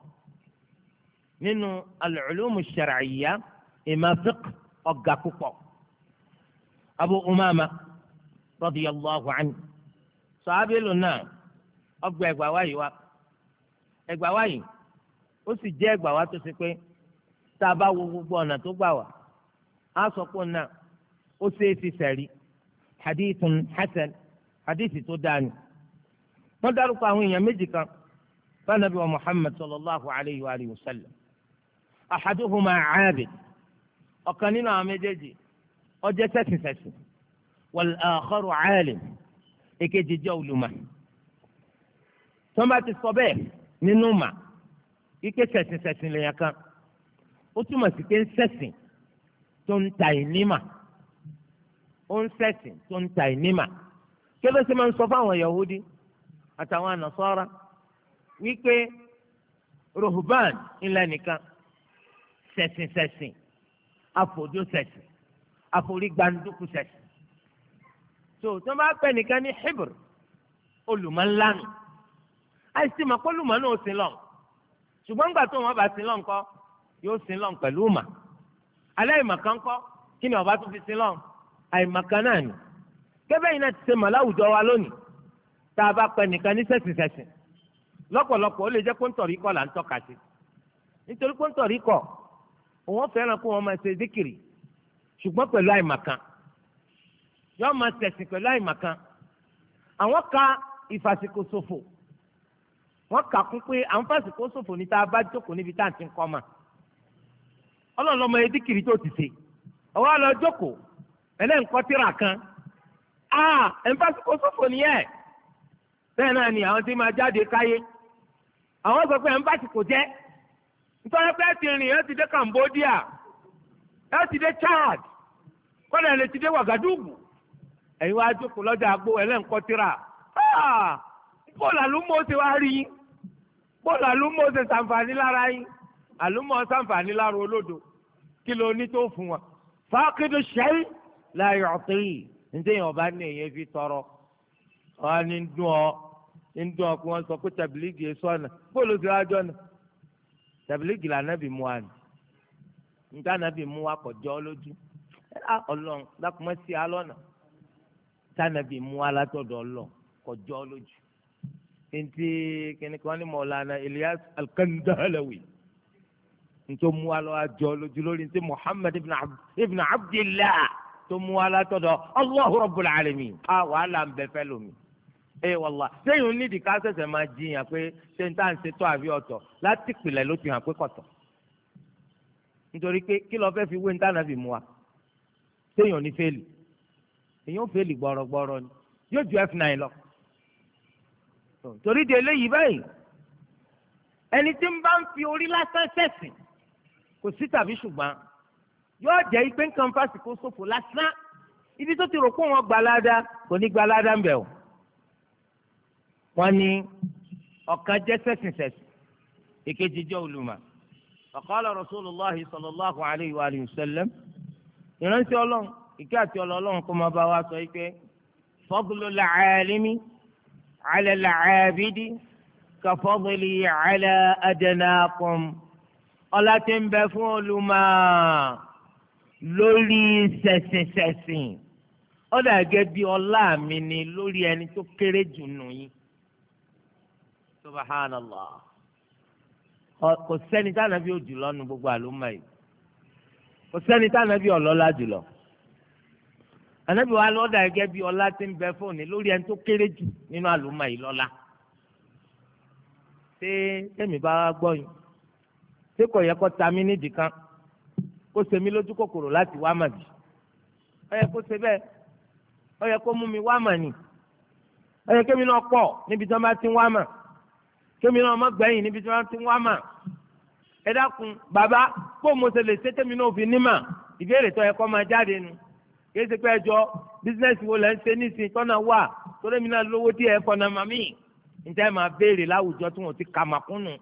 Speaker 1: nínú alùlùmù shar'iyya ìmà fiqh ọ̀gá púpọ̀ abu umama radiyallahu anhu sàábìlù náà ọgbà ẹgbà wáyé wa ẹgbà wáyé ó sì jẹ́ ẹgbà wá tó ṣe pé tá a bá wo gbogbo ọ̀nà tó gbà wá á sọ pé náà ó ṣeé ti sẹ̀rí hadithun hasan hadithi tó dáa ni wọ́n dárúkọ àwọn èèyàn méjì kan fanabi wa muhammad sallallahu alayhi wa alihi wa sallam ahaduhuma aabid ọ̀kan nínú àwọn méjèèjì ó jẹ́ sẹ́sìnsẹ́sìn wal akharu aalim èkejì jẹ́ olùmọ̀ tọ́ba ti nínú mà ike sẹ̀sìnsẹ̀sìn lèèyàn kan ó túmọ̀ sí pé ń sẹ̀sìn tó ń ta ìnímà ó ń sẹ̀sìn tó ń ta ìnímà kí ló máa ń sọ fáwọn Yahudi àtàwọn ànàsọ́ra wípé rohban ńlá nìkan sẹ̀sìn sẹ̀sìn afọjọ sẹ̀sìn àforígbàndúkú sẹ̀sìn tó tó bá pẹ́ nìkan ní Hebrew olùmọ̀ńlánu àìsí màkọ́lùmọ̀ náà ó sin lọ́n ṣùgbọ́n gbà tó wọn bá sin lọ́n kọ́ yóò sin lọ́n pẹ̀lú màá aláìmọ̀kan kọ́ kí ni ọba tún fi sin lọ́n àìmọ̀kan náà ni kébẹ́ yìí náà ti ṣe mọ̀ láwùjọ wa lónìí tá a bá pẹ nìkan ní sẹ̀sìnsẹ̀sìn lọ́pọ̀lọpọ̀ ó lè jẹ́ kóńtọ̀rí kọ́ là ń tọ́ka sí nítorí kóńtọ̀rí kọ́ òun fẹ́ràn kó wọn máa ṣe díkìrì ṣùgbọ́n pẹ̀lú àìmọ̀kan yọ́n máa ṣẹ̀sìn pẹ̀lú àìmọ̀kan àwọn ka ìfàsìkò ṣòfò wọ́n kà kún pé àwọn fàsìkò ṣòfò ní tá bá jókòó níbi tá à ń ti ń kọ́ máa ọlọ́run lọ́mọ edikiri tó ti ṣe ọwọ́ lọ jókòó ẹlẹ́nkọ́tìrà kan ah ẹ̀ńfàsíkò sófò nìyẹn bẹ́ẹ̀ náà ni àwọn tí máa jáde káyé àwọn sọ pé ẹ̀ńfàsíkò jẹ́ nítorí pé ẹ ti rìn ẹ ti dé Cambodia ẹ ti dé Chad kọ́nà ẹ ti dé Wagadugu ẹ̀yin wá jókòó lọ́jà àgbo ẹlẹ́nkọ́tìrà ah bọ́ọ̀lù àlùmọ́ ṣe wá rí yín bọ́ọ̀lù àlùmọ́ ṣe ṣàǹfààní lára yín àlùmọ́ kí ló ní tó fún wa fákìdù ṣẹ́yìn láàyè ọ̀tẹ́ yìí níta èèyàn bá ní èèyàn fi tọrọ wọn á ní dùn ọ ní dùn ọ kí wọ́n sọ pé tàbílígì èso ọ̀nà bóòlù ti wájú ọ̀nà tàbílígì lànàbì mú wa ni níta nàbì mú wa kọ̀ jọ́ lójú ọlọ́run lákùnmọ́ sí alọ́nà tànàbì mú wa látọ̀dọ̀ ọlọ́run kọ̀ jọ́ lójú ntí kìnnìkan ni mọ̀ọ́lá Ilyas al-Kandahalawi nítorí mú wa lọ àjọ lójú lórí ní ti muhammad ibn abd ibn abdillah tó mú wa látọ̀dọ̀ allahu rabbul alamin a wàhálà ń bẹ fẹ́ lómi. ẹ wàllá sẹ́yìn onídìí ká ṣẹ̀ṣẹ̀ máa jiyàn pé ṣé n tá n ṣe tó àbí ọ̀tọ̀ láti pìlẹ̀ ló ti hàn pé kọ̀tọ̀. nítorí pé kí lọ fẹ́ fi wé nítànà fi mú wa sẹ́yìn òní fẹ́ẹ̀lì èyàn fẹ́ẹ̀lì gbọ́rọ̀gbọ́rọ̀ ni yóò ju f9 lọ. torí de eléyìí báyìí ẹni tí ń bá ń fi orí lásán ṣẹ̀sìn kò sí tàbí ṣùgbọ́n yóò jẹ́ ipé nǹkan fásitì ṣòfò lásán ibi tó ti rò pé wọ́n gbalada kò ní gbalada ń bẹ̀ o. wọ́n ní ọ̀kan jẹ́ sẹ́sìnsẹ̀sì èkejì jẹ́ olùmọ̀ ọ̀kọ́lọ̀ rasulillahi sallallahu alayhi wa sallam ìrántí ọlọ́run ìkẹ́ àti ọlọ́run kó máa bá wa sọ pé fadlu làálímì ala làábídì kàfọ́dùlì ala adẹnàkùn ọlá tí ń bẹ fún olùmọ̀ lórí sẹ̀sìnsẹ̀sìn ó dà gẹ́gẹ́ bí ọlá mi ni lórí ẹni tó kéré jù nù yín subhanallah kò sẹ́ni tá ànábì òjùlọ nu gbogbo àlùmọ̀ yìí kò sẹ́ni tá ànábì ọlọ́lá jùlọ ànábì wa lọ́ọ́ dà gẹ́gẹ́ bí ọlá tí ń bẹ fóònù lórí ẹni tó kéré jù nínú àlùmọ̀ yìí lọ́la ṣé tẹ̀mí bá gbọ́ yìí ṣé kò yẹ kó ta mí nídìí kan kó ṣe mí lójú kòkòrò láti wá mà jì ó yẹ kó ṣe bẹ́ẹ̀ ó yẹ kó mú mi wá mà nì ó yẹ kémi náà pọ̀ níbi tí wọ́n bá ti ń wá mà kémi náà má gbẹ̀yìn níbi tí wọ́n ti ń wá mà ẹ bàbá kó mo ṣe lè ṣe náà fi ní ìbéèrè tó yẹ kó máa jáde nu kí ẹsẹ̀ pé ẹjọ́ bísíǹnẹ́sì wo lẹ́ ń ṣe nísìnyí tọ́nà wà torí mi náà lówó díẹ̀ fọ̀nà màmí ǹjẹ́ máa béèrè láwùjọ tí wọ́n ti kà máa kúnnù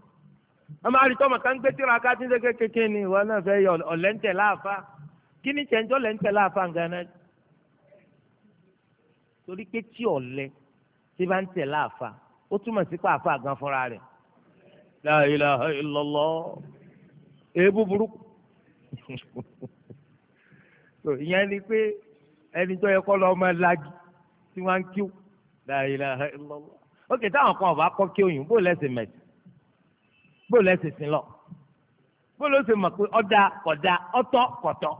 Speaker 1: wọ́n máa rí tọ́mọ̀ kan gbé tíra ká tí ń ṣe kékeré ni ìwọ náà fẹ́ yọ ọ̀lẹ́ńtẹ̀ láàfa kí ni tẹ̀ńtọ́ ọ̀lẹ́ńtẹ̀ láàfa nǹkan náà torí pé tí ọ̀lẹ tí bá ń tẹ̀ láàfa ó túmọ̀ sí pé àfa gan fúnra rẹ̀ la ilaha illallah èébú burúkú so ìyẹn ni pé ẹni tó yẹ kọ́ lọ́ọ́ máa lagi tí wọ́n á ń kíw la ilaha illallah ó kì í táwọn kan ọ̀bá kọ́ kí òyìnbó lẹ́sìn mẹ́sìn. bó lẹ́sìn lọ bó ló ṣe mọ̀ pé ọ̀dà kọ̀dà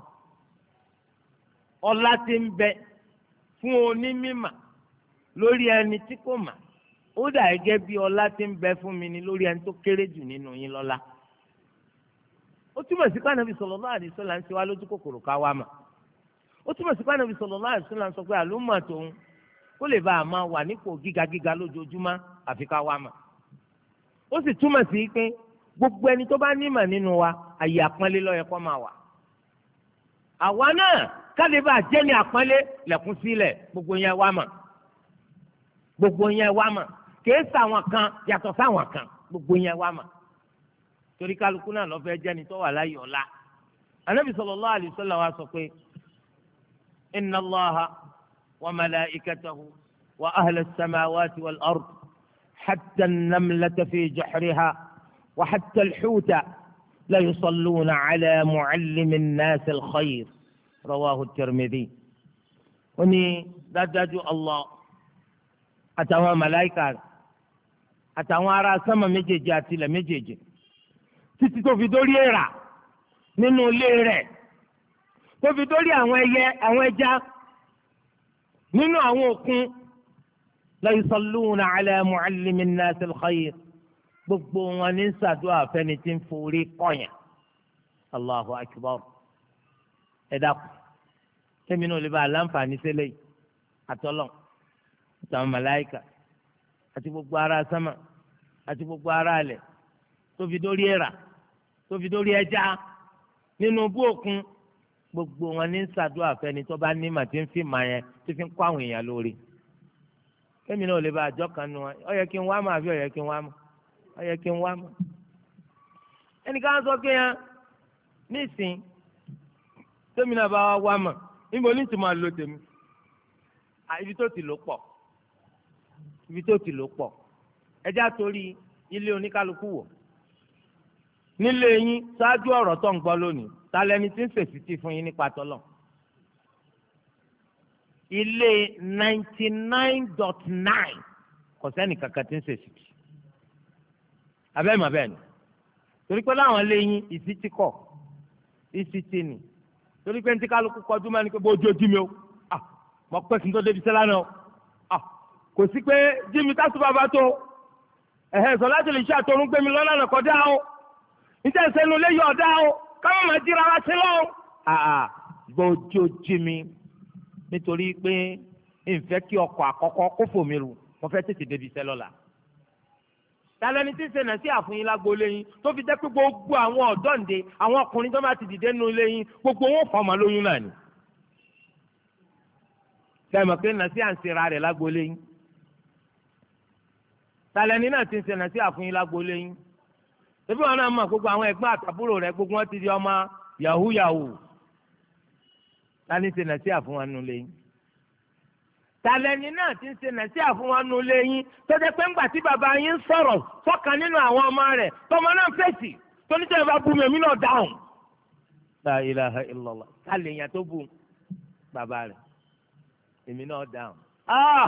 Speaker 1: ọlá ti ń bẹ fún onímímà lórí ẹni tí kò mà ó dà gẹ́gẹ́ bí ọlá ti ń bẹ fún mi ni lórí ẹni tó kéré jù nínú yín lọla. ó túmọ̀ sí pé ànábì kòkòrò ká wá mà ó túmọ̀ sí pé ànábì ń sọ pé àlùmọ̀ tòun kó lè ó sì túmọ̀ sí pé gbogbo ẹni tó bá nímọ̀ nínú wa àyè àpọ́nlé ló yẹ kó máa wà àwa náà kálíbà jẹ́ ní àpọ́nlé lẹ̀kún sílẹ̀ gbogbo yẹn wá mà gbogbo yẹn wá mà kìí sàwọn kan yàtọ̀ sáwọn kan gbogbo yẹn wá mà torí kálukú náà lọ́fẹ́ jẹ́ni tó wà láyé ọ̀la anabi sallallahu alaihi wasallam wa sọ pé inna allaha wa malaikatahu wa ahla as-samawati حتى النملة في جحرها وحتى الحوت لا يصلون على معلم الناس الخير رواه الترمذي وني دجاج الله أتوا ملائكة أتوا راسما سما مجيجاتي لمجيجي títí tó في dórí èèrà nínú ilé rẹ̀ tó fi dórí àwọn ẹyẹ àwọn ẹja nínú àwọn òkun la yusalluna ala mu'allimi nnasi alkhayr gbogbo wọn ní ṣàdúrà fẹ́ni tí ń forí kọ̀yàn allahu akbar ẹ dákun tẹ́mi náà lè bá aláǹfààní sẹ́lẹ̀ yìí àtọ́lọ̀ àtàwọn màláìkà àti gbogbo ara sámà àti gbogbo ara alẹ̀ tó fi dórí ẹ̀rà tó fi dórí ẹja nínú bú òkun gbogbo wọn ní ṣàdúrà fẹ́ni tó bá ní màtí ń fi màá yẹn tó fi ń kó àwọn èèyàn lórí kémi náà lè ba àjọ kan nu wa ọ yẹ kí n wá mọ àbí ọ yẹ kí n wá mọ ọ yẹ kí n wá mọ. ẹnìkan sọ pé yẹn nísìn tèmi náà bá wá mọ níbo ní tìmọ̀ àlọ́ tèmi ibi tó ti lò pọ̀ ibi tó ti lò pọ̀ ẹjá torí ilé oníkálukú wọ̀ nílé yín ṣáájú ọ̀rọ̀ tó ń gbọ́ lónìí ta tí ń fèsì ti fún yín nípa tọ́lọ̀ ilé ninety nine dot nine kò sẹ́ni kankan tí ń ṣe sìkì abẹ́ẹ̀ mà bẹ́ẹ̀ ni torí pé láwọn léyìn ìsítí kọ̀ ìsítí ni torí pé ní ti kálukú kọjú máa ní pé bójú ojú mi o ah mo pẹ́ kí n tó débi sẹ́lá náà ah kò sí pé jími tásù bàbá tó ẹ̀hẹ́ sọ láti lè ṣe àtọ̀run gbé mi lọ́nà náà kọjá o níta ìsẹ́nu lé yọ̀ ọ̀dá o káwọn máa jíra wa sí lọ́wọ́ ah bójú ojú mi nítorí pé ìfẹ́ kí ọkọ̀ àkọ́kọ́ kó fòmí rù mo fẹ́ tètè débi iṣẹ́ lọ́la talẹni tí ń ṣe nàá sí àfúnyín lágboolé yín tó fi jẹ́ pé gbogbo àwọn ọ̀dọ́ǹde àwọn ọkùnrin tó bá ti dìde nínú ilé yín gbogbo owó fọmọ lóyún náà ni. sẹ́mi pé nàá sí àǹsìnra rẹ̀ lágboolé yín talẹni náà ti ń ṣe nàá sí àfúnyín lágboolé yín. ebi wọn náà mọ gbogbo àwọn ẹgbẹ́ àtàbúrò rẹ̀ gbogbo wọn ti di ọmọ yahoo yahoo tani ṣe nàṣíà fún wa nù lẹ́yìn tàlẹ́ni náà ti ń ṣe nàṣíà fún wa nù lẹ́yìn tọ́jà pé ńgbà tí bàbá yín sọ̀rọ̀ fọ́kàn nínú àwọn ọmọ rẹ̀ tọmọ náà fèsì tónítẹ̀ bá bu mẹ́mí náà dáhùn. la ilaha kálí èèyàn tó bu bàbá rẹ̀ èmi náà dáhùn. Ah!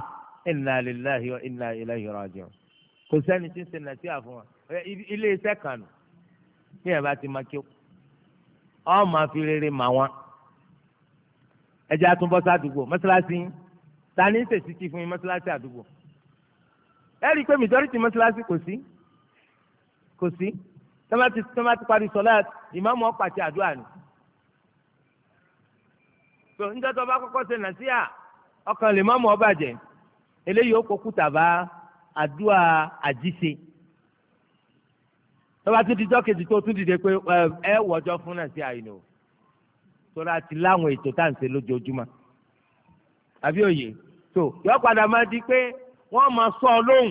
Speaker 1: inna lillahi wa inna ilayhi raji'un kò sẹ́ni tí ń ṣe nàṣíà fún wa ilé iṣẹ́ kan nù ẹ̀ bá ti máa kí ọ máa fi rere màá ẹjẹ́ àtúnbọ̀ sádùúgbò mọ́sálásí ta ní sèṣì kí fún yín mọ́sálásí àdúgbò ẹ rí i pé majority mọ́sálásí kò sí kò sí tọ́mátì tọ́mátì parí sọ́lá ìmáàmù ó pàṣẹ àdúrà ni tó ń jẹ́ tó bá kọ́kọ́ ṣe nàṣíà ọkàn lè mọ́mù ó bàjẹ́ eléyìí ó kókú tàbá àdúrà àjíṣe tọ́ba tún dijọ́ kejì tó tún dìde pé ẹ wọ́jọ́ fún nàṣíà yìí ni torí àti láwọn ètò tá à ń ṣe lójoojúmọ́ àbí òye tó yọ padà máa di pé wọ́n máa sọ ọ lóhùn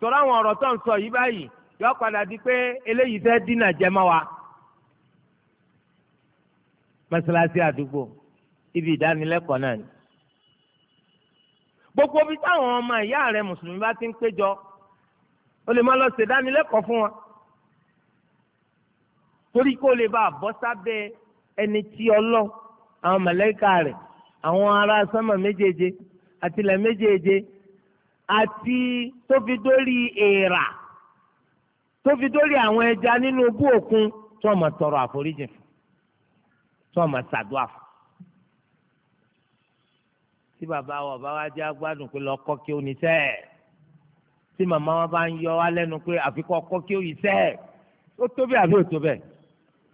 Speaker 1: torí àwọn ọ̀rọ̀ tó ń sọ yìí báyìí yọ padà di pé eléyìí fẹ́ dínà jẹ mọ́ wa mọ́sálásí àdúgbò ibi ìdánilẹ́kọ̀ọ́ náà ni gbogbo bí táwọn ọmọ ìyá rẹ mùsùlùmí bá ti ń péjọ o lè má lọ ṣèdánilẹ́kọ̀ọ́ fún wọn torí kó lè bá a bọ́ sábẹ́ ẹni tí ọlọ́ àwọn màláíkà rẹ̀ àwọn ará sánmà méjèèje àtìlẹ̀ méjèèje àti tó fi dórí èèrà tó fi dórí àwọn ẹja nínú ojú òkun tí wọ́n máa tọrọ àforíjì fún tí wọ́n máa ṣàdúrà fún. tí bàbá wa bá wá jẹ́ agbádùn pé lọ́ọ́ kọ́ kí ó ní sẹ́ẹ̀ tí màmá wa bá ń yọ wá lẹ́nu pé àfikọ́ kọ́ kí ó yí sẹ́ẹ̀ ó tó àbí ó tó bẹ́ẹ̀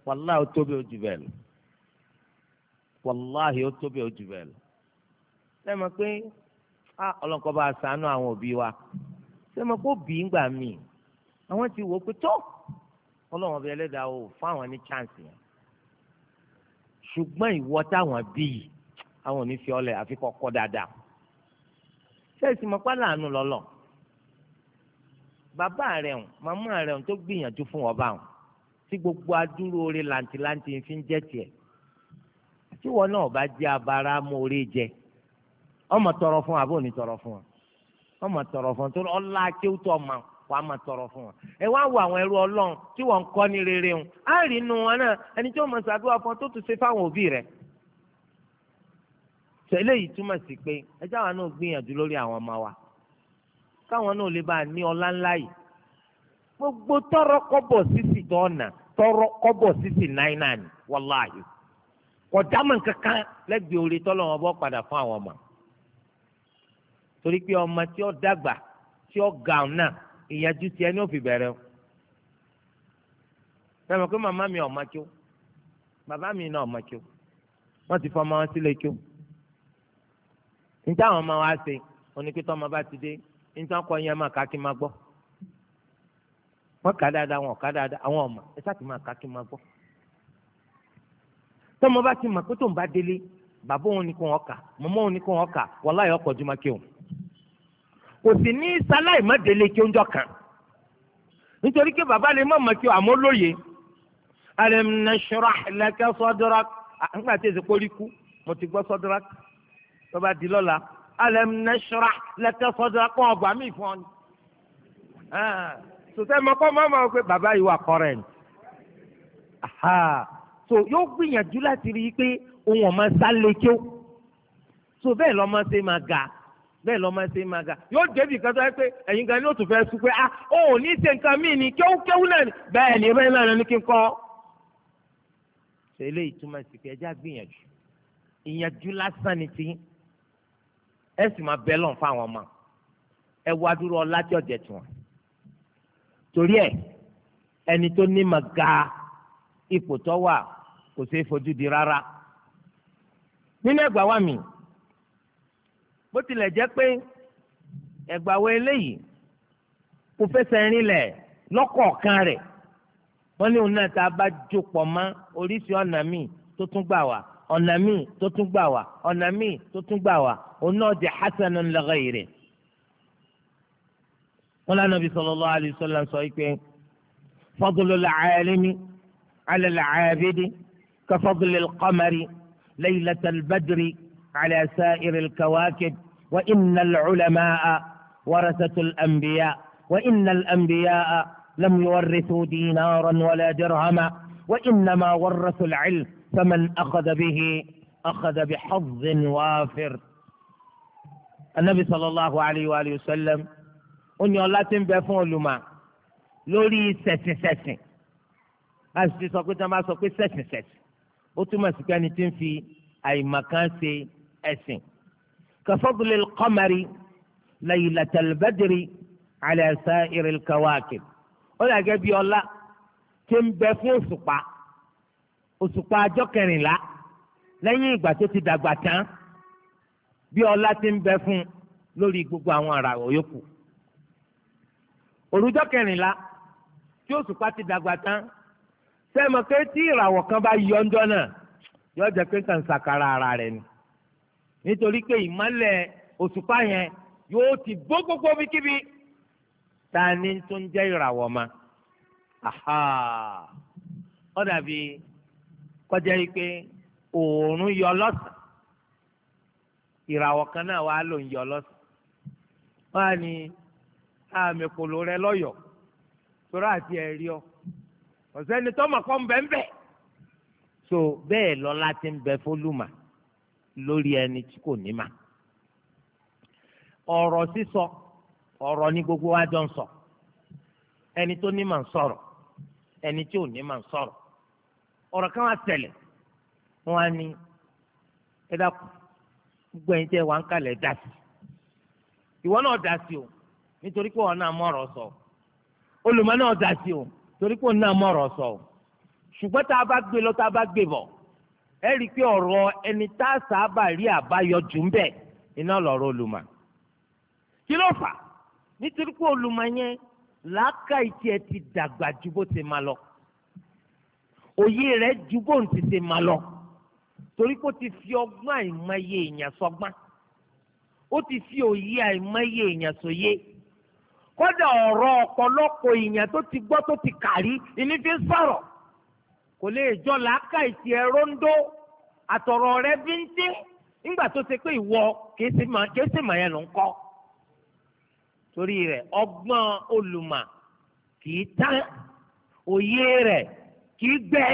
Speaker 1: wàláhì ó tó ó jù bẹ́ẹ̀ lọ wàláhì ó tó bẹ́ẹ̀ ó jù bẹ́ẹ̀ lọ. ṣé mo pé a ah, ọlọ́nkọ́ bá a sànú àwọn òbí wa ṣé mo kó bí ń gbà mí àwọn ti wò ó pé tó ọlọ́wọ́n bẹ ẹlẹ́dàá o fáwọn ní chance yẹn ṣùgbọ́n ìwọ táwọn bí yìí àwọn ò ní fi ọlẹ̀ àfi kọ́kọ́ dáadáa ṣé èsì mọ́pá làánú lọ́lọ́ bàbá rẹ̀ ń màmá rẹ̀ ń tó gbìyànjú fún ọba ń tí gbogbo adúrú orí làǹtìlàǹtì fi ń jẹ́ tiẹ̀ tí wọn náà bá jẹ́ abara mórí jẹ ọmọ tọrọ fún abó ní tọrọ fún wa ọmọ tọrọ fún wa tó ọlá akéwútọ ọmọ wàá máa tọrọ fún wa ẹ wá wo àwọn ẹrú Ọlọ́run tí wọn ń kọ́ ní rere ń á rí inú wọn náà ẹni tí wọn mọ ṣàdúrà fún tó tún ṣe fáwọn òbí rẹ̀ tẹ́lẹ̀ yìí túmọ̀ sí pé ẹjọ́ àwọn náà gbìyànjú lórí àwọn ọmọ wa káwọn náà lè bá a ní ọlá ńlá yìí gbogbo tọrọ kọ́bọ̀ sísì tọ́ọ̀nà tọrọ kọ́bọ̀ sísì náínà ni wàláhì kọ̀dámọ̀ kankan lẹ́gbẹ̀ẹ́ orí tọ́lọ̀ wọn bọ́ padà fún àwọn ọmọ torí pé ọmọ tí ó dàgbà tí ó ga ọ̀hún náà ìyànjú tiẹ̀ ní òfin bẹ̀rẹ̀ o sẹ́mi pé màmá mi ọ̀ma kí o bàbá mi náà ọ̀ma kí o wọ́n ti fọmọ wọn sílé kí o níta àwọn ọmọ wa ṣe oníkítọ́ ọmọ bá ti dé níta ọkọ yẹn máa ká máa gbọ́ wọ́n kà dáadáa wọn ò dáadáa àwọn ọmọ ẹ sáà ti máa ká máa gbọ́ tọ́mọ bá ti mọ̀ pé tó ń bá délé bàbá òun ni kò wọ́n kà mọ́mọ́ òun ni kò wọ́n kà wàláhì ọkọ̀ jùmọ̀ kí òun. kò sì ní sáláì má délé kí oúnjọ kan nítorí pé bàbá lè má mọ̀ kí àmọ́ lóye alam nashrah laka sadrak nígbà tí èsì kórí kú mo ti gbọ́ sadrak tó bá di lọ́la alam nashrah laka sadrak ọgbà mí fún ọ ni. Ah, sòtẹ́ mọ́kọ́ mọ́ mọ́ pé bàbá yìí wà kọ́rẹ́ǹtì so yóò gbìyànjú láti rí i pé òun ọmọ sálẹ kí so bẹ́ẹ̀ lọ́mọ ṣe máa ga bẹ́ẹ̀ lọ́mọ ṣe máa ga yóò débi kan tó pé ẹ̀yin gan ni ó tún fẹ́ sùn pé ah ó ò ní ṣe nǹkan míì ni kéwú kéwú náà ni bẹ́ẹ̀ ni bẹ́ẹ̀ náà ni kí n kọ́ ṣe eléyìí túmọ̀ sí pé ẹjá gbìyànjú ìyànjú lásán ni ti ẹ sì máa bẹ́ẹ̀ lọ́n fáwọn ọmọ ẹ wá dúró ọlá tí ọ̀jẹ̀ tiwọn torí ẹ ẹni tó ní màgà ipò tó wà kò ṣeé fojú di rárá nínú ẹgbà wa mi bó tilẹ̀ jẹ́ pé ẹgbà wa eléyìí kò fẹsẹ̀ rinlẹ̀ lọ́kọ̀ọ̀kan rẹ̀ wọ́n ní òun náà tá a bá jòpọ̀ mọ́ oríṣi ọ̀nà míì tó tún gbà wá ọ̀nà míì tó tún gbà wá ọ̀nà míì tó tún gbà wá òun náà jẹ́ hasanun li ghayri. wọ́n lánàá bí sallallahu alayhi wasallam sọ pé fadlul alimi ala al abidi. كفضل القمر ليلة البدر على سائر الكواكب وإن العلماء ورثة الأنبياء وإن الأنبياء لم يورثوا دينارا ولا درهما وإنما ورثوا العلم فمن أخذ به أخذ بحظ وافر النبي صلى الله عليه وآله وسلم أن ní ọlá tí ń bẹ fún olùmọ̀ lórí sẹ̀sìnsẹ̀sìn a sì sọ ó túmọ̀ sí pé ẹni tí ń fi àìmọ̀kan ṣe ẹ̀sìn. kafadlil qamari laylatal badri ala sa'iril kawakib ó dàgẹ́ bí ọlá tí ń bẹ fún òṣùpá òṣùpá ọjọ́ kẹrìnlá lẹ́yìn ìgbà tó ti dàgbà tán bí ọlá ti ń bẹ fún lórí gbogbo àwọn àràwọ̀ yòókù òrùjọ́ kẹrìnlá tí òṣùpá ti dàgbà tán sẹ́mi pé tí ìràwọ̀ kan bá yọ ọjọ́ náà yọ jẹ́ pé kàn sàkàrà ara rẹ̀ ni nítorí pé ìmọ̀lẹ̀ òṣùpá yẹn yóò ti bó gbogbo bíkíbi ta ni tó ń jẹ́ ìràwọ̀ ma aha ọ dàbí kọjá yìí pé òòrùn yọ lọ́sàn kan náà wàá lò ń yọ lọ́sàn á ní àmì kòló rẹ lọ́yọ̀ọ́ sọ́rọ́ ọ̀sẹ́ni tọ́mọ̀ kọ́ ń bẹ̀ ń so bẹ́ẹ̀ lọ́lá ti ń bẹ fólùmà lórí ẹni tí kò ní mà. ọ̀rọ̀ sísọ ọ̀rọ̀ ni gbogbo wa jọ ń sọ ẹni tó ní mà ń tí ò ní mà ń sọ̀rọ̀ ọ̀rọ̀ kan wá tẹ̀lẹ̀ wọn á ní ẹ dákun gbogbo o nítorí pé wọn náà sọ náà dá o torí pé òun náà mọ̀rọ̀ sọ o ṣùgbọ́n tá a bá gbé lọ tá a bá gbé bọ̀ ẹ rí i pé ọ̀rọ̀ ẹni tá a sábà rí àbáyọ jù ń bẹ̀ iná lọ̀rọ̀ olùmọ̀ kí ló fà nítorí pé olùmọ̀ yẹn làákàyè tiẹ̀ ti dàgbà ju bó ti máa lọ òye rẹ̀ ju bó ti ti máa lọ torí pé ó ti fi ọgbọ́n àìmọye èèyàn sọgbọ́n ó ti fi òye àìmọye èèyàn sòye. So kódà ọ̀rọ̀ ọ̀pọ̀lọpọ̀ èèyàn tó ti gbọ́ tó ti kàrí ìní fi ń sọ̀rọ̀ kò lè jọ làákà ìtì ẹ̀rọ ń dó àtọ̀rọ̀ rẹ bí ń dín nígbà tó ṣe pé ìwọ kìí ṣe mà yẹn ló ń kọ́ torí rẹ̀ ọgbọ́n olùmọ̀ kìí tán òye rẹ̀ kìí gbẹ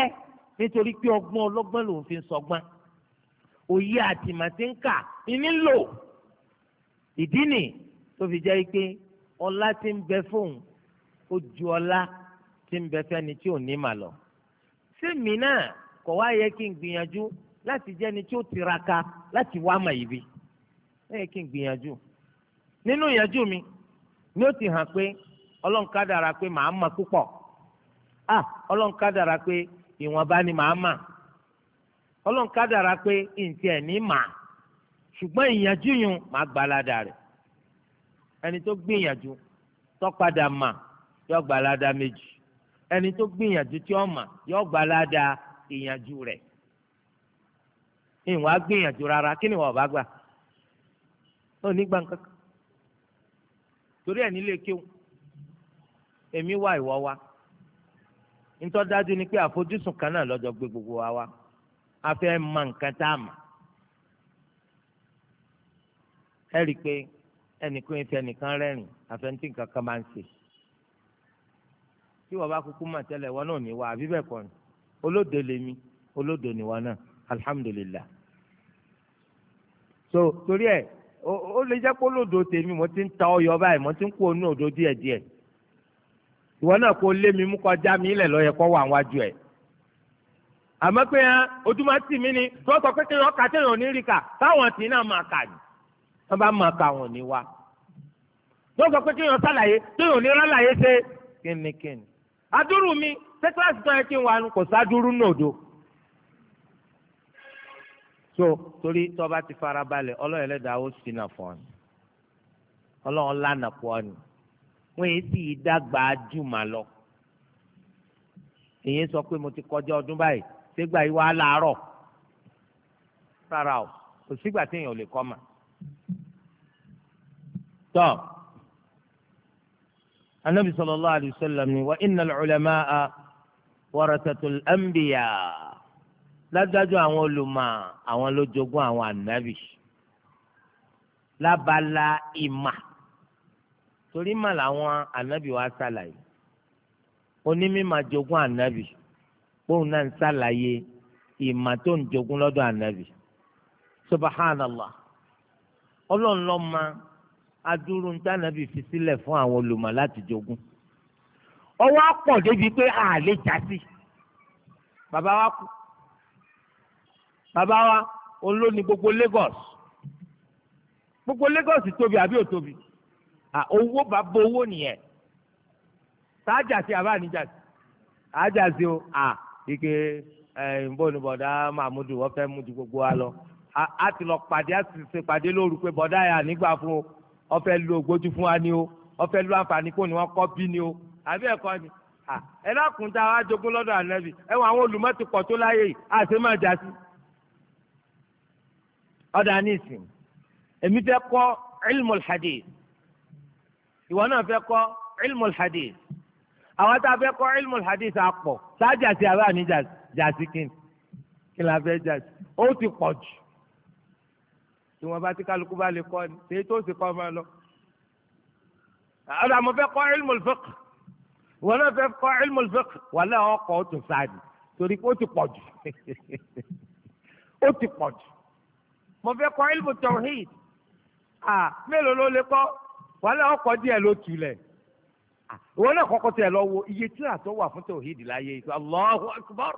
Speaker 1: nítorí pé ọgbọ́n ọlọ́gbọ́n lòun fi ń sọgbọ́n òye àtìmọ̀tí ń ìdí nì tó fi jẹ́ pé ọlá tí ń bẹ fóun ó ọlá tí ń bẹ tí ò ní lọ. si náà kò wá yẹ kí n gbìyànjú láti jẹ́ni tí ó tiraka láti wá mà yìí bí ẹ yẹ kí mi ni ó ti hàn pé ọlọ́run kádàrá pé màá mà púpọ̀ ah ọlọ́run kádàrá pé ìwọ̀nba ni màá mà ọlọ́run kádàrá pé ǹtí ẹ̀ ní yun màá gbalada rẹ̀ ẹni tó gbìyànjú tó mà yóò gba méjì ẹni tó gbìyànjú tí ó mà ìyànjú rẹ̀ ìwọ̀n rárá kí ni wọ́n bá gbà ó ní torí ẹ̀ nílé kéwù èmi wa a fẹ́ mọ nǹkan tá a mọ̀ ẹ rí i pé. ẹnìkan ìfẹ́ nìkan rẹ́rìn àfẹnitì nǹkan kan máa ń ṣe tí wọ́n bá kúkú mà tẹ́lẹ̀ wọn náà ní wa àbí bẹ́ẹ̀ kọ́ ni olódo lèmi olódo ni wọn náà alihamudulilayi so torí ẹ ó lè jẹ́ pé olódo tèmi mo ti ń ta ọyọ báyìí mo ti ń kó onú òdo díẹ̀díẹ̀ ìwọ náà kó lé mi mú kọjá mi ilẹ̀ lọ́yẹ kọ́ wà wájú ẹ̀ àmọ́ pé ah, ojúmọ́ tì mí ni tí wọ́n sọ pé kéèyàn kà téèyàn ní rí kà táwọn tì náà máa kà ní wọ́n bá máa ka wọn ní wa wọ́n sọ pé kéèyàn sàlàyé kéèyàn ní rálàyé ṣe kínníkínní àdúrú mi ṣé kíláàsì tó yẹ kí n wà kò sádúrú nòdo so torí tó ti fara balẹ̀ ọlọ́run ẹlẹ́dàá ó sì nà fún ọ ni ọlọ́run lànà pọ̀ ọ ni wọ́n yìí sì dàgbà jùmọ̀ lọ èyí sọ pé mo ti kọjá ọdún báyìí ṣégbà yìí wà á rárá o kò sígbà tí èèyàn ò lè kọ́ mà. tọ́ anabi sallallahu alayhi wa sallam ni wa innal ulamaa warathatul anbiya ládájọ́ àwọn olùmọ̀ àwọn ló jogún àwọn ànábì lábala ìmà torí mà làwọn ànábì wa ṣàlàyé onímọ̀ jogún ànábì òun náà ń ṣàlàyé ìmà tó subhanallah ọlọ́run adúrú ń tànàbì fi sílẹ̀ fún àwọn olùmọ̀ láti jogún ọwọ́ pọ̀ débi pé a lè bàbá wa kú bàbá wa olóni gbogbo Lagos gbogbo Lagos tóbi àbí ò tóbi owó bàbá owó nìyẹn tá a jà sí àbá níjà sí a jà sí o à ike ẹ nbọ Mahmudu wọ́n fẹ́ mú ju gbogbo wa lọ a ti lọ pàdé a ti ṣe pàdé lóru pé bọ̀dá yà nígbà fún o ọfẹ lu ògbójú fún wa ni o ọfẹ lu àǹfààní kò ní wọn kọ bí ni o àbí ẹ̀kọ́ ni ẹ dákun tá a wá jogún lọ́dọ̀ ànábì ẹ wọ àwọn olùmọtò pọ̀ tó láyé yìí àti má já sí. ọ̀dà ní ìsìn èmi fẹ́ kọ́ ilmul hadith ìwọ náà fẹ́ kọ́ ilmul hadith àwọn tá a fẹ́ kọ́ ilmul hadith àpọ̀ sájà sí àbá ní jàsí kí ni kí la fẹ́ jàsí ó ti pọ̀ jù tí wọ́n bá ti kálukú bá lè kọ́ ni tèyí tó sì kọ́ ọmọ lọ. ọ̀dà mo fẹ́ kọ́ ilmul fiqh wọn náà fẹ́ kọ́ ilmul fiqh wọn náà ọkọ̀ ó tún sáàdì torí ó ti pọ̀ jù ó ti pọ̀ jù mo fẹ́ kọ́ ilmu tawhid ah mélòó ló lè kọ́ wọn náà ọkọ̀ díẹ̀ ló tulẹ̀ wọn náà kọ́kọ́ tẹ̀ lọ iye tí a tó wà fún tawhid láyé Allahu akbar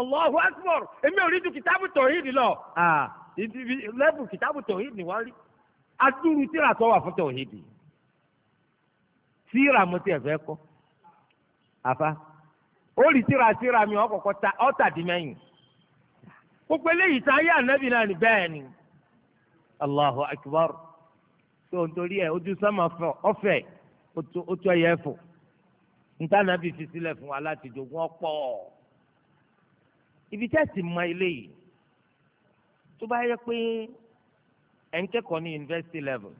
Speaker 1: Allahu akbar èmi ò rí ju lẹ́bùn kìtàbù tọ̀hídì wá rí adúrú tíra tó wà fún tọ̀hídì tíra mo tiẹ̀ fẹ́ kọ́ àfa ó rí tíra tíra mi ọkọ̀ọ̀kọ̀ ta ọ̀tàdínmẹ́yìn gbogbo eléyìí tá ayé ànábì náà ní bẹ́ẹ̀ ni allahu akbar tó ń torí ẹ ojú sánmà fọ ọfẹ ó tó ẹyẹ fò níta ànábì fi sílẹ̀ fún wa láti jogún ọ̀pọ̀ ibi tẹ́sí mọ eléyìí tó bá yẹ pé ẹ̀ ń kẹ́kọ̀ọ́ ní university level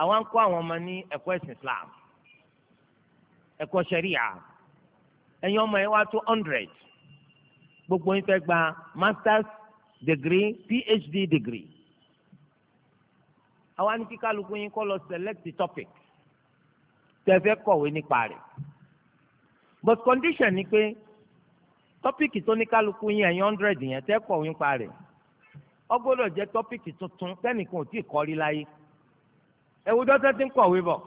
Speaker 1: àwọn ń kọ́ àwọn ọmọ ní ẹ̀kọ́ ẹ̀sìn Islam ẹ̀kọ́ ṣẹ̀ríà ẹ̀yin ọmọ yẹn wá tó hundred gbogbo yín fẹ́ gba masters degree PhD degree àwa ní kí kálukú yín kọ́ lọ select the topic tẹ́ fẹ́ kọ̀wé nípa rẹ̀ but condition ni pé tọ́pìkì tó ní kálukú yín ẹ̀yìn hundred yẹn tẹ́ kọ̀ wí pa rẹ̀ ó gbọ́dọ̀ jẹ́ tọ́pìkì tuntun tẹ́nìkan ò tí ì kọ́rí láyé ẹ̀wù dọ́tẹ́ ti ń kọ̀wé bọ̀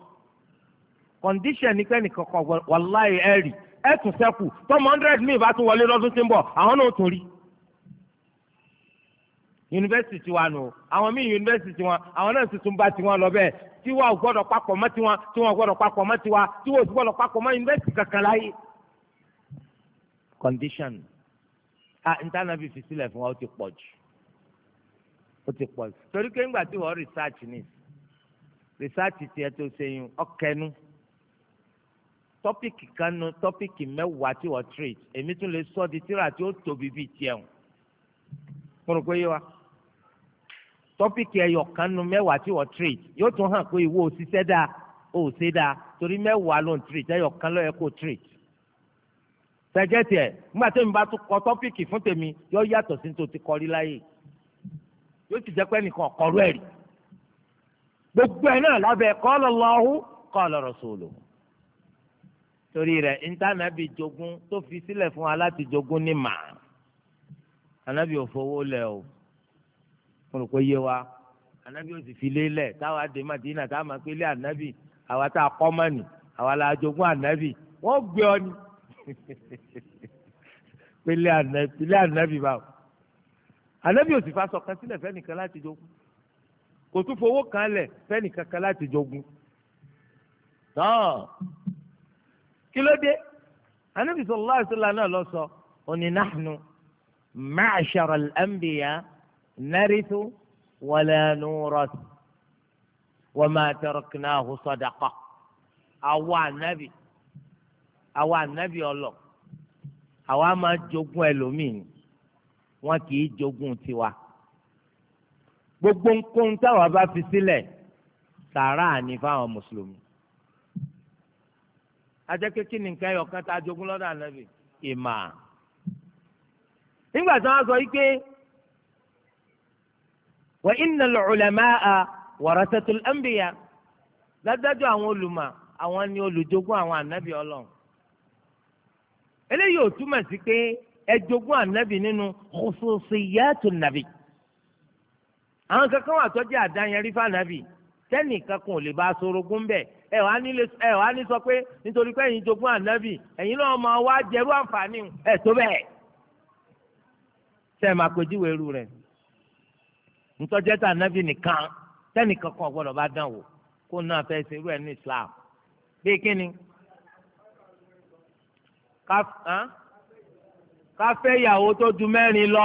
Speaker 1: condition ní pẹ́nìkan kọ̀ wàláyé ẹ̀rì ẹ̀ tún sẹ́kù tọ́mọ hundred mi ìbá tún wọlé lọ́dún tí ń bọ̀ àwọn náà tún rí yunifásitì wa nù àwọn míì yunifásitì wọn àwọn náà tuntun bá tiwọn lọ bẹ́ẹ̀ tiwa ò gbọ́dọ̀ papọ̀ mọ́ tiwọn tiwọn ò gbọ́dọ̀ papọ̀ mọ́ tiwa tiwọn ò gbọ́dọ̀ papọ̀ mọ́ yunifásitì kankan láyé. condition ah ntànàbí fi sílẹ̀ fún wa ó ti pọ̀ jù ó ti pọ̀ jù torí pé ńgbà wọ́n research ni research tiẹ̀ tó ṣeyún ọ̀kẹ́nu topic kanu topic tọ́pìkì mẹ́wàá tí wọ́n treat èmi tún lè sọ di tíra tí ó tóbi bíi tiẹ̀ hùn mo rò pé yé wa tọ́pìkì ẹyọ kan mẹ́wàá tí wọ́n treat yóò tún hàn pé ìwọ òṣìṣẹ́ dáa òṣìṣẹ́ dáa torí mẹ́wàá ló ń treat ẹyọ kan ló yẹ kó treat sẹgẹtì ẹ nígbà tí mi bá tún kọ tọpíkì fún tèmi yóò yàtọ̀ sí tó ti kọrí láyè yóò sì jẹ́ pé nìkan kọrú ẹ̀ rí gbogbo ẹ̀ náà lábẹ́ qala Allahu qala rasuluhu torí rẹ̀ intanẹbi jogún tó fi sílẹ̀ fún wa láti jogún ní mà anabi ò fowó o mo rò pé yé wa anabi ò sì fi lé lẹ, táwa dé Madina táwa máa pélé anabi àwa tá a kọ́ mọ́ni àwa la jogún anabi wọ́n gbé ọ ni. pélé ànábì pélé ànábì báwo ànábì ò sì fa sọ̀kan sílẹ̀ fẹ́nìkan láti jogún kò tún fowó kan lẹ̀ fẹ́nìkan kan láti jogún tán kí ló dé ànábì sallallahu alaihi wasallam náà lọ sọ òní nahnu ma'shara al-anbiya wa ma taraknahu sadaqa àwa ànábì. àwa ànábì ọlọ àwa máa jogún ẹlòmíì wọn kì í jogún tiwa gbogbo nkóhun táwa bá fi sílẹ̀ sàárà ní fáwọn mùsùlùmí ajẹ́kẹ́ kí ni nǹkan ẹyọ kan tá a jogún lọ́dọ̀ ànábì ìmà nígbà tí wọ́n sọ yìí pé wa innal ulama'a warasatul anbiya dájúdájú àwọn olùmọ̀ àwọn ni olùjogún àwọn ànábì ọlọ́run eléyìí ò túmọ̀ sí pé ẹ jogún ànábì nínú khususiyatu nàbì àwọn kankan wà tọ́jú àdáyẹn rí fànàbì tẹ́nìkan kan ò lè bá sorogún bẹ́ẹ̀ ẹ wàá nílé ẹ wàá ní sọ pé nítorí pé ẹ̀yin jogún ànábì ẹ̀yin náà máa wá jẹrú àǹfààní ẹ̀ tó bẹ́ẹ̀ sẹ́ẹ̀ máa pèjúwe irú rẹ̀ ntọ́jẹ́ tà ànábì nìkan tẹ́nìkan kan ò bá dán wò kó náà fẹ́ ṣerú ẹ̀ ní Islam bí kíni káfẹ́ ìyàwó tó ju mẹ́rin lọ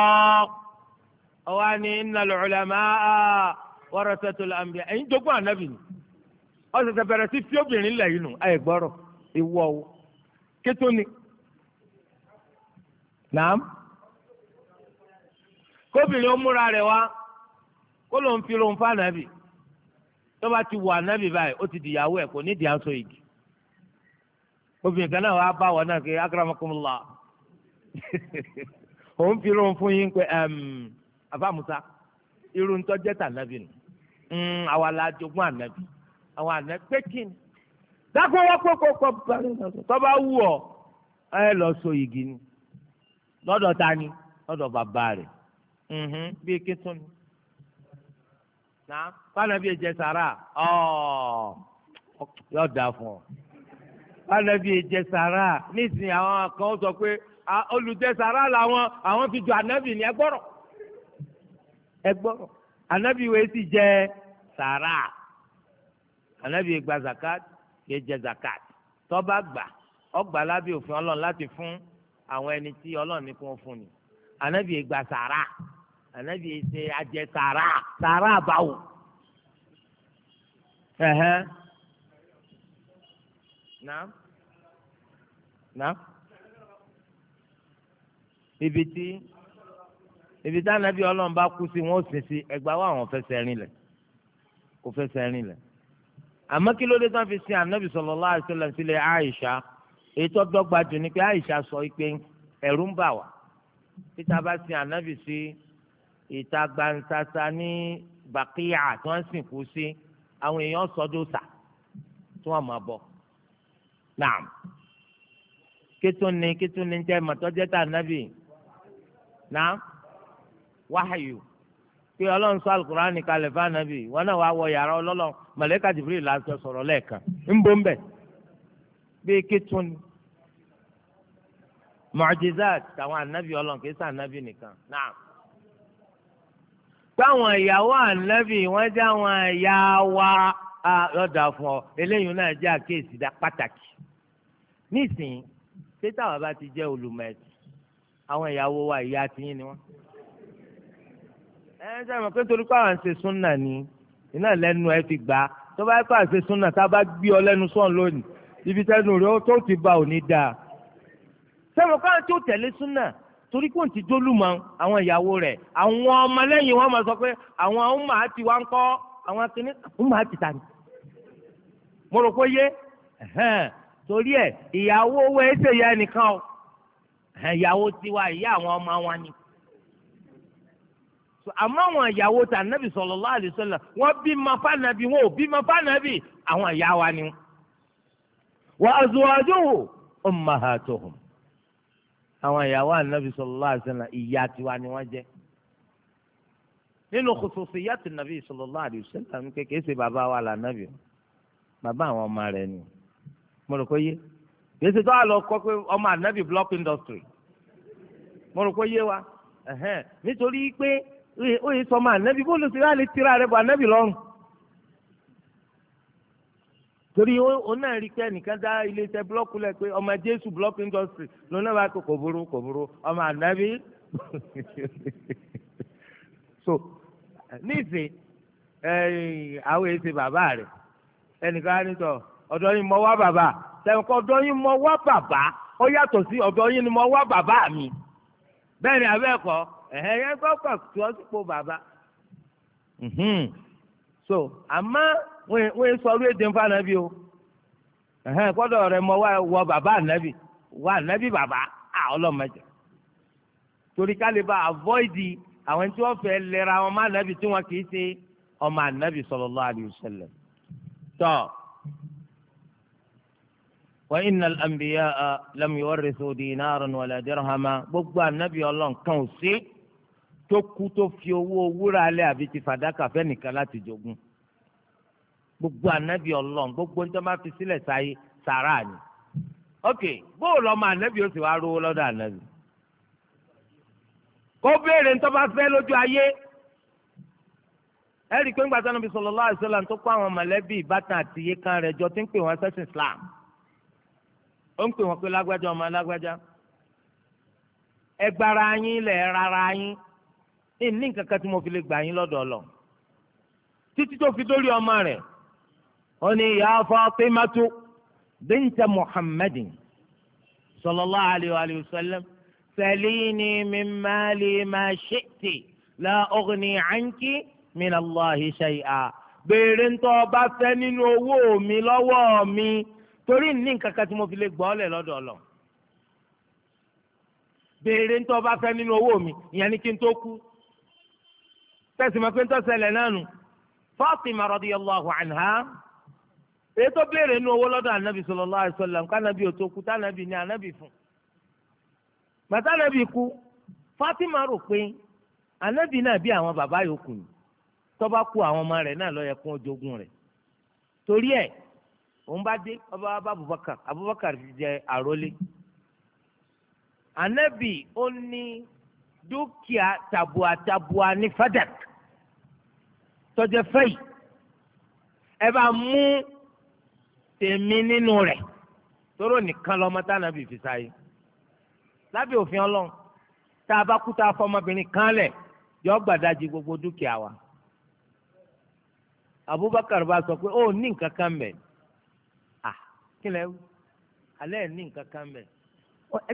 Speaker 1: ọwọ́ ni innal ulamaa warasatul anbiya ẹ̀yin jogún ànábì ni ọ̀sẹ̀ bẹ̀rẹ̀ sí fi obìnrin lẹ̀ yìí nù ẹ̀ gbọ́rọ̀ ìwọ o kétó ni nàám kóbìnrin ó múra rẹ̀ wá kó ń fi lóun fún ànábì tó bá ti wọ ànábì báyìí ó ti dìyàwó ẹ̀ kò ní ìdí aṣọ igi obìnrin kan náà wàá bá wọn náà òun fi rún fún yín pé àbá musa jeta ń tọ́jẹ́ tà nàbì nù mm, àwa la jogún ànàbì àwọn ànàbì pé kí ni dákun tọ́ba wù ẹ igi ni Lọdọ ta ni lọdọ bàbá mm-hmm. bí ike tún ni na fanabi ẹ jẹ sàrà ọ yọ da ọ. alẹ́bí ìjẹsàrà nísìnyí àwọn kan sọ pé olùjẹsàrà làwọn àwọn fi jọ ànábì ní ẹgbọ́rọ̀ ẹgbọ́rọ̀ ànábì wo sì jẹ sàrà ànábì gba zakat kì í jẹ zakat tó bá gbà ọgbà lábẹ́ òfin ọlọ́run láti fún àwọn ẹni tí ọlọ́run ní kó fún ni ànábì gba sàrà ànábì ṣe ajẹ sàrà sàrà báwo náà náà ibi tí ibi tí anabi ọlọ́run bá kú sí wọn ó sin sí ẹgbà wa àwọn fẹsẹ̀ rin lẹ̀ kò fẹsẹ̀ rin lẹ̀ àmọ́ kí ló dé tán fi sin anabi sallallahu alaihi wasallam sílẹ̀ Aisha èyí tó dọ́gba jù ni pé Aisha sọ pé ẹ̀rù ń bà wá títa bá sin anabi sí ìta gbansasa ní bàkíyà tí wọ́n sìnkú sí àwọn èèyàn sọdọ́ sà tí wọ́n máa bọ̀ naam kétúni kétúni jẹ́ mọ̀tọ́jẹ́ tà nábì naam wáhàyù pé ọlọ́run sọ alukurani kalẹ̀ fún anabi wọn náà wàá wọ yàrá ọlọ́lọ́ mọ̀lẹ́ka jibril la sọ sọ̀rọ̀ lẹ́ẹ̀kan ń bọ́ ń bẹ̀ bíi kétúni mọ̀jìzáàt tàwọn anabi ọlọ́run kìí sàn anabi nìkan naam táwọn ìyàwó ànábì wọ́n jẹ́ àwọn ìyá wa lọ́dà fún ọ eléyìí náà jẹ́ àkéèsí pàtàkì nísìnyí ṣé táwa bá ti jẹ́ olùmẹ̀sì àwọn ìyàwó wa ìyá tiyín ni wọ́n. ẹ ẹ sẹ́wọ̀n pé torí pé ṣe súnà ni iná lẹ́nu ẹ ti gbà á tó bá pà ṣe súnà tá a bá gbé ọ lẹ́nu sọ̀n lónìí ibi tẹ́nu rẹ tó ti ba òní dáa. sẹ́wọ̀n káwọn tí ó tẹ̀lé súnà torí kò ti jólùmọ̀ àwọn ìyàwó rẹ̀ àwọn ọmọlẹ́yìn wọn máa sọ pé àwọn ọmọ àti wa ń kọ́ àwọn akíní ọmọ àti tani. mo rò pé yé torí ẹ ìyàwó owó ẹsẹ̀ nìkan o ìyàwó tiwa ìyá àwọn ọmọ wọn ni àmọ́ àwọn ìyàwó tà nàbì sallallahu alaihi wasallam wọ́n bí ma fànàbì wọn ò bí ma fànàbì àwọn ìyá wa ni. wa azwajuhu ummahatuhum. àwọn ìyàwó ànàbì sọlọ ìyá tiwa ni nínú ọmọ rẹ̀ ni. mọ̀rọ̀kọ́ rò pé yé gbèsè tó àlọ kọ pé ọmọ ànábì block industry mọ̀rọ̀kọ́ yé wa nítorí pé ó yẹ sọmọ ànábì bó ló ti rà lè rẹ bọ anabi lọrùn torí ó náà rí pé ẹnìkan dá iléeṣẹ́ blọọkù lẹ pé ọmọ jésù block industry ló náà bá so àwọn èsì bàbá rẹ ẹnìkan á ní ọ̀dọ̀ yín mo wá bàbá sẹ̀ǹkọ́ ọ̀dọ̀ yín mo wá bàbá ó yàtọ̀ sí ọ̀dọ̀ yín ni mo wá bàbá mi bẹ́ẹ̀ ni abẹ́ẹ̀kọ́ ẹ̀hẹ́ yẹn gbọ́kọ̀ tí wọ́n ti po bàbá. so àmọ́ wọ́n sọ orí èdè ń fa o ẹ̀hẹ́ kọ́dọ̀ rẹ mo wá wọ bàbá nàbí wà nàbí bàbá à ọlọ́mọdé torí ká lè bá avoid àwọn tí wọ́n fẹ́ lẹ́ra wọn má nàbí tí wọ́n kì í ṣe ọmọ ànábì sallallahu alaihi wasallam tọ́. So, wa inna al-anbiya lam yuwarrithu dinaran wala dirhama gbogbo anabi Ọlọ́run kan ò sí tó kú tó fi owó wúrà alẹ́ àbí ti fàdákà fẹ́nìkan láti jogún gbogbo anabi Ọlọ́run gbogbo ń tọ́ máa fi sílẹ̀ sáyé sàrà ni ok bóòlù ọmọ anabi ó sì wá rówó lọ́dọ̀ anabi kó béèrè ń tọ́ fẹ́ lójú ayé ẹ̀rí pé ńgbà tí Ànábì sallallahu alaihi wasallam tó kó àwọn mọ̀lẹ́bí ìbátan àti iye kan rẹ̀ jọ tí ń pè wọ́n sẹ́sìn Islam ó ń pè wọ́n pé lágbájá ọmọ lágbájá ẹgbára yín lẹ̀ rárá yín ní ní nǹkan kan tí mo fi lè gbà yín lọ́dọ̀ lọ títí tó fi dórí ọmọ rẹ̀ ó ní ya Fatimatu binta Muhammadin sallallahu alayhi wa sallam salini min mali ma shi'ti la ughni anki min Allahi shay'a béèrè ń tó bá fẹ́ nínú owó mi lọ́wọ́ mi torí ní nǹkan kan tí mo fi lè gbọ́ lẹ̀ lọ́dọ̀ ọ̀lọ́ béèrè ńtọ́ bá fẹ́ nínú owó mi ìyẹn ni kí n tó kú tẹ̀sí ma pé ń tọ́sẹ̀lẹ̀ náà nù Fatima radiyallahu anha èyí tó béèrè nínú owó lọ́dọ̀ anabi sallallahu alaihi wasallam kánabi ò tó kú tánabi ní anabi fún bàtánabi kú Fatima rò pé anabi náà bí àwọn bàbá yòókù ni tó bá kú àwọn ọmọ rẹ̀ náà ló yẹ kó jogún rẹ̀ torí ẹ̀ òun bá dé ọba abubakar abubakar ti jẹ àrólé anabi ó ní dúkìá tabua tabua ní fadak tọjẹ fẹyì ẹ bá mú tèmi nínú rẹ̀ tóró nìkan lọmọ tánàbì fi sáyé lábẹ́ òfin Ọlọ́run tá a bá kú tá a fọmọbìnrin kan lẹ̀ yọ gbàdájì gbogbo dúkìá wa Abubakar bá sọ pé ó ní nǹkan kan mẹ́rin kí lẹ́ alẹ́ ní nǹkan kan bẹ̀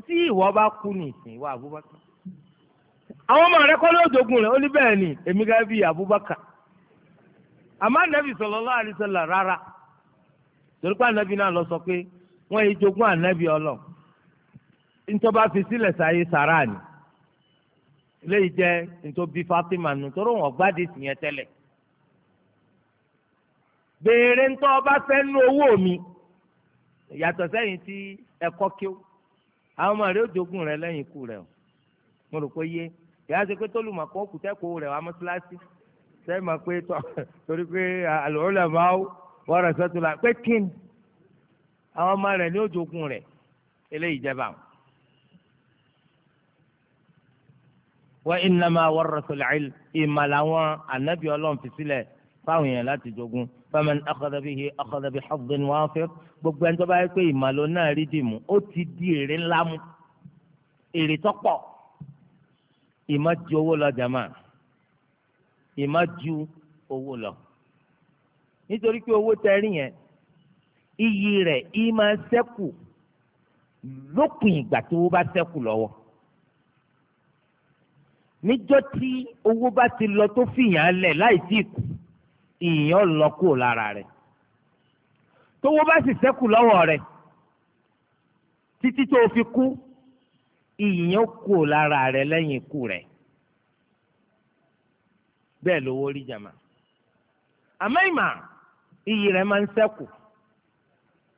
Speaker 1: tí ìwọ bá kú ní ìsìn ìwọ Abubakar àwọn ọmọ rẹ kọ́ ló dogun ni èmi gẹ́gẹ́ bíi Abubakar àmọ́ anabi sallallahu alaihi wasallam rárá torí pé anabi náà lọ sọ pé wọ́n yìí jogún anabi ọlọ́ ntọ́ba fi sílẹ̀ sáyé sàrà ni léyìí jẹ́ ntọ́bi Fatima nù wọn gbádìí tẹ́lẹ̀ béèrè yàtọ̀ sẹ́yìn tí ẹ̀kọ́ kíó àwọn ọmọ rẹ ó jogún rẹ lẹ́yìn ikú rẹ o mo rò pé yé ìyá ṣe pé tólùmọ̀ kan kù tẹ́kọ̀ọ́ rẹ̀ wá mọ́ṣáláṣí sẹ́yìn máa pé tọ́ torí pé àlùhólà máa wọ́n rẹ̀ sọ́tún la pé kíni àwọn ọmọ rẹ̀ ní ó jogún rẹ̀ eléyìí jẹba o. wọ́n innama warrasul ilm ìmàlà wọn ànábì ọlọ́run fi sílẹ̀ fáwọn èèyàn láti jogún faman akhadha bihi akhadha bi hadhin wafir gbogbo ẹni tó bá yẹ pé ìmàlò náà rí dìmú ó ti di èrè ńlá mu èrè tó pọ̀ ìmọ̀ ju owó lọ jàmá ìmọ̀ ju owó lọ nítorí pé owó tẹrí yẹn iyì rẹ̀ ìmọ̀ ṣẹ́kù lópin ìgbà tí owó bá ṣẹ́kù lọ́wọ́ níjọ́ tí owó bá ti lọ tó fìyàn lẹ̀ láì sí ìkù ìyàn lọ kúrò lára rẹ̀ tówó bá sì ṣẹ́kù lọ́wọ́ rẹ̀ títí tó fi kú ìyàn kúrò lára rẹ̀ lẹ́yìn ikú rẹ̀ bẹ́ẹ̀ lówó rí jàmá àmọ́ ìmà iyì rẹ̀ máa ń ṣẹ́kù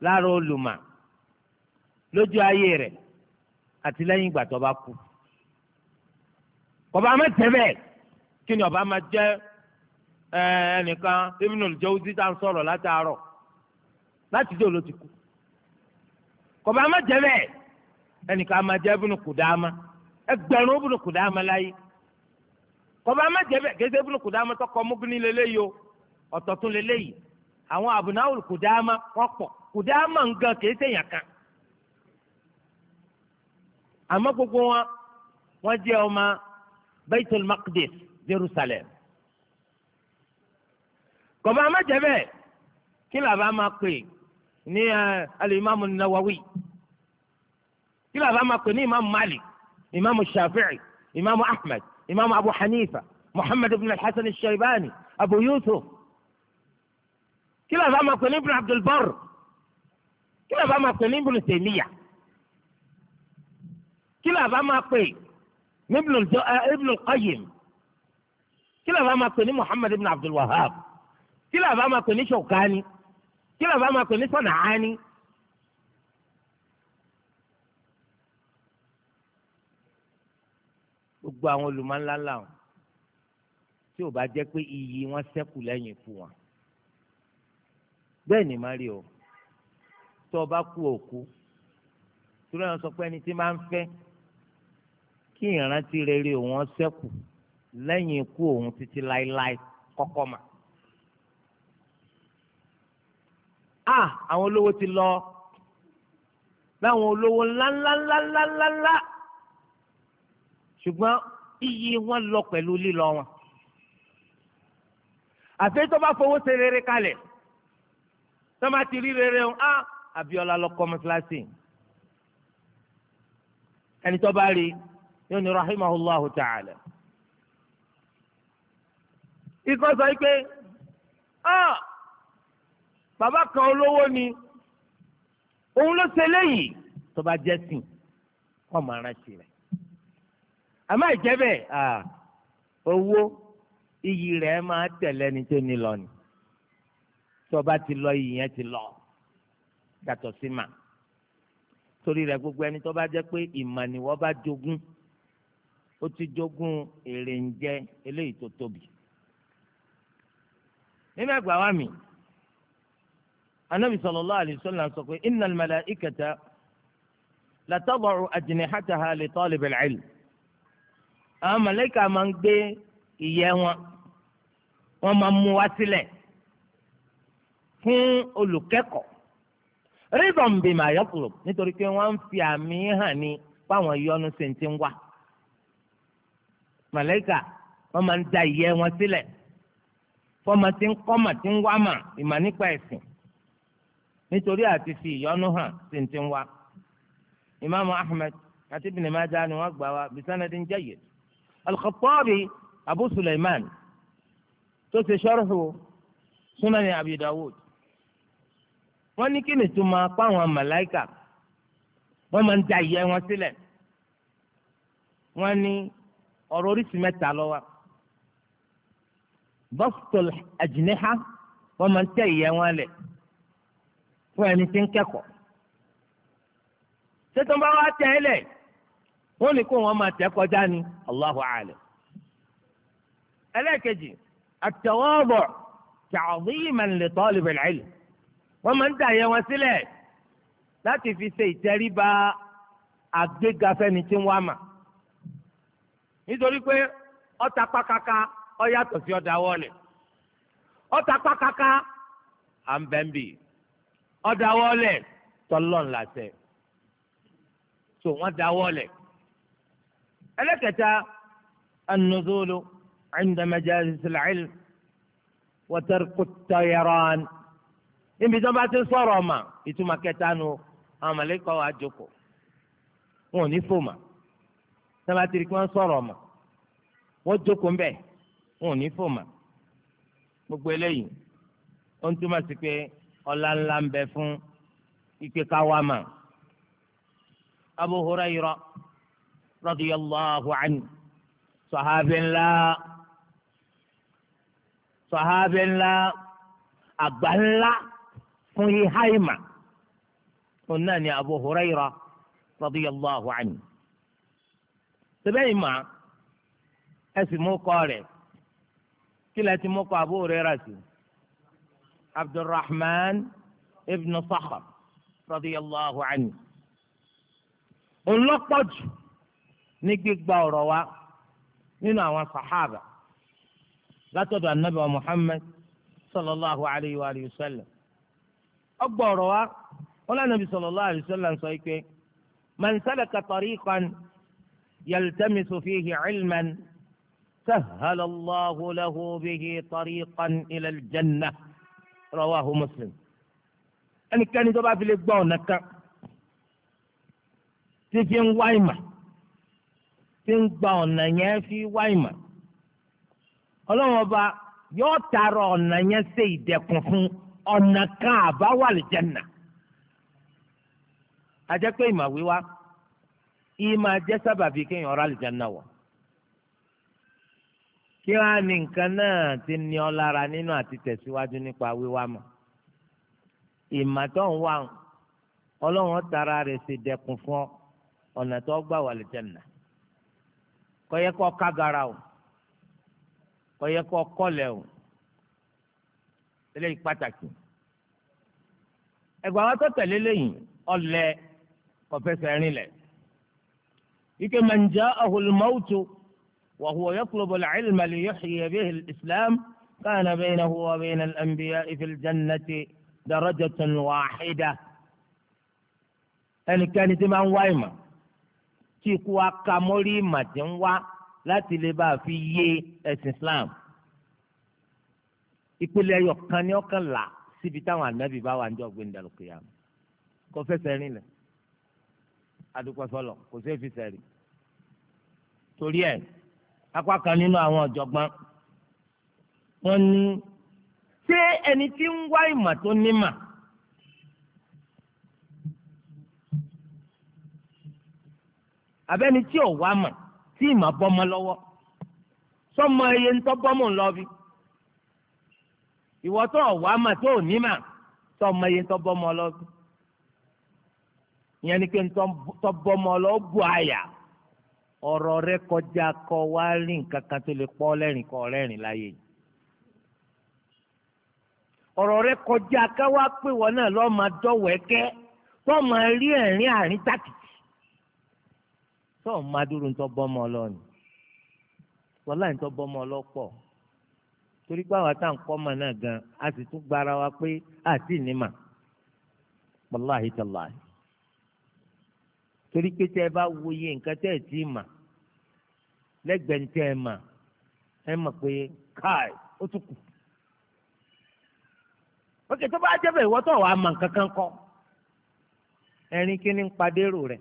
Speaker 1: lára olùmọ̀ lójú ayé rẹ̀ àti lẹ́yìn ìgbà tó bá kú kọba má bẹ́ẹ̀ kí ni ọba má jẹ́ ẹnìkan Ibnul Jawzi tá ń sọ̀rọ̀ látàárọ̀ láti dé olóòtú kù kọba jẹ bẹ́ẹ̀ ẹnìkan ama jẹ Ibnu Kudama ẹgbẹ̀rún Ibnu Kudama láyé kọba ama jẹ bẹ́ẹ̀ Kudama tọkọ mugni lélẹyìí o àwọn Kudama Kudama nǹkan kìí gbogbo wọn kọba a má jẹ bẹ́ẹ̀ kí bá ma pè ní alẹ imaamu nawawi kí bá ma pè ní imaamu mali imaamu shafi'i imaamu ahmed imaamu abu hanifa muhammed ibn hasan shaybani abu yusuf kí bá ma pè ní ibn abdulbar kí bá ma pè ní ibn semiya kí bá ma pè ní ibn qayyim kí bá ma pè ní muhammed ibn abdulwahab. Kila làbá máa pè ní ṣọ̀kání kí làbá máa pè ní sọ̀nàání. gbogbo àwọn olùmọ̀ńláńlá wọn tí ò bá jẹ́ pé iyì wọn ṣẹ́kù lẹ́yìn ikú wọn bẹ́ẹ̀ ni má rí o tó o bá kú òkú tí wọ́n sọ pé ẹni tí máa ń fẹ́ kí ìrántí rere òun ṣẹ́kù lẹ́yìn ikú òun títí láéláé kọ́kọ́ mà. à àwọn olówó ti lọ báwọn olówó ńláńláńláńláńlá ṣùgbọ́n iye wọn lọ pẹ̀lú lílọ wọn àti tó bá fowó ṣe rere kalẹ̀ tó bá ti rí rere ń á Abiola lọ kọ́ mọ́sálásí ẹni tó bá rí yóò ní rahimahullahu ta'ala ikọ̀ sọ pé ọ́ bàbá kan olówó ni òun ló ṣe léyìí tó bá jẹ́ sìn kọ́ máa rántí rẹ̀ àmọ́ ìjẹ́ bẹ́ẹ̀ owó iyì rẹ̀ máa tẹ̀lé ẹni tó ní lọ ni tó bá ti lọ iyì yẹn ti lọ yàtọ̀ sí mà torí rẹ̀ gbogbo ẹni tó bá jẹ́ pé ìmọ̀ ni wọ́n bá jogún ó ti jogún èrè ń jẹ eléyìí tó tóbi nínú ẹgbàá wa mi. anabi sallallahu alayhi sallam sọ pé innal malaikata la tada'u ajnihataha li talibil ilm àwọn màláíkà máa wọn fún olùkẹ́kọ̀ọ́ rídọ̀n bímọ àyọ̀kùrọ̀ nítorí pé wọ́n ń fi àmì hàn ní báwọn yọnu ṣe ń ti wá màláíkà wọ́n máa ń da ìyẹ́ wọn sílẹ̀ ń kọ́ mà ń wá mà ìmà nípa nítorí àti fi ìyọ́nú hàn sí ti ń wá. imaamu ahmed àti ibn majah ni wọ́n gbà wá bisanadin jayyid. al-khattabi abu suleiman tó ṣe sharhu sunani abi dawud. wọ́n ní kí ni túmọ̀ páwọn màláìkà wọ́n máa ń da ìyẹ́ wọn sílẹ̀. wọ́n ní ọ̀rọ̀ oríṣi mẹ́ta ló wà. bastul ajniha máa ń tẹ ìyẹ́ wọn lẹ̀. fún ẹni tí ń kẹ́kọ̀ọ́ ṣé bá wá lẹ̀ wọ́n ní kó wọn máa kọjá ni Allahu a'lam ẹlẹ́ẹ̀kejì àtẹwọ́bọ̀ ta'ziman li talib al-ilm wọ́n máa ń dà yẹ wọn sílẹ̀ láti fi ṣe ìtẹríba àgbéga fẹ́ni tí ń mà nítorí pé ọta pákáká ọ yàtọ̀ sí ọ̀dà wọlé ọta pákáká à ń ọ̀dàwọ́lẹ̀ tọ́lọ́n làṣẹ tó wọ́n dáwọ́lẹ̀ ẹlẹ́kẹta an-nuzulu 'inda majalis al-'ilm wa tarku at-tayran níbi tí wọ́n bá ti sọ̀rọ̀ ọ̀ma ìtumọ̀ kẹta nu àwọn mọ̀lẹ́kọ̀ wa jókòó wọn ò ní fòmà tí wọ́n kí wọ́n sọ̀rọ̀ ọ̀ma wọ́n jókòó ń bẹ̀ wọn ò ní fòmà gbogbo eléyìí ó ń túmọ̀ sí pé ọlá ńlá ń bẹ fún ike káwa mà Abu Hurayra radiyallahu anhu sahabi ńlá sahabi ńlá àgbà ńlá fún yíhá ìmà òun náà ni Abu Hurayra radiyallahu anhu sebe ẹ sì mú kọ rẹ kí lẹ ti mú kọ Abu Hurayra sí i. عبد الرحمن ابن صخر رضي الله عنه ونلقج نجيك باوروا هنا وصحابة لا تدع النبي محمد صلى الله عليه وآله وسلم أكبروا ولا النبي صلى الله عليه وسلم صيك من سلك طريقا يلتمس فيه علما سهل الله له به طريقا إلى الجنة rawahu Muslim ẹnikẹ́ni tó bá fi lè gbọ́ ọ̀nà kan tí fi ń wá ìmà tí ń gba ọ̀nà yẹn fi wá ìmà ọlọ́run ọba yóò tara ọ̀nà yẹn ṣe ìdẹ̀kùn fún ọ̀nà kan àbáwá àlìjẹ́nà àjẹpẹ́ ìmà wíwá ìmà jẹ́ sábàbí kéèyàn ọ̀rọ̀ àlìjẹ́nà wọ̀ kí wá ní nǹkan náà ti ní ọ lára nínú àti tẹ̀síwájú nípa wíwá mọ̀ ìmọ̀ tó ń wá ọlọ́run tara rẹ̀ ṣe dẹkùn fún ọ̀nà tó gbà wà lè jẹ̀nà kọ́yẹ́ kọ́ kágara o kọ́yẹ́ kọ́ kọ́lẹ̀ o eléyìí pàtàkì ẹgbàá wa tó tẹ̀lé lẹ́yìn ike وهو يطلب العلم ليحيي به الإسلام كان بينه وبين الأنبياء في الجنة درجة واحدة ẹnì kan tí máa ń wá ìmọ̀ tí ikú wa ka mórí ìmọ̀ tí ń wá láti lè bá a fi yé ẹ̀sìn Islam ìpele ẹyọ kan ní ọkàn là síbi táwọn ànábì bá wà níjọ́ gbẹ̀ndà lókè yàrá kò fẹsẹ̀ rìn lẹ̀ adúpẹ́ fọlọ̀ kò sí èfi sẹ́rì torí ẹ̀ apá kan nínú àwọn ọ̀jọ̀gbọ́n wọ́n ní ṣé ẹni tí ń wá ìmọ̀ tó nímọ̀ abẹ́ni tí ò wá mọ̀ tí ìmọ̀ bọ́mọ lọ́wọ́ sọmọ iye ń tọ́ bọ́mọ lọ bí ìwọ tó ọ̀ wá mọ̀ tó ò nímọ̀ sọmọ iye ń tọ́ bọ́mọ lọ ìyẹn ni pé ń tọ́ bọ́mọ lọ bù àyà ọ̀rọ̀ rẹ kọjá kọ wá rí nǹkan kan tó lè pọ́ lẹ́rìn kọ rẹ́rìn láyé yìí ọ̀rọ̀ rẹ kọjá ká wá pé wọn náà lọ́ọ́ máa dọ́wẹ́kẹ́ tó máa rí ẹ̀rín àárín tàkìtì tó máa dúró ń tọ́ bọ́mọ ọlọ́ọ̀nì wọ́n láì ń bọ́mọ ọlọ́pọ̀ torí pé àwọn àtàwọn kọ́mọ náà gan a sì tún gbára wa pé àti nímà wàláhìí tàláhìí torí pé tẹ́ ẹ bá wòye nǹkan tẹ́ ẹ ti mà lẹ́gbẹ̀ẹ́ ntẹ́ ẹ mà ẹ mọ̀ pé káì ó tún kù. òkè tó bá jẹ́ bẹ́ẹ̀ ìwọ́tọ̀ wàá mọ̀ nǹkan kan kọ́ ẹ̀rín kí ni ń pa dérò rẹ̀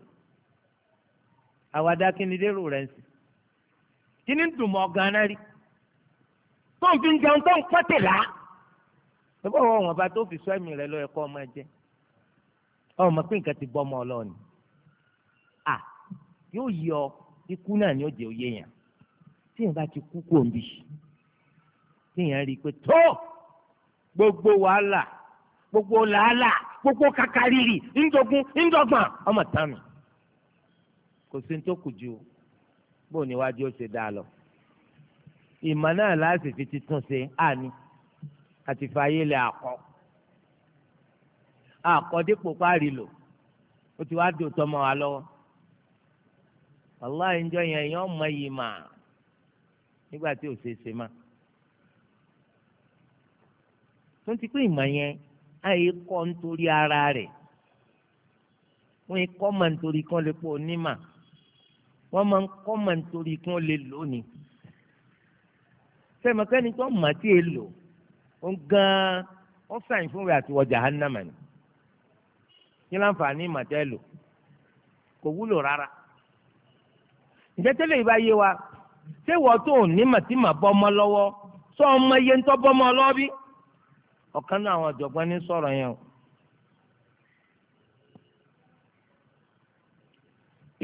Speaker 1: àwàdà kí ni dérò rẹ̀ ń sìn kí ni ń dùn mọ́ gan-an rí tó ń fi ń jẹun tó ń pọ́tẹ̀ là á. ẹgbẹ́ wo wọn bá tó fi sọ ẹ̀mí rẹ lọ ẹ̀kọ́ ọmọ ẹ ọmọ pé nǹkan ti bọ́ ọmọ ọlọ́ọ̀ni à yóò yọ ọ ikú náà ni ó jẹ òye yẹn tíyẹn bá ti kú kó ń bì tíyẹn rí i pé tó gbogbo wàhálà gbogbo làálà gbogbo kakariri ńdọgún ńdọgbọn ọmọ tánu kò sí tó kù ju bó níwájú ó ṣe dáa lọ ìmọ̀ náà láti fi titun ṣe àní àti fayele akọ. Akọ àkọ́ dípò párí lò ó ti wá dò tọmọ wa lọwọ. wàláhì ń jọ yẹn èèyàn mọ iyì mà nígbà tí ò ṣeé ṣe mà tó ń ti pé ìmọ̀ yẹn àyè kọ́ nítorí ara rẹ̀ wọ́n yìí kọ́ mà nítorí kí wọ́n lè pọ̀ onímà wọ́n máa ń kọ́ mà nítorí kí lè lónìí sẹ́mọ̀kẹ́ni tó mà tí e lò ó gan ó sàn fún rẹ̀ àti wọ jahannama ni kí láǹfààní mà tẹ́ lò kò wúlò rárá ǹjẹ́ tẹ́lẹ̀ yìí bá yé wa ṣé wọ́n tó ní màtímà bọ́ ọmọ lọ́wọ́ sọ ọmọ iye ń tọ́ bọ́ ọmọ lọ́wọ́ bí? ọ̀kan náà àwọn ọ̀jọ̀gbọ́n ní sọ̀rọ̀ yẹn o.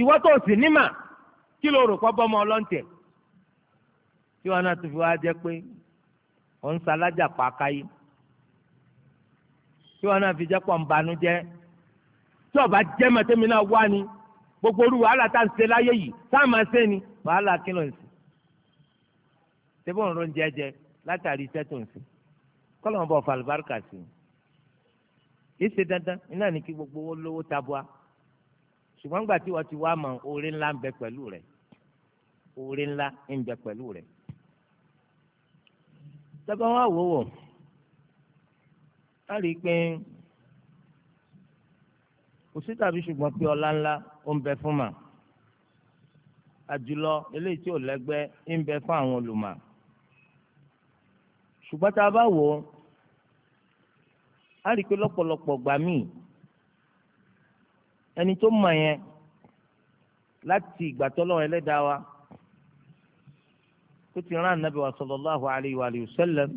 Speaker 1: ìwọ́ tó sì nímà kí ló rò pọ́ bọ́ ọmọ ọlọ́ǹtẹ̀ tí wọn náà tún fi wá jẹ́ pé òun ṣalájà pa káyé tí wọn náà fi jẹ́ pọ̀ ń banú jẹ́ tí ọba jẹ́ mọ́tẹ́mi náà wá ni gbogbo orú wàhálà tá à ń ṣe láyé yìí tá à máa ṣe ni wàhálà kí ló ń ṣe ṣébí òun ló ń jẹjẹ látàrí iṣẹ́ tó ń ṣe kọ́lọ̀ ń bọ̀ fàlùbáríkà sí i ìṣe dandan iná ní kí gbogbo owó lówó tabua ṣùgbọ́n gbà tí wọ́n ti wá mọ̀ oore ńlá ń bẹ pẹ̀lú rẹ̀ oore ńlá ń bẹ pẹ̀lú rẹ̀ tọ́ba wọn wò wò á rí i pé kò tàbí ṣùgbọ́n pé ọlá ńlá ó ń bẹ fún mà àjùlọ eléyìí tí ò lẹ́gbẹ́ ń bẹ fún àwọn olùmọ̀ ṣùgbọ́n tá a bá wò ó a rí i pé lọ́pọ̀lọpọ̀ gbà míì ẹni tó mọ̀ yẹn láti ìgbà tọ́lọ́run ẹlẹ́dàá wa tó ti rán ànábì wa sallallahu alayhi wa sallam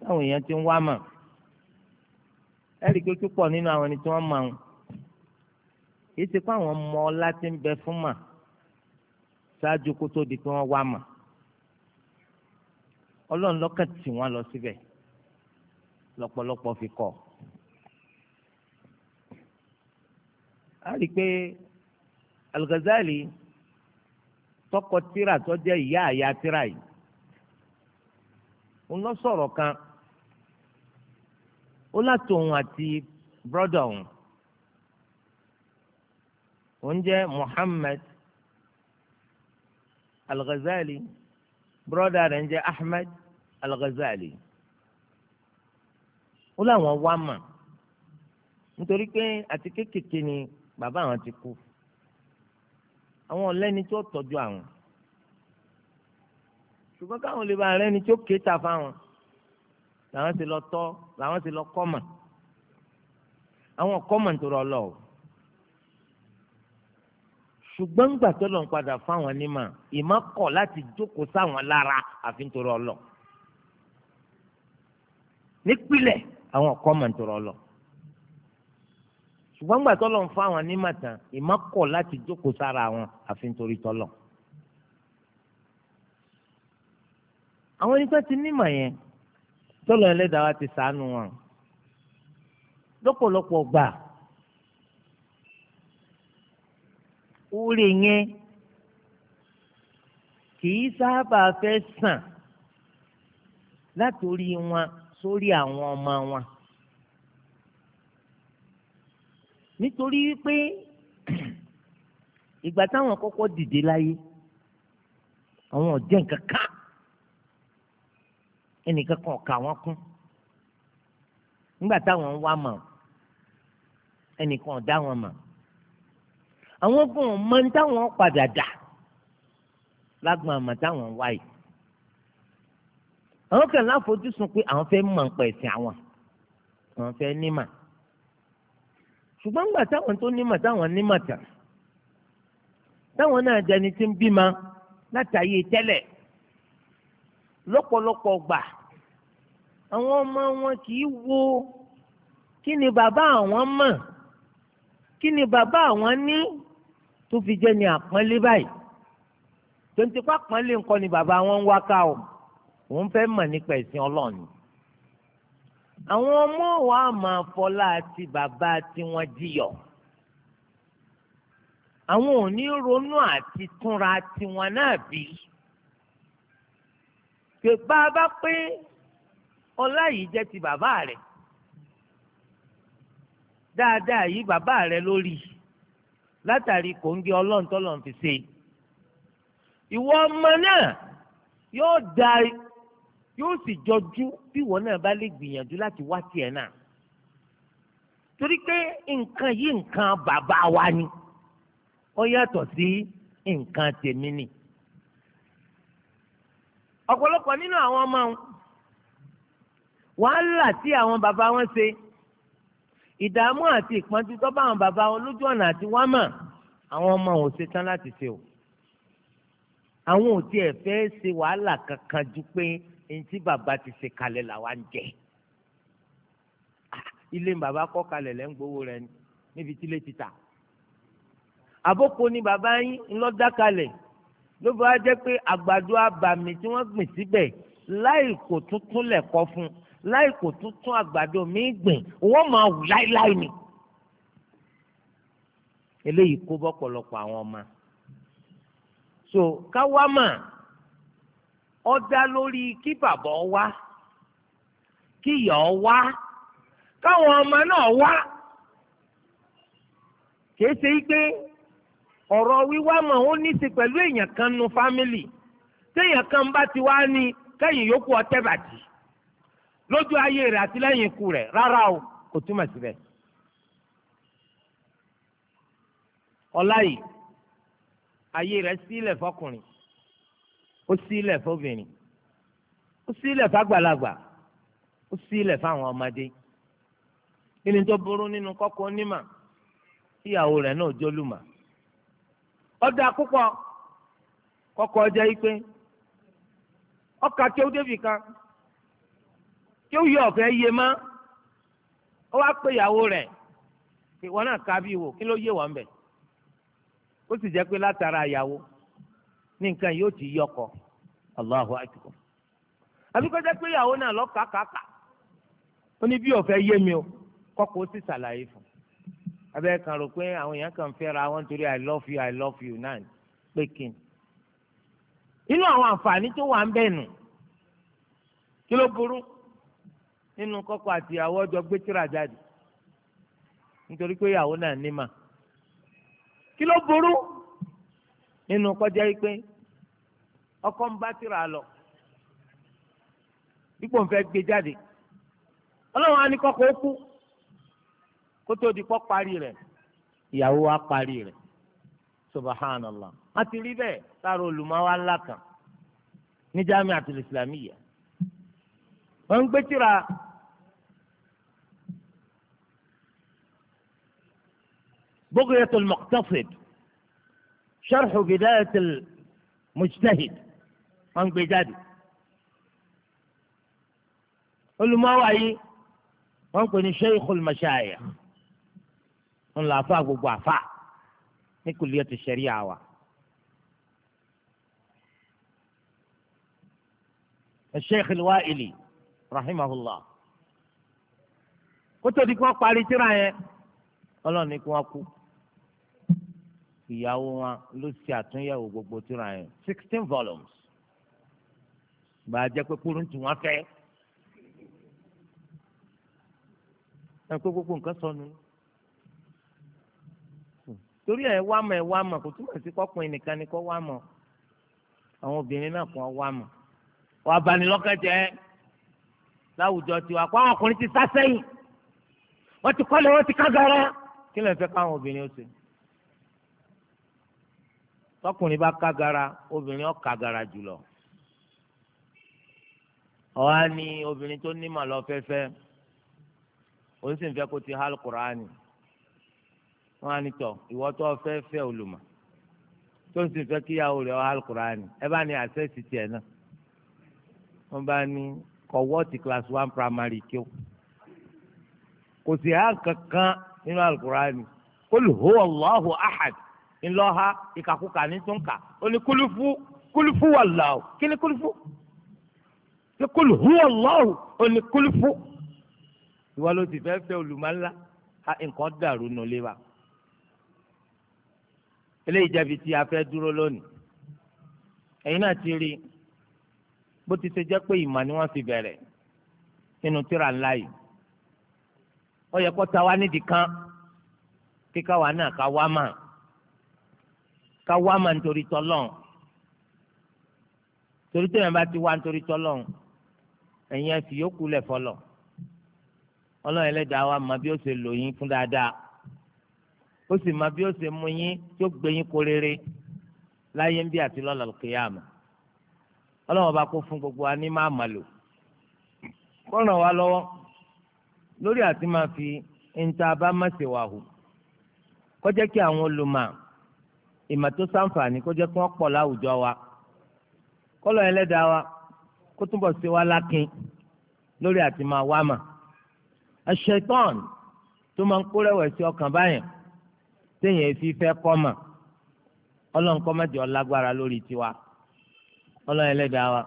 Speaker 1: táwọn èèyàn ti ń wá mà ẹ rí i pé púpọ̀ nínú àwọn ẹni tí wọ́n mọ̀ ọ́n yìí ti pa àwọn ọmọ ọlá ti ń bẹ fún mà ṣáájú kó tó di pé wọ́n wá mà ọlọ́run lọ́kàn tì wọ́n lọ síbẹ̀ lọ́pọ̀lọpọ̀ fi kọ̀ á rí i pé al tọkọ tíra tó jẹ́ ìyá àyà tíra yìí ń lọ sọ̀rọ̀ kan ó látòun àti brọ́dà òun òun jẹ́ Muhammad Al-Ghazali bùrọ̀dá rẹ̀ ń jẹ́ Ahmad Al-Ghazali ó láwọn wá mà nítorí pé àti kéékèèké ni bàbá àwọn ti kú àwọn ọ̀lẹ́ni tó tọ́jú àwọn ṣùgbọ́n káwọn lè ba ààrẹ ni tó kéé ta fáwọn làwọn ti lọ tọ́ làwọn ti lọ kọ́ mà àwọn kọ́ mà ń torọ lọ o ṣùgbọ́n ńgbà tó lọ́n padà fáwọn onímọ̀ ìmọ̀ kọ̀ láti jókòó sáwọn lára àfi nítorí ọlọ nípìlẹ̀ àwọn ọ̀kọ́ mọ̀ nítorí ọlọ ṣùgbọ́n ńgbà tó lọ́n fáwọn onímọ̀ tán ìmọ̀ kọ̀ láti jókòó sára wọn àfi nítorí tọ́lọ̀ àwọn ẹni tó nímọ̀ yẹn tọ́lọ̀ ẹlẹ́dàá wa ti sàánú wọn lọ́pọ̀lọpọ̀ gbà oore yẹn kìí sábà fẹ́ sàn látòrí wọn sórí àwọn ọmọ wọn nítorí pé ìgbà táwọn kọ́kọ́ dìde láyé àwọn ọ̀jẹ̀ nǹkan ká ẹnìkan kan kà wọ́n kún nígbà táwọn ń wá mọ̀ ẹnìkan ọ̀dá wọn mọ̀ àwọn gan ọmọ ní táwọn padà dà lágbọn àmọ́ táwọn wá yìí àwọn kan láfojúsùn pé àwọn fẹ́ mọ̀ nípa ẹ̀sìn àwọn àwọn fẹ́ nímà ṣùgbọ́n gbà táwọn tó nímà táwọn nímà tà táwọn náà jẹni tí ń bímọ látàyè tẹ́lẹ̀ lọ́pọ̀lọpọ̀ gbà àwọn ọmọ wọn kì í wo kí ni bàbá àwọn mọ̀ kí ni bàbá àwọn ní tó fi jẹ́ ni àpọ́nlé báyìí tontipa àpọ́nlé nǹkan ni bàbá wọn ń wá ká o òun fẹ́ mọ̀ nípa ẹ̀sìn ọlọ́ọ̀ni àwọn ọmọ wa máa fọlá àti bàbá tiwọn jiyọ̀ àwọn ò ní ronú àti túnra tiwọn náà bí pé bá a bá pé ọlá yìí jẹ́ ti bàbá rẹ̀ dáadáa yìí bàbá rẹ̀ lórí yìí látàrí kòńgé ọlọ́run tọ́lọ̀ fi ṣe ìwọ ọmọ náà yóò da yóò sì jọjú bí ìwọ náà bá lè gbìyànjú láti wá tiẹ̀ náà torí pé nǹkan yìí nǹkan bàbá wa ni ó yàtọ̀ sí nǹkan tèmi ni ọ̀pọ̀lọpọ̀ nínú àwọn ọmọ wọn wàhálà tí àwọn bàbá wọn ṣe ìdààmú àti ìpọ́njú tó bá àwọn bàbá wọn lójú ọ̀nà àti wá mà àwọn ọmọ wọn ò ṣe tán láti ṣe o àwọn ò tiẹ̀ fẹ́ ṣe wàhálà kankan ju pé ẹni tí bàbá ti ṣe kalẹ̀ làwa ń jẹ ah, ilé bàbá kọ́ kalẹ̀ lẹ́ ń gbowó rẹ níbi tí ilé àbókò ni bàbá yín ńlọ kalẹ̀ ló bá jẹ́ pé àgbàdo abàmì tí wọ́n gbìn síbẹ̀ láì kò tuntun lẹ̀kọ́ fún un láì kò tún tún àgbàdo mi gbìn wọ́n máa wù láíláí ni. eléyìí kó bọ́pọ̀lọpọ̀ àwọn ọmọ. so káwámà ọ dá lórí kí bàbá ọ wá kí ìyá ọ wá káwọn ọmọ náà wá kìí ṣe pé ọ̀rọ̀ wíwá mọ̀ ó ní í ṣe pẹ̀lú èèyàn kan nu fámìlì téèyàn kan bá ti wá ní kẹ́yìn yòókù ọtẹ́ bàjẹ́ lójú ayé rẹ àti lẹ́yìn ikú rẹ rárá o kò túmọ̀ síbẹ̀. ọlá yìí ayé rẹ sílẹ̀ fọkùnrin ó sílẹ̀ fọbìnrin ó sílẹ̀ fàgbàlagbà ó sílẹ̀ fáwọn ọmọdé kíni tó burú nínú kọ́kọ́ onímọ̀ ìyàwó rẹ̀ náà jólùmọ̀ kọ́kọ́ ọkà kéwú débì kí ó yẹ ọ̀fẹ́ yé má ó wá pé ìyàwó rẹ̀ ìwọ náà ká bí wò kí ló yé wọn bẹ̀ ó sì jẹ́ pé látara ìyàwó ní nǹkan yóò ti yọkọ Allahu akbar àbí pé ìyàwó náà lọ ó ní bí ọ̀fẹ́ yé mi o kọ́kọ́ ó sì ṣàlàyé fún abẹ́ kan rò pé àwọn èèyàn kan wọn i love you i love you náà pé kí ni inú àwọn àǹfààní tó wà ń bẹ̀ nù kí nínú kọ́kọ́ àti ìyàwó ọjọ́ gbé tíra jáde nítorí pé ìyàwó náà ní mà kí ló burú nínú kọjá ọkọ ń bá lọ dípò ń fẹ́ gbé jáde ọlọ́run á ní kọ́kọ́ ó kú kó tó di pọ́ parí rẹ̀ wa parí rẹ̀ subahánàlá a ti rí bẹ́ẹ̀ lára ńlá kan ní jami'atul wọ́n ń gbé بغية المقتصد شرح بداية المجتهد من بجد الموعي ممكن شيخ المشايخ من الأفاق وقفاء في كلية الشريعة و. الشيخ الوائلي rahimahullah kó tó di kí wọ́n parí tírà yẹn ọlọ́run ní kí wọ́n kú ìyàwó wọn ló ṣe àtúnyẹ̀wò gbogbo tírà yẹn sixteen volumes bàjẹ́ pé kúrú tí wọ́n fẹ́ ẹ pé gbogbo nǹkan sọnù torí ẹ wá mọ̀ ẹ wá mọ̀ kò túmọ̀ sí kọ́kùnrin nìkan ni kọ́ wá mọ̀ àwọn obìnrin náà kàn wá mọ̀ wàá bani lọ́kàn jẹ́ láwùjọ tiwa kó àwọn ọkùnrin ti sá sẹ́yìn wọ́n ti kọ́lé wọ́n ti kágara kí ló ń fẹ́ káwọn obìnrin ó ṣe. tọkùnrin bá kágara obìnrin ó kágara jùlọ. ọ̀há ni obìnrin tó ní màlọ́ fẹ́fẹ́ òun sì ń fẹ́ kó ti hàl kùránì wọ́n á ní tọ̀ ìwọ tó fẹ́ fẹ́ olùmọ̀ tó ń sì fẹ́ kíyàwó rẹ̀ hàl kùránì ẹ bá ní àṣẹ ti tiẹ̀ náà wọ́n bá ní kọ̀wọ́ ti class one primary kí o kò sí ha kankan nínú alukurani kul huwa Allahu ahad ńlọ́ha ìkàkùkà ní túnkà ó ní kúlùfù kúlùfù wà láwù kí ni kúlùfù ṣé kul huwa Allahu ó ní kúlùfù ìwọ ló ti fẹ́ fẹ́ olùmọ̀lá nǹkan dàrú nulẹ̀ wa eléyìí jẹ́ fi ti afẹ́ dúró lónìí ẹ̀yin náà ti rí i bó ti ṣe jẹ́ pé ìmọ̀ ni wọ́n ti bẹ̀rẹ̀ nínú tíra ńlá yìí ó yẹ kó ta wá nídìí kan kíkà wá náà ká wá mà ká wá mà nítorí tọ́lọ́n torí tó yẹn bá ti wá nítorí tọ́lọ́n ẹ̀yin ẹ̀sìn yóò kú lẹ̀ fọlọ̀ ọlọ́run ẹlẹ́dàá wa mọ bí ó ṣe lò yín fún dáadáa ó sì mọ bí ó ṣe mú yín tí gbé yín kó láyé ń bí àti lọ́la kìyàmù ọlọ́wọ́n bá kó fún gbogbo wa ní máa mà lò kó ràn wá lọ́wọ́ lórí àti máa fi níta bá má ṣe wà hù kó jẹ́ kí àwọn olùmọ̀ ìmọ̀ tó ṣàǹfààní kó jẹ́ kí wọ́n pọ̀ láwùjọ wa kọ́lọ̀ ẹlẹ́dàá wa kó túbọ̀ ṣe wá lákin lórí àti máa wá mà àṣetán tó máa ń kó rẹ̀wẹ̀sì ọkàn báyẹn téèyàn fi fẹ́ kọ́ mà ọlọ́nkọ́ mẹ́jọ lágbára lórí tiwa. ọlọ́run ẹlẹ́dàá wa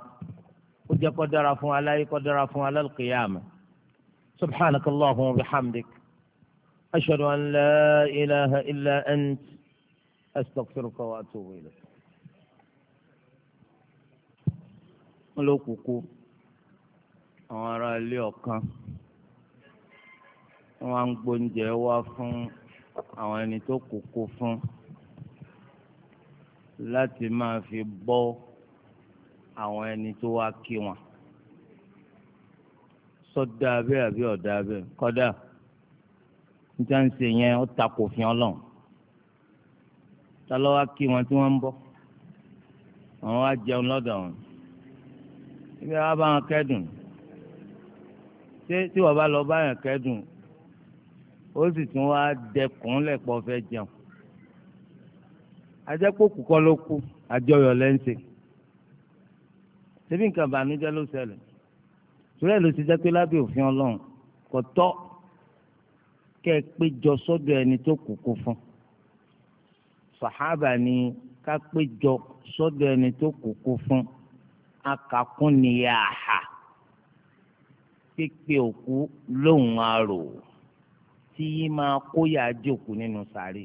Speaker 1: ó jẹ́ kó dára fún wa láyé kó dára fún wa lálùkìyàmà subhanaka allahumma wa bihamdik ashhadu an la ilaha illa ant astaghfiruka wa atubu ilayk. wọ́n ló kúkú àwọn ará ilé ọ̀kan wọ́n wá ń gbóúnjẹ wá fún àwọn ẹni tó kúkú fún láti máa fi bọ́. àwọn ẹni tó wá kí wọn sọdá abẹ́ àbí ọ̀dá abẹ́ kọ́dà níta ń ṣe yẹn ó takò fi ọlọ́run ta ló wá kí wọn tí wọ́n ń bọ̀ àwọn wá jẹun lọ́dọ̀ wọn ibi àwọn bá wọn kẹ́dùn ṣé tí wọ́n bá lọ bá yẹn kẹ́dùn ó sì tún wá dẹkùn lẹ́pọ̀ fẹ́ jẹun ajẹ́pọ̀ kù ló kú àjọyọ̀ lẹ́ńsẹ̀ ṣebí nǹkan ìbànújẹ́ ló ṣẹlẹ̀ torí ẹ̀ ló ti jẹ́ pé lábẹ́ òfin ọlọ́run kò tọ́ kẹ́ ẹ péjọ sọ́dọ̀ ẹni tó kúkú fún sàhábà ni ká péjọ sọ́dọ̀ ẹni tó kúkú fún akakún ni yàhà pípé òkú lóhùn arò tí yìí máa kóyà jókòó nínú sàárè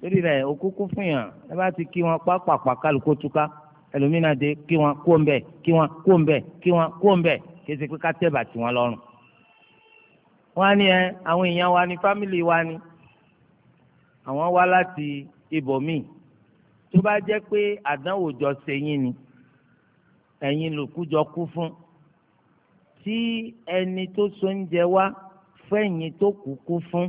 Speaker 1: torí rẹ̀ òkú kú fún yàn ẹ bá ti kí wọn pápá pàkálù túká ẹlòmínà dé kí wọn kó ń bẹ kí wọn kó ń bẹ kí wọn kó ń bẹ kése pé ká tẹ̀ bàtì wọn lọ́rùn. wọ́n á ní ẹ àwọn èèyàn wa ni fámìlì wa ni àwọn wá láti ibòmíì tó bá jẹ́ pé àdánwò jọ sẹ́yìn ni ẹ̀yin lòkú jọ kú fún tí ẹni tó so ń jẹ wá fẹ́yìn tó kú kú fún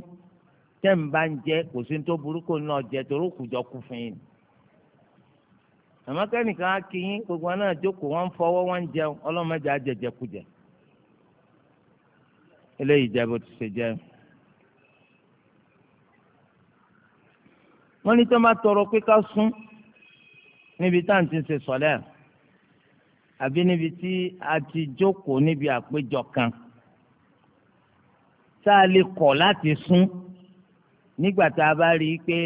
Speaker 1: tẹ̀ ń bá ń jẹ kò sí ní tó burúkú náà jẹ torókù jọ kú fún yìí àmọ́ kẹ́nìkan á kí yín gbogbo náà jókòó wọ́n ń fọwọ́ wọ́n ń jẹun ọlọ́mọdé á jẹjẹkújẹ eléyìí jẹ bó ti ṣe jẹ. wọ́n ní tí wọ́n bá tọrọ pé ká sún níbi tá à ń ti ṣe sọ̀lẹ́ àbí níbi tí a ti jókòó níbi àpéjọ kan tá a lè kọ̀ láti sún nígbà tá a bá rí i pé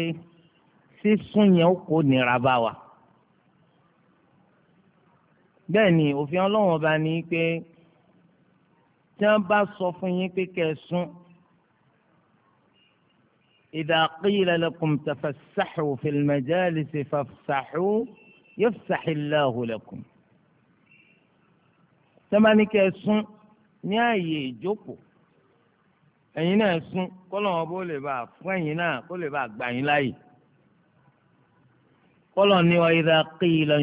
Speaker 1: sísún yẹn ó kó nira bá wa bẹ́ẹ̀ ni òfin ọlọ́run ọba ní pé tí wọ́n bá sọ fún yín pé kẹsùn idha qila lakum tafassahu fil majalisi fafsahu yafsahillahu lakum tí wọ́n bá ní kẹsùn ní ààyè ìjókòó ẹ̀yin náà sún kọ́lọ́n bó lè bá fún ẹ̀yin náà kó lè bá gbà yín láàyè kọ́lọ́n ní wa idha qila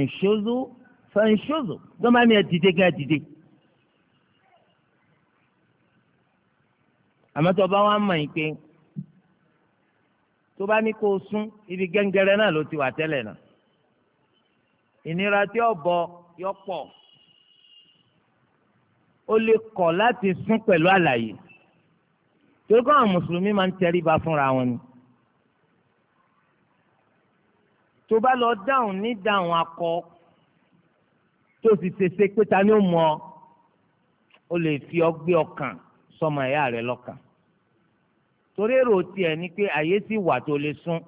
Speaker 1: fẹ̀ǹṣọ́zọ̀ dọ́mà ni ẹ dìde gẹ́ ẹ dìde. àmọ́ tó bá wá mọ̀ yín pé tó bá ní kó o sún ibi gẹ́ngẹ́rẹ́ náà ló ti wà tẹ́lẹ̀ náà ìnira tí ó bọ yọ pọ̀ ó lè kọ̀ láti sún pẹ̀lú àlàyé torí kọ́ mùsùlùmí máa ń tẹríba fúnra wọn ni tó bá lọ dáhùn ní dáhùn akọ tó sì ṣeṣe pé ta ni ó mọ ó lè fi ọgbẹ́ ọkàn sọmọ ẹ̀yà rẹ lọ́kàn torí èrò tiẹ̀ ni pé àyè sì wà tó lè sún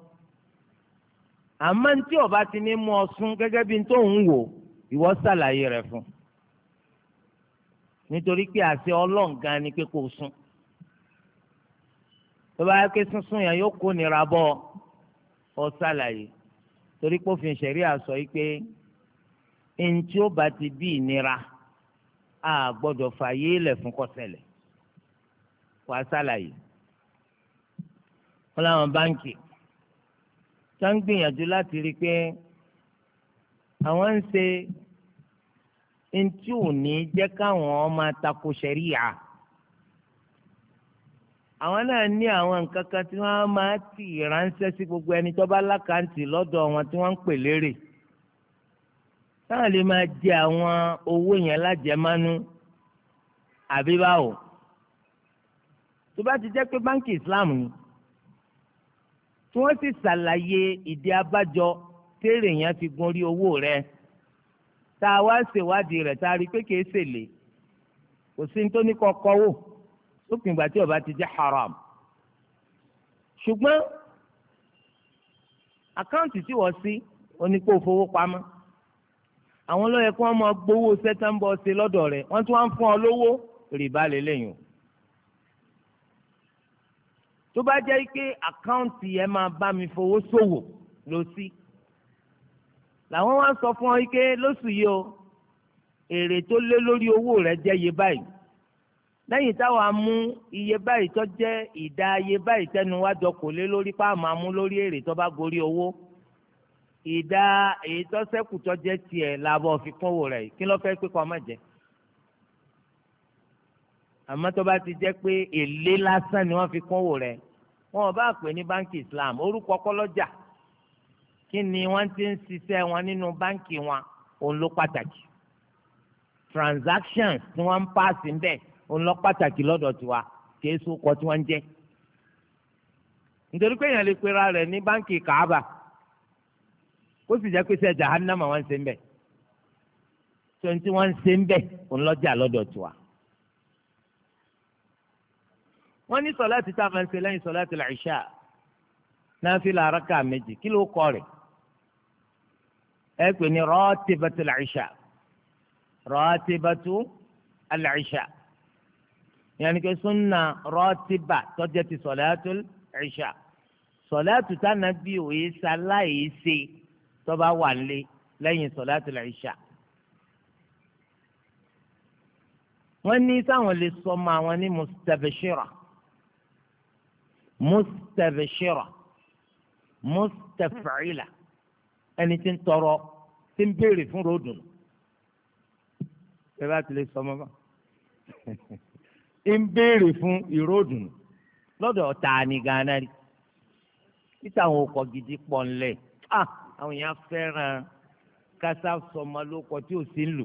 Speaker 1: àmọ́ tí ọba ti ní mú ọ sún gẹ́gẹ́ bí tó ń wò ìwọ ṣàlàyé rẹ̀ fún nítorí pé àṣẹ Ọlọ́run gan ni pé kó sún tó bá yẹ kí sísun yẹn yóò kó nira bọ́ ọ ṣàlàyé torí pé òfin ṣẹ̀rí àsọ yìí pé ẹni tí ó bá ti bí ìnira a gbọ́dọ̀ fààyè lẹ̀ fún kọ́sẹ̀lẹ̀ wàá ṣàlàyé wọn làwọn báńkì tó ń gbìyànjú láti rí i pé àwọn ń ṣe ẹni tí ò ní jẹ́ káwọn ọmọ tako ṣẹ̀ríyà àwọn náà ní àwọn nǹkan kan tí wọ́n máa ti ránṣẹ́ sí gbogbo ẹni tó bá lákàntì lọ́dọ̀ wọn tí wọ́n ń pè lérè táwọn lè máa jẹ àwọn owó yẹn lájẹmánú àbí báwo tó bá ti jẹ́ pé báńkì Islam ni tí wọ́n sì ṣàlàyé ìdí abájọ téèrè yẹn ti gun orí owó rẹ̀ tá a wá ṣèwádìí rẹ̀ tá a rí pé kìí ṣèlè kò sí ní tó ní kọ́kọ́ wò lópin ìgbà tí ó bá ti jẹ́ haram ṣùgbọ́n àkáǹtì tí wọ́n sí onípò fowó àwọn ló yẹ kí wọ́n máa gbowó sẹ́tẹ́ńbọ̀ ṣe lọ́dọ̀ rẹ̀ wọ́n tún wá ń fún ọ lówó rìbá lélẹ́yìn o. tó bá jẹ́ pé àkáǹtì yẹn máa bá mi fowó ṣòwò lọ sí làwọn wá sọ fún ọ pé lóṣù yìí o èrè tó lé lórí owó rẹ jẹ́ iye báyìí lẹ́yìn táwọn amú iye báyìí tó jẹ́ ìdá iye báyìí tẹnu wájọ kò lé lórí páàmù amú lórí èrè tó bá gorí owó ìdá èyí tó ṣẹ́kù tó jẹ́ tiẹ̀ làbọ̀ fi kúnwó rẹ̀ kí ló fẹ́ pé kọ́ má jẹ́ àmọ́ tó bá ti jẹ́ pé èlé lásán ni wọ́n fi kúnwó rẹ̀ wọn ò bá pè ní báńkì Islam orúkọ kọ́lọ́jà kí ni wọ́n ti ń ṣiṣẹ́ wọn nínú báńkì wọn òun ló pàtàkì transactions tí wọ́n ń paasi ń bẹ̀ òun ló pàtàkì lọ́dọ̀ tiwa kìí sókọ tí wọ́n ń jẹ́ nítorí pé èèyàn lè pera rẹ̀ ní báńkì Kaaba ó sì jẹ́ pé sẹ́ jahannama wọ́n ń ṣe ń bẹ̀ tó ń tí wọ́n ń ṣe ń bẹ̀ òun lọ́jà lọ́dọ̀ tiwa. wọ́n ní sọ̀láàtì tá a máa ń ṣe lẹ́yìn sọ̀láàtì làṣà náfìlà rákà méjì kí ló kọ́ rẹ̀ ẹ pè ní rọ́ọ̀tìbàtì làṣà rọ́ọ̀tìbàtì làṣà yàní kí sunna rọ́ọ̀tìbà tọ́jẹ́ ti sọ̀láàtì làṣà sọ̀láàtì tá a náà bí òye sa ṣe tọ́ba wà lé lẹ́yìn sọ̀láàtìl ìṣà. wọ́n ní sáwọn lè sọ ọmọ àwọn ní mustabshira mustabshira mustaf'ila ẹni tí ń tọrọ tí ń béèrè fún ròdùn ẹ bá ti lè sọ ọmọ bá ń béèrè fún ìròdùn lọ́dọ̀ ọ̀tá ni gánà rí títà àwọn ọkọ̀ gidi pọ̀ ńlẹ̀ ah. àwọn èèyàn fẹ́ràn kásá sọmọ lóko tí ò sí ń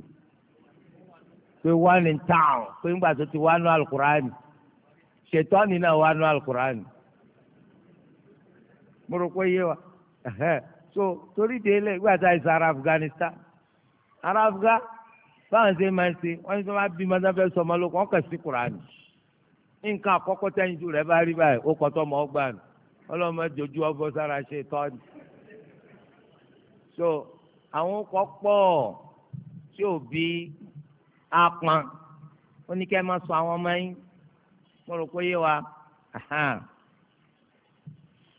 Speaker 1: pé in town pé ńgbà tó ti wá alukurani ṣètọ́ni náà wá alukurani mo rò pé yé so torí délé ìgbà tá a ara Afghanistan ara afghan báwọn ṣe máa ń ṣe wọ́n ní sọ ma bí mọ́tò fẹ́ sọmọ lóko wọ́n kà sí kurani nǹkan àkọ́kọ́ tẹ́yìn ju rẹ̀ bá rí báyìí ó mọ́ so àwọn kọ́ pọ̀ tí ò bí apọn ó ní kẹ́ ẹ máa sọ àwọn ọmọ yín mo rò pé yé wa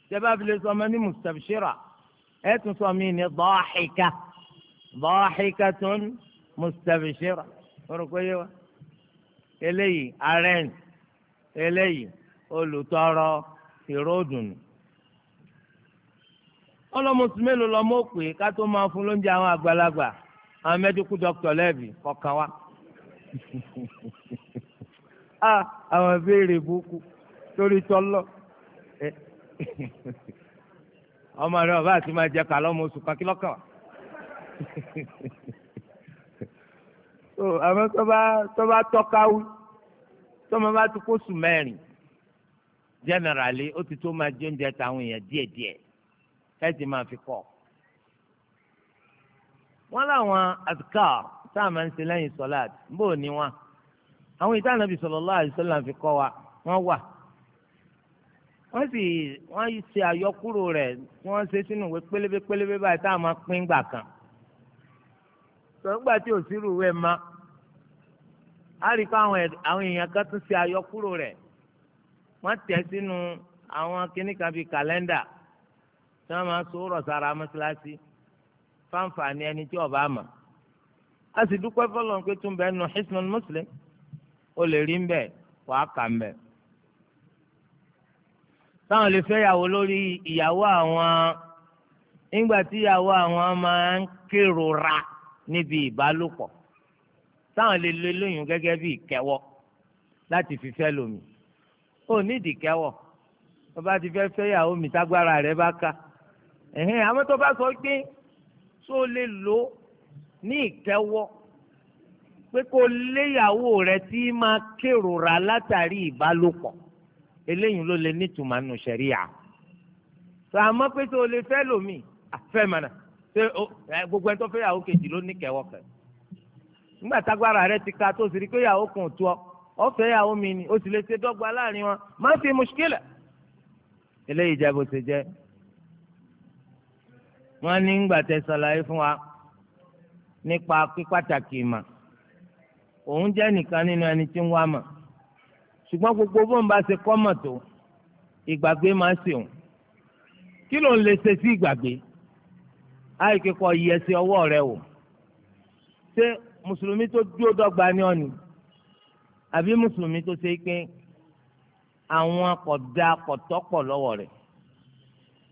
Speaker 1: jẹba fi lè sọ ọmọ ní mustabshira ẹ tún sọ mí ní dọ́ọ̀xìkà dọ́ọ̀xìkà tún mustabshira mo rò pé yé wa eléyìí arẹ́ǹ eléyìí olùtọ́rọ ìròdùnú ọlọ́mọsùn mélòó lọ́mọ òpè ká tó máa fún lóúnjẹ àwọn àgbàlagbà àwọn mẹ́díkù dọ́kítọ̀ lẹ́ẹ̀bì kọ̀ọ̀kan wa. Ah, àwọn ìbéèrè burúkú torí tọ́lọ́ eh, ọmọ rẹ ọba àti máa jẹ kàlọ́ ọmọ oṣù kan kí lọ́kàn wa. àmọ́ tó bá tó bá ti kó sùn mẹ́rin jẹ́nẹ̀rálì ó ti tó máa jẹ oúnjẹ táwọn èèyàn díẹ̀díẹ̀ ẹ ti máa fi kọ́. wọ́n láwọn azkar tá a máa ń ṣe lẹ́yìn sọ́láàt bó o ní wọn. àwọn ìta Ànábì sallallahu alaihi wasallam fi kọ́ wa wọ́n wà. wọ́n sì wọ́n ṣe àyọkúrò rẹ̀ wọ́n ṣe sínú ìwé pélébé pélébé báyìí tá a máa pín gbà kan. sọ̀rọ̀gbà tí ò sí ma a rí i pé àwọn èèyàn kan tún ṣe àyọkúrò rẹ̀ wọ́n tẹ̀ sínú àwọn kìnnìkan bíi kàlẹ́ndà tí wọ́n máa sọ̀rọ̀ sára mọ́sálásí fáǹfààní ẹni tí ọba àmà a sì dúpẹ́ fọlọ́n pé tún bẹ́ẹ̀ nù Hisnul Muslim ó lè rí mbẹ́ wàá kà mbẹ́. táwọn lè fẹ́yàwó lórí ìyàwó àwọn nígbà tí ìyàwó àwọn máa ń kérora níbi ìbálòpọ̀ táwọn lè lo lóyún gẹ́gẹ́ bí ìkẹwọ́ láti fi fẹ́ lomi ó nídìí kẹwọ́ bàbá ti fẹ́ fẹ́yàwó mi tágbára rẹ̀ bá ká ẹ̀hìn àwọn tó bá sọ pé tó lè lò ní ìkẹwọ́ pé kó léyàwó rẹ̀ tí máa kérora látàrí ìbálòpọ̀ eléyìí ló lè nítumọ̀ nù sẹ̀ríà tó àmọ́ pé tó lè fẹ́ lómi àfẹ́ mọ̀nà ṣé gbogbo ẹni tó fẹ́ yàwó kejì ló ní kẹwọ́ kẹ nígbà tágbára rẹ ti ka tó sì rí pé yàwó kan tó ọ ọfẹ yàwó mi ni o sì lè ṣe dọ́gba láàrin wọn má fi mùṣkílà eléyìí jẹ bó ṣe jẹ wọ́n ní ń gbàtẹ́ ṣàlàyé fún wa nípa pípàtàkì ìmọ̀ òun jẹ́ nìkan nínú ẹni tí ń wá mọ̀ ṣùgbọ́n gbogbo bóun bá ṣe kọ́ mọ̀ tó ìgbàgbé máa ń ṣe òun kí ló ń lè ṣe sí ìgbàgbé àìkè kọ iyẹsẹ ọwọ́ rẹ wò ṣé mùsùlùmí tó dúró dọ́gba ni ọ àbí mùsùlùmí tó ṣe pé àwọn akọ̀dá akọ̀tọ́pọ̀ lọ́wọ́ rẹ̀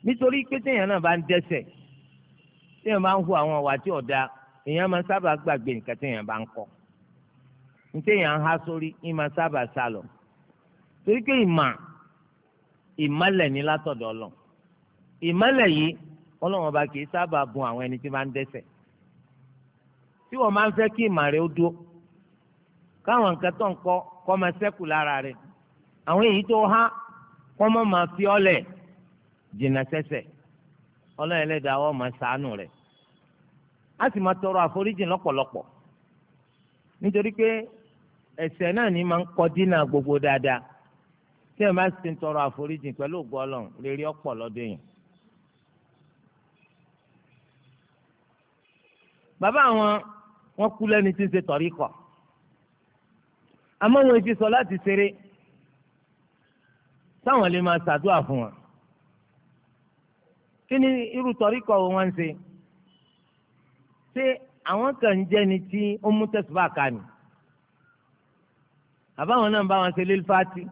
Speaker 1: nítorí pé téèyàn náà bá ń dẹ́ṣẹ̀ téèyàn bá ń hu àwọn ọ̀wà tí ọ̀dà èèyàn máa sábà gbàgbé nǹkan téèyàn bá ń kọ́ ní téèyàn ń há sórí ní máa sábà sá lọ torí pé ìmọ̀ ìmọ̀lẹ̀ ní látọ̀dọ̀ ọlọ́ ìmọ̀lẹ̀ yìí ọlọ́wọ́n bá kì í sábà bun àwọn ẹni tí máa ń dẹ́sẹ̀ tí wọ́n máa ń fẹ́ kí ìmà rẹ̀ ó dúró káwọn nǹkan tó ń kọ́ kọ́ máa sẹ́kù lára rẹ̀ àwọn èyí tó há kọ́ mọ́ máa fi ọ́lẹ̀ jìnnà sẹ́sẹ̀ ọlọ́run ẹlẹ́dàá wọn máa ṣàánú rẹ̀ a sì máa tọrọ àforíjì lọ́pọ̀lọpọ̀ nítorí pé ẹ̀ṣẹ̀ náà ni máa ń kọ dínà gbogbo dáadáa tí ẹ máa sì ń tọrọ àforíjì pẹ̀lú ògbọ́ ọlọ́run rere ọ̀pọ̀ lọ́dọ̀ yẹn. bàbá àwọn wọn kú lẹ́ni tí ń ṣe tọ̀rí kọ̀ àmọ́ wọn fi sọ láti ṣeré táwọn lè máa ṣàdúrà fún wọn kí ni irú tọ́ríkọ̀ wọn ń ṣe ṣé àwọn kan ń jẹ́ ni tí ó mú tẹ̀síbà ká ni àbáwọn náà ń bá wọn ṣe lélfàtì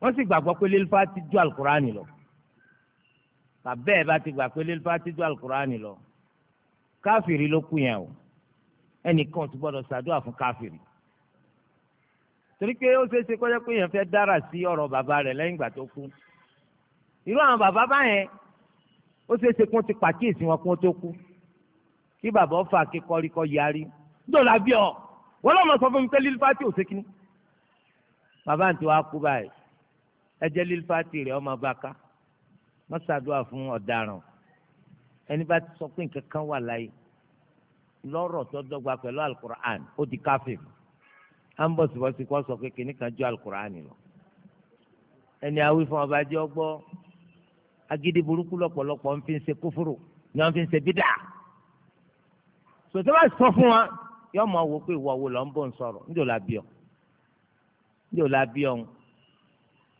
Speaker 1: wọ́n sì gbàgbọ́ pé lélfàtì ju alukurani lọ bàbá ẹ̀ bá ti gbà pé lélfàtì ju alukurani lọ káfìrí ló kú yẹn o ẹnìkan ti gbọ́dọ̀ ṣàdúrà fún káfìrí torí pé ó ṣeé ṣe kọjá pé yẹn fẹ́ dára sí ọ̀rọ̀ bàbá rẹ̀ lẹ́yìn ìgbà tó kú irú àwọn bàbá báyẹn ó ṣeé ṣe kí wọ́n ti pàkíyèsí wọn kí wọ́n tó kú kí bàbá ọ̀fà akíkọ́ríkọ́ yarí dọ̀là bí ọ wọ́n lọ́mọ sọ fún mi pé lílfàtì ò sékìní bàbá àǹtí wa kú báyìí ẹ jẹ́ lílfàtì rẹ̀ ọmọ bá ká wọ́n ṣàdúrà fún ọ̀daràn ẹni bá ti sọ pé nǹkan kan wà láyé lọ́rọ̀ tó dọ́gba pẹ̀lú alukur'an ó di káfíìn à ń bọ̀ síbọ̀sí kó sọ pé kìnnìkan ju alukur'an lọ ẹni awí fún ọba jẹ́ ọgbọ́n agídí burúkú lọ́pọ̀lọpọ̀ ń fi ṣe ni wọ́n fi ṣe bídà sọtẹ́ bá sọ fún wa yọ mọ wo pé ìwọ wo lọ ń bọ̀ ń sọ̀rọ̀ ń jòlá bí ọ ń jòlá bí ọ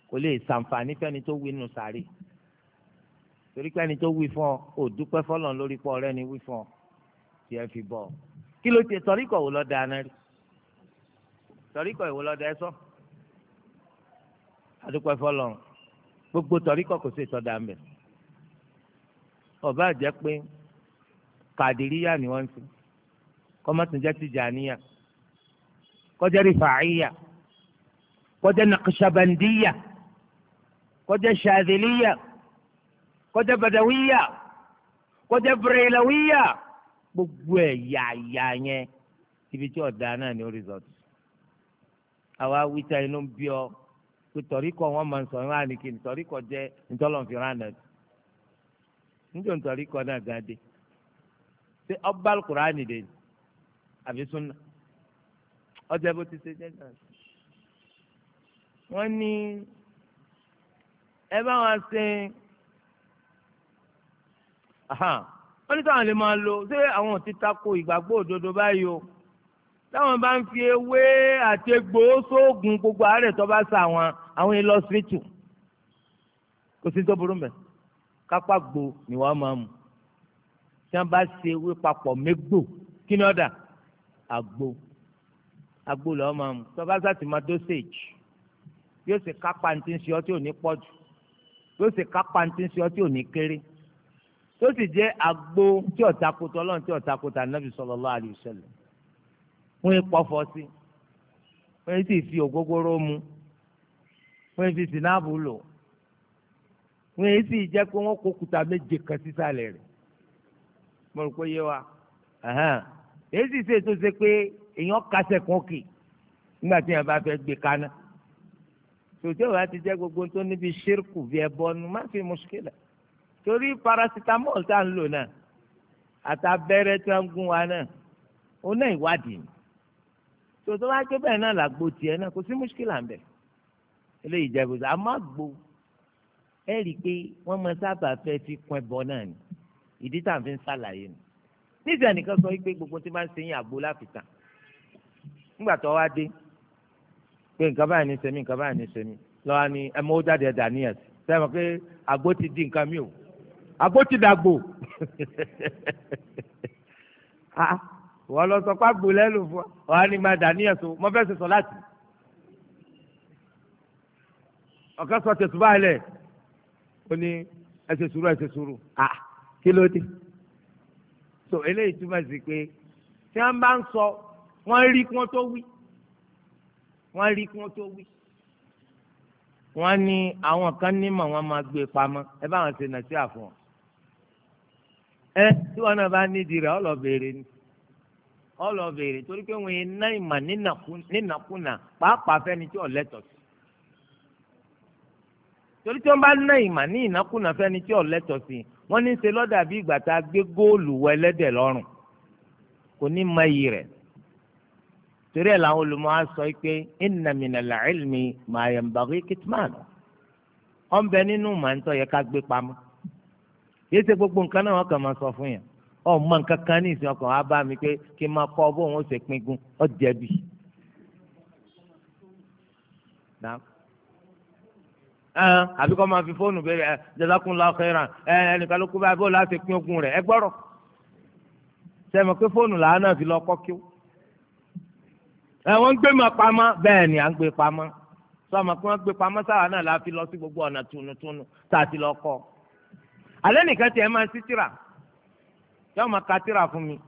Speaker 1: kò lè ṣàǹfààní fẹ́ni tó wí nù sáré torí pé ẹni tó wí fún ọ ò dúpẹ́ fọlọ́n lórí pọ̀ ọ̀rẹ́ ni wí fún ọ tí ẹ fi bọ̀ ọ kí ló ti sọrí kọ̀ wò lọ́dà náà rí sọrí kọ̀ ìwò lọ́dà ẹ sọ àdúpẹ́ fọlọ́n gbogbo tọ̀ríkọ̀ kò sí ìtọ́da ń bẹ̀ ọba jẹ́ pé kàdíríyà ni wọ́n ń sìn kọ́mọ́tìjẹ́ tìjàníyà kọjá rìfàáyà kọjá nàkṣàbàndíyà kọjá ṣàdìlíyà kọjá badawíyà kọjá bìrìlàwíyà gbogbo ẹ̀ yàyà yẹn ibi tí ọ̀dà náà ni ó rìsọ̀tù àwa wíta inú bí ọ pé tọ̀ríkọ̀ wọn máa ń sọ ìwọ́n àníkì tọ̀ríkọ̀ jẹ́ ntọ́lọ́nfìrán náà níjọ́ tọ̀ríkọ̀ náà gan dé ṣé ọba alukur'ani dé ni àbí sunna ọjà bó ti ṣe jẹ́ náà wọ́n ní ẹ bá wọn ṣe wọ́n ní káwọn lè máa lo ṣé àwọn ò ti tako ìgbàgbọ́ òdodo báyìí o táwọn bá ń fi ewé àti egbò sóògùn gbogbo àárẹ̀ tó bá sa àwọn àwọn ilé ọsibítù kò sí tó burú mẹ́ kápá gbò ni wọ́n máa mú tí wọ́n bá ṣe ewé papọ̀ mégbò kí ni ọ̀dà àgbo àgbo lọ́wọ́ máa mú tó bá sàtì máa dosage yóò sì kápá ní ti ń ṣe ọtí ò ní pọ̀ jù yóò sì kápá ní ti ń ṣe ọtí ò ní kéré tó sì jẹ́ àgbo tí ó tako Ọlọ́run tí ó tako Ànábì sallallahu alaihi wasallam wọ́n pọ̀fọ̀ sí wọ́n sì fi ògógóró mu wọ́n fi sinabu lò wọ́n sì jẹ́ pé wọ́n kó kùtà méje kan sísàlẹ̀ rẹ̀ mo rò pé yé wa èyí sì ṣe tó ṣe pé èèyàn kásẹ̀ kan kì nígbà tí yẹn bá fẹ́ gbé kaná tòtí ọ̀rọ̀ àti jẹ́ gbogbo tó níbi ṣírkù bí ẹbọ nu má fi mùṣkílà torí paracetamol tá à ń lò náà àtàbẹ́rẹ́ tí wọ́n ń gún wa náà ó náà ìwádìí ni tó tó bá ké bẹ́ẹ̀ náà làgbo tiẹ̀ náà kò sí mùṣkílà ń bẹ̀ eléyìí jẹ́ gbèsè àmọ́ àgbo ẹ rí i pé wọ́n máa sábà fẹ́ fi kún ẹbọ náà ni ìdí tá à ń fi ń ṣàlàyé ni níbi ànìkan sọ pé gbogbo tí máa ń ṣe yín àgbo láfìtà nígbà tó wá dé pé nǹkan báyìí ní sẹ́mi nǹkan báyìí ní sẹ́mi lọ́wọ́ ni ẹ mọ́ ó jáde ẹ̀ dàníyàn sẹ́wọ̀n pé àgbo ti di nǹkan mi ò àgbo ti dàgbò ah, wọ́n lọ sọ pé agbolẹ́ ló fún ọ wọ́n á ní máa dà níyàn tó mo fẹ́ ṣe sọ láti. ọ̀kan sọ tẹ̀sùn báyìí ó ní ẹ sùúrù ẹ sùúrù à kí ló dé. so eléyìí túmọ̀ sí pé tí wọ́n bá ń sọ wọ́n rí kí wọ́n tó wí wọ́n rí kí wọ́n tó wí. wọ́n ní àwọn kan nímọ̀ wọ́n máa gbé pamọ́ ẹ bá wọn ṣe nà sí àfọ̀n. ẹ tí wọn náà bá nídìí rẹ̀ ọ lọ béèrè ni ọlọ béèrè torí pé wọn iná ìmọ̀ nínàkúnà pàápàá fẹ́ni tí ọ̀lẹ́tọ̀ sí torí tí wọ́n bá ná ìmọ̀ ní ìnákúnà fẹ́ni tí ọ̀lẹ́tọ̀ sí wọ́n ní í ṣe lọ́dà bí ìgbà tá a gbé góòlù wọ ẹlẹ́dẹ̀ lọ́rùn kò ní mọ iyì rẹ̀ torí ẹ̀ làwọn olùmọ̀ á sọ pé inna minal ilmi ma yanbaghi kitman ọ̀nbẹ nínú màá ń tọ́ yẹ ká gbé pamọ́ yéé ṣe gbogbo nǹkan náà wọ́n kàn máa sọ fún yẹn ọmọ nǹkan kan ní ìsìn ọkàn wa bá mi pé kí n máa kọ́ ọ bóun ó ṣe pingun ọ jẹ̀bi. àbí kọ́ máa fi fóònù bẹ̀rẹ̀ ẹ jazakumullahu khairan ẹ ẹnìkan ló kú báyìí bóun láti pín ogun rẹ̀ ẹ gbọ́rọ̀ sẹ́mi pé fóònù làánà fi lọ kọ́ kí ó. ẹ wọ́n ń gbé ma pamọ́ bẹ́ẹ̀ ni à ń gbé pamọ́ sọ́mọ pé wọ́n gbé pamọ́ sáwà náà la fi lọ sí gbogbo ọ̀nà tunutunu tá a ti lọ kọ́. alẹ́ nìkan tiẹ̀ máa ń sítìrà yóò máa ka tírà fún mi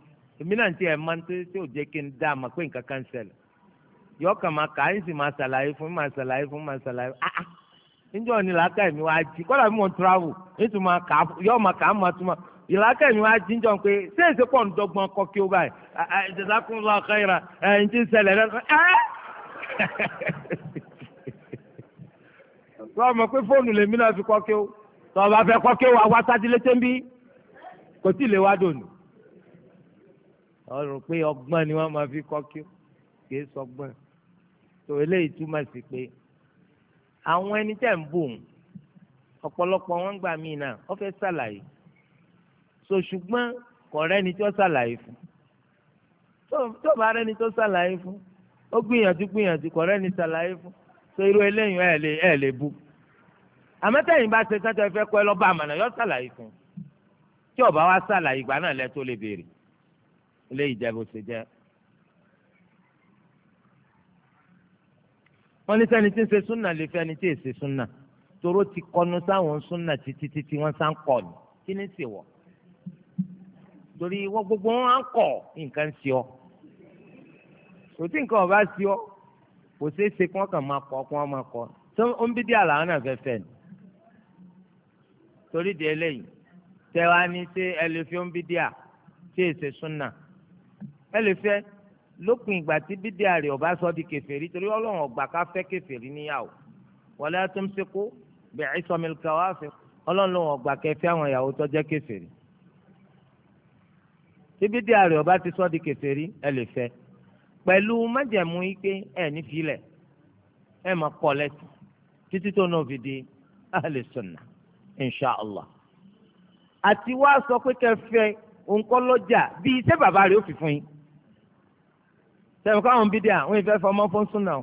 Speaker 1: èmi náà ti ẹ̀ máa ń tẹ́ tí ò jẹ́ kí n dá a máa pé nǹkan kan ṣẹlẹ̀ yóò kàn máa kà á sì máa ṣàlàyé fún mi ṣàlàyé fún ah, ah. mi ṣàlàyé ah níjọ́ ni làákà èmi wá jí kọ́lá mi mọ̀ travel nítorí máa kà á yóò máa kà á máa tún máa ìlàákà èmi wá jí níjọ́ pé ṣé èsì pọ̀ ń dọ́gbọ́n kọ́ kí ó báyìí ah, jazakumullahu khaira eh, ẹ̀ ń ti ṣẹlẹ̀ rẹ̀ tọ́ ọmọ pé fóònù lèmi náà fi kọ́ kí ó kò tí ì lè wá dòní. ọ̀rùn pé ọgbọ́n ni wọ́n máa fi kọ́ kí kì í sọgbọ́n tó eléyìí túmọ̀ sí pé àwọn ẹni tẹ̀ ń bò ń ọ̀pọ̀lọpọ̀ wọn gbà mí náà wọ́n fẹ́ ṣàlàyé so ṣùgbọ́n kọ̀ọ̀rẹ́ ni tó ṣàlàyé fún tó bá rẹ́ni tó ṣàlàyé fún ó gbìyànjú gbìyànjú kọ̀ọ̀rẹ́ ni ṣàlàyé fún so irú eléyìí ẹ̀ lè ẹ̀ lè bu àmọ́tẹ́yìn bá ṣe sẹ́tọ̀ ẹ fẹ́ kọ́ ẹ lọ́ba àmàlà yọ ṣàlàyé fún un tí ọba wa ṣàlàyé ìgbà náà lẹ tó lè béèrè ilé ìjẹbù ṣe jẹ. wọ́n ní sẹ́ni tí ń ṣe súnà lè fẹ́ ẹni tí èsì súnà toró ti kọnu sáwọn súnà títí títí wọ́n sá ń kọ̀ ní kí ni sì wọ̀ torí wọ́n gbogbo wọn á ń kọ̀ nǹkan sí ọ kò tí nǹkan ọba sí ọ kò ṣeé ṣe kí wọ́n kàn máa kọ́ kí wọ́n máa kọ́ tó ń bí díà làwọn náà fẹ́ fẹ́ ni torí di eléyìí tẹ́wá ní ṣé ẹ lè fi ń bídíà ṣé èsè súnà ẹ lè fẹ́ lópin ìgbà tí bídíà rẹ̀ ọba sọ di kèfèrí torí ọlọ́run ọgbà ká fẹ́ kèfèrí níyàwó wọlé àtúnṣekú bẹ̀rẹ̀ sọmílùkà wá fẹ́ ọlọ́run ọgbà kẹfẹ́ àwọn ìyàwó tó jẹ́ kèfèrí tí bídíà rẹ̀ ọba ti sọ di kèfèrí ẹ lè fẹ́ pẹ̀lú májẹ̀mú yìí pé ẹ ní filẹ̀ ẹ máa kọ́ lẹ́sìn títí tó náà fi di ahlẹ̀ sunna inshàlá àti wá sọ pé kẹfẹ́ nǹkan lọ́jà bíi iṣẹ́ bàbá rẹ̀ ó fi fún yín sẹ́wọ̀n káwọn bíi díà wọ́n ìfẹ́ fọmọ́ fún súnà o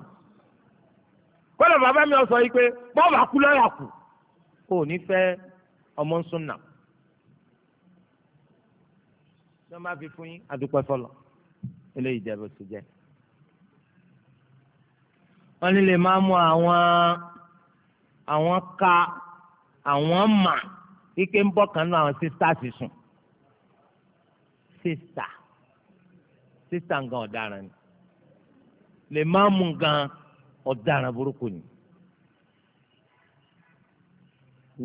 Speaker 1: kọ́lọ̀ bàbá mi sọ yìí pé bọ́ọ̀bà kú lọ́yà kù kò ní fẹ́ ọmọ súnà tí wọ́n bá fi fún yín adúpẹ́ fọlọ́ eléyìí jẹ́ bó ti jẹ́ wọ́n ní lè máa mú àwọn àwọn ka àwọn mà wípé ń bọ́ kan náà àwọn sisters sùn sista sista nǹkan ọ̀daràn ni lè má mú nǹkan ọ̀daràn burúkú ni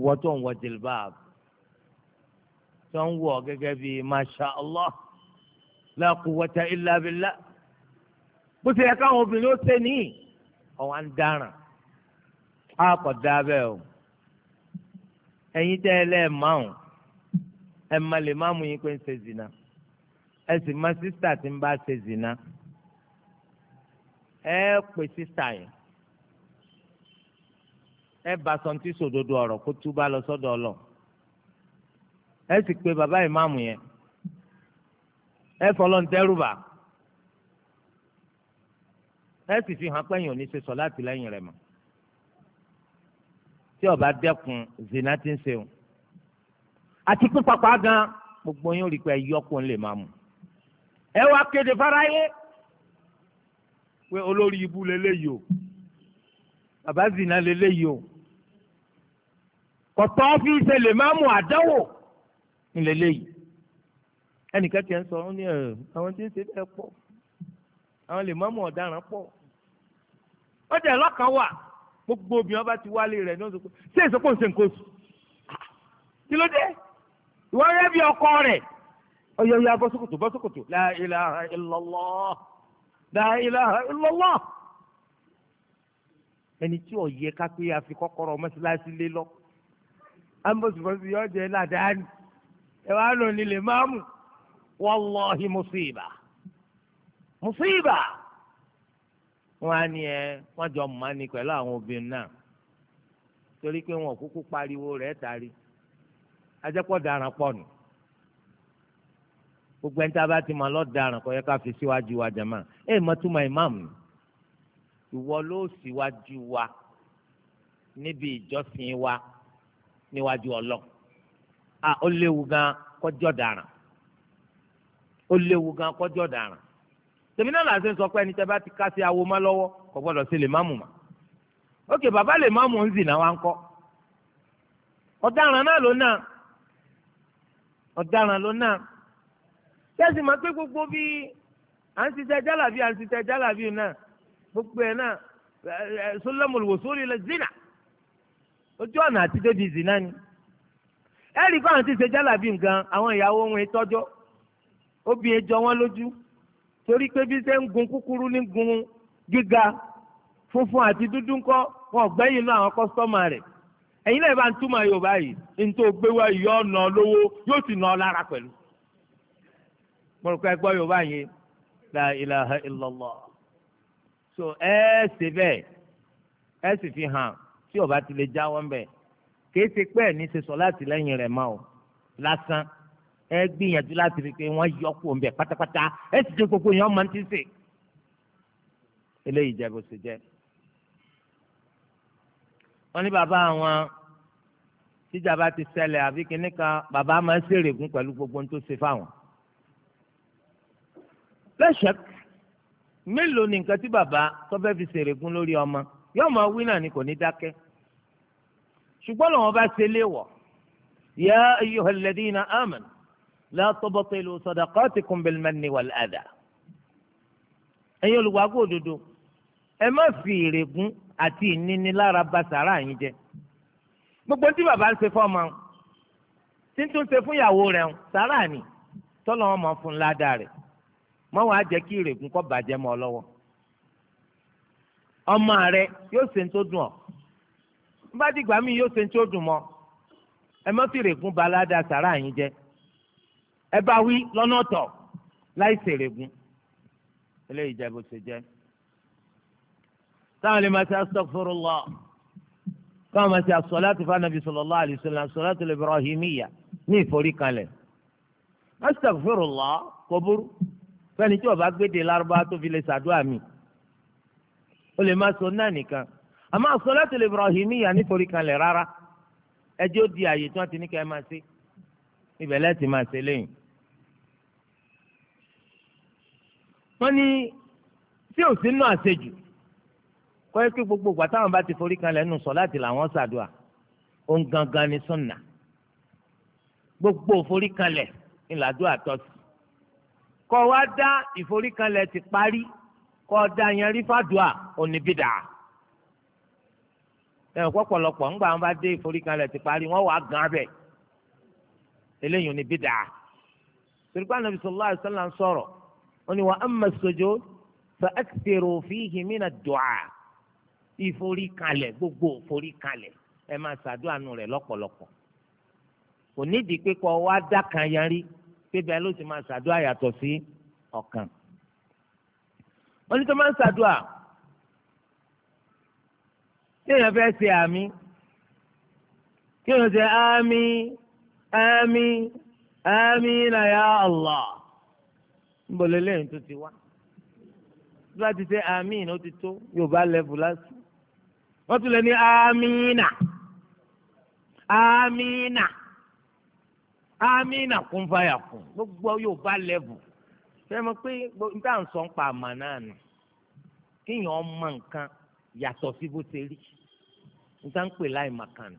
Speaker 1: wọ́n tó ń wọ jilbab tó ń wọ gẹ́gẹ́ bí masha allah la quwwata illa billah bó ti yẹ káwọn obìnrin ó ṣe nìyí ọ̀wọ́n á ń dáràn á kọ̀ dá o ẹ̀yin tẹ́ ẹ lẹ́ẹ̀ máwùn ẹ má lè má mú yín pé ń ṣe zina ẹ sì má sísítà tí ń bá ṣe zina ẹ pè sísítà yẹn ẹ bá sọǹtì sòdodo ọ̀rọ̀ kó túbà lọ sọ́dọ̀ ọlọ ẹ sì pé bàbá ìmáàmù yẹn ẹ fọlọ́ntẹ́rùbà ẹ sì fi hàn pẹ́yìn òní ṣe sọ láti lẹ́yìn rẹ̀ mọ́ tí ó bá dẹ́kun zina ti ń ṣeun àti pípapá gan gbogbo yín rí i pé yọkùn lè máa mú ẹ wá kéde fáráyé pé olórí ibú leléyìí o bàbá zina leléyìí o kọtọ ọfíìsì lè máa mú àdánwò ńlẹlẹyìí ẹnìkan tiẹ̀ ń sọ ọ́n ní ẹ̀ àwọn tí ń ṣe bẹ́ẹ̀ pọ̀ àwọn lè máa mú ọ̀daràn pọ̀ ó dẹ̀ lọ́kàn wà gbogbo obìnrin ọba ti wálé rẹ̀ ní ọ̀sọ̀kọ̀ ṣé ìsopọ̀ ń ṣe nǹkan oṣù kí ló dé ìwọ rẹ bí ọkọ rẹ̀ ọyọ ya bọ́ sókòtò bọ́ sókòtò la ilaha illallah la ilaha illallah ẹni tí ò yẹ ká pé àfi kọ́kọ́rọ́ mọ́ṣáláṣí lé lọ ambosibosi yọ jẹ ládàáni ẹ wàá lò nílé máàmù wallahi musiba musiba wọ́n á ní ẹ wọ́n jọ mọ́ ni pẹ̀lú àwọn obìnrin náà torí pé wọn ò kúkú pariwo rẹ̀ tari ajẹ́pọ̀ daran pọ̀ nù gbogbo ẹni tí a bá ti mọ̀ lọ́daràn kọ́ yẹ ká fi síwájú wa jàmá ẹ̀ mọ́túmọ̀ ìmáàmù ìwọ ló síwájú wa níbi ìjọsìn wa níwájú ọlọ́ a ó léwu gan kọjọ́ daràn ó léwu gan kọjọ́ daràn tèmi náà là ń sẹ́ sọ pé ẹni tẹ́ bá ti ká sí awo má lọ́wọ́ kò gbọ́dọ̀ sí lè má mú ma ókè bàbá lè má mú ń zìnà wa ń kọ́ ọ̀daràn náà ló náà ọ̀daràn ló náà tẹ́sí máa pé gbogbo bí à ń ṣiṣẹ́ jálàbí à ń ṣiṣẹ́ jálàbí náà gbogbo ẹ̀ náà sulamul wusuli lil zina ojú ọ̀nà àti débi zina ni ẹ̀rí kọ́ àwọn ti ṣe jálàbí nǹkan àwọn ìyàwó wọn tọ́jọ́ obìnrin jọ wọn lójú torí pé bí ṣe ń gun kúkúrú ní gun gíga funfun àti dúdú ńkọ́ wọn gbẹ́yìn náà àwọn kọ́sítọ́mà rẹ̀ ẹ̀yin náà bá ń túmọ̀ yorùbá yìí nítorí gbé wá yọ ọ̀nà lówó yóò sì nà ọ lára pẹ̀lú. mo rò pé ẹ gbọ́ yorùbá la ilaha illallah so ẹ ṣe bẹ́ẹ̀ ẹ sì fi hàn tí ọba ti lè jáwọ́ ń bẹ̀ kì í ṣe pé ẹ̀ ní ṣe sọ láti lẹ́yìn rẹ̀ mọ́ ọ lásán ẹ gbìyànjú láti rí i pé wọ́n yọ kó mbẹ pátápátá ẹ sì jẹ́ gbogbo yẹn ọmọ ti sè eléyìí jẹ́ bó ṣe jẹ́ wọ́n ní bàbá àwọn tíjà bá ti ṣẹlẹ̀ àbí kínní kan bàbá máa ń ṣèrègùn pẹ̀lú gbogbo ohun tó ṣe fáwọn lẹ́sẹ̀k mélòó ni nǹkan tí bàbá tó fẹ́ fi ṣèrègùn lórí ọmọ yóò máa wí náà ni kò ní dákẹ́ ṣùgbọ́n lọ́wọ́ bá ṣe léèwọ̀ yā ayyuhal ladhīna āmanū la tubtilu sadaqatikum bil manni wal adha. ẹ̀yin olùwàgbọ́ òdodo ẹ má fi ìrègùn àti ìnínilára bà sàrà yín jẹ́ gbogbo tí bàbá ń ṣe fọ́ọ̀mà tí ń tún ṣe fún ìyàwó rẹ̀ sàrà ni tọ́lọ́ wọn máa fún ládàá rẹ̀ mọ́ wàá jẹ́ kí ìrègùn kọ́ bàjẹ́ mọ́ ọ lọ́wọ́ ọmọ rẹ̀ yóò ṣe ń tó dùn ọ́ bá dìgbà míì yóò ṣe ń tó dùn mọ́ ẹ má fi ìrègùn bà ládàá sàrà yín jẹ́ ẹ bá wí lọ́nà ọ̀tọ̀ láì ṣèrègùn eléyìí jẹ́ bó ṣe jẹ́ táwọn lè máa ṣe astaghfirullah káwọn máa ṣe as-salatu fa nabi sallallahu alayhi wa sallam as-salatu al-ibrahimiyya ní ìforíkalẹ̀ astaghfirullah kò burú fẹ́ni tí ó bá gbéde lárúbá tó fi lè ṣàdúrà mi ó lè máa sọ náà nìkan àmọ́ as-salatu al-ibrahimiyya ní ìforíkalẹ̀ rárá ẹjọ́ di àyè tí wọ́n ti ní kẹ́ ẹ máa ṣe ibẹ̀ lẹ́ẹ̀tì máa ṣe lẹ́yìn. wọ́n ní tí ò sí nù àṣejù kọ́ ẹ́ kí gbogbo ìgbà táwọn bá ti forí kanlẹ̀ nù sọ láti làwọn ṣàdúà ó ń gangan ní sunna gbogbo ìforí kanlẹ̀ ní làdúà tọ́ sí kọ́ wa dá ìforí kanlẹ̀ ti parí kọ́ da yẹn rí fàdúà oníbìdà ẹ̀ pọ̀pọ̀lọpọ̀ ńgbà wọn bá dé ìforí kanlẹ̀ ti parí wọ́n wà gan abẹ́ eléyìí oníbìdà tìrìkọ́ ànábì sallallahu alaihi wasallam ń sọ̀rọ̀ wọ́n ní wa amma sujud fa akthiru fihi mina du'a ìforí kalẹ̀ gbogbo ìforí kalẹ̀ ẹ máa ṣàdúrà nù rẹ̀ lọ́pọ̀lọpọ̀ kò nídìí pé kọ́ wá dákan yarí pé bẹ́ẹ̀ ló ti máa ṣàdúrà yàtọ̀ sí ọ̀kan wọ́n ní tó máa ń ṣàdúrà téèyàn fẹ́ ṣe àmì kéèyàn ṣe àmì àmì àmì náà Allah níbo lélẹ́yìn tó ti wá tó bá ti ṣe amín ó ti tó yorùbá lẹ́bù lásán wọ́n tún lè ní amínà amínà amínà kún fàyà kún gbogbo yorùbá lẹ́bù fẹ́ẹ́ mọ̀ pé níta ń sọ ń pa àmà náà nù kéèyàn mọ nǹkan yàtọ̀ sí bó ṣe rí níta ń pè láì màkàn nù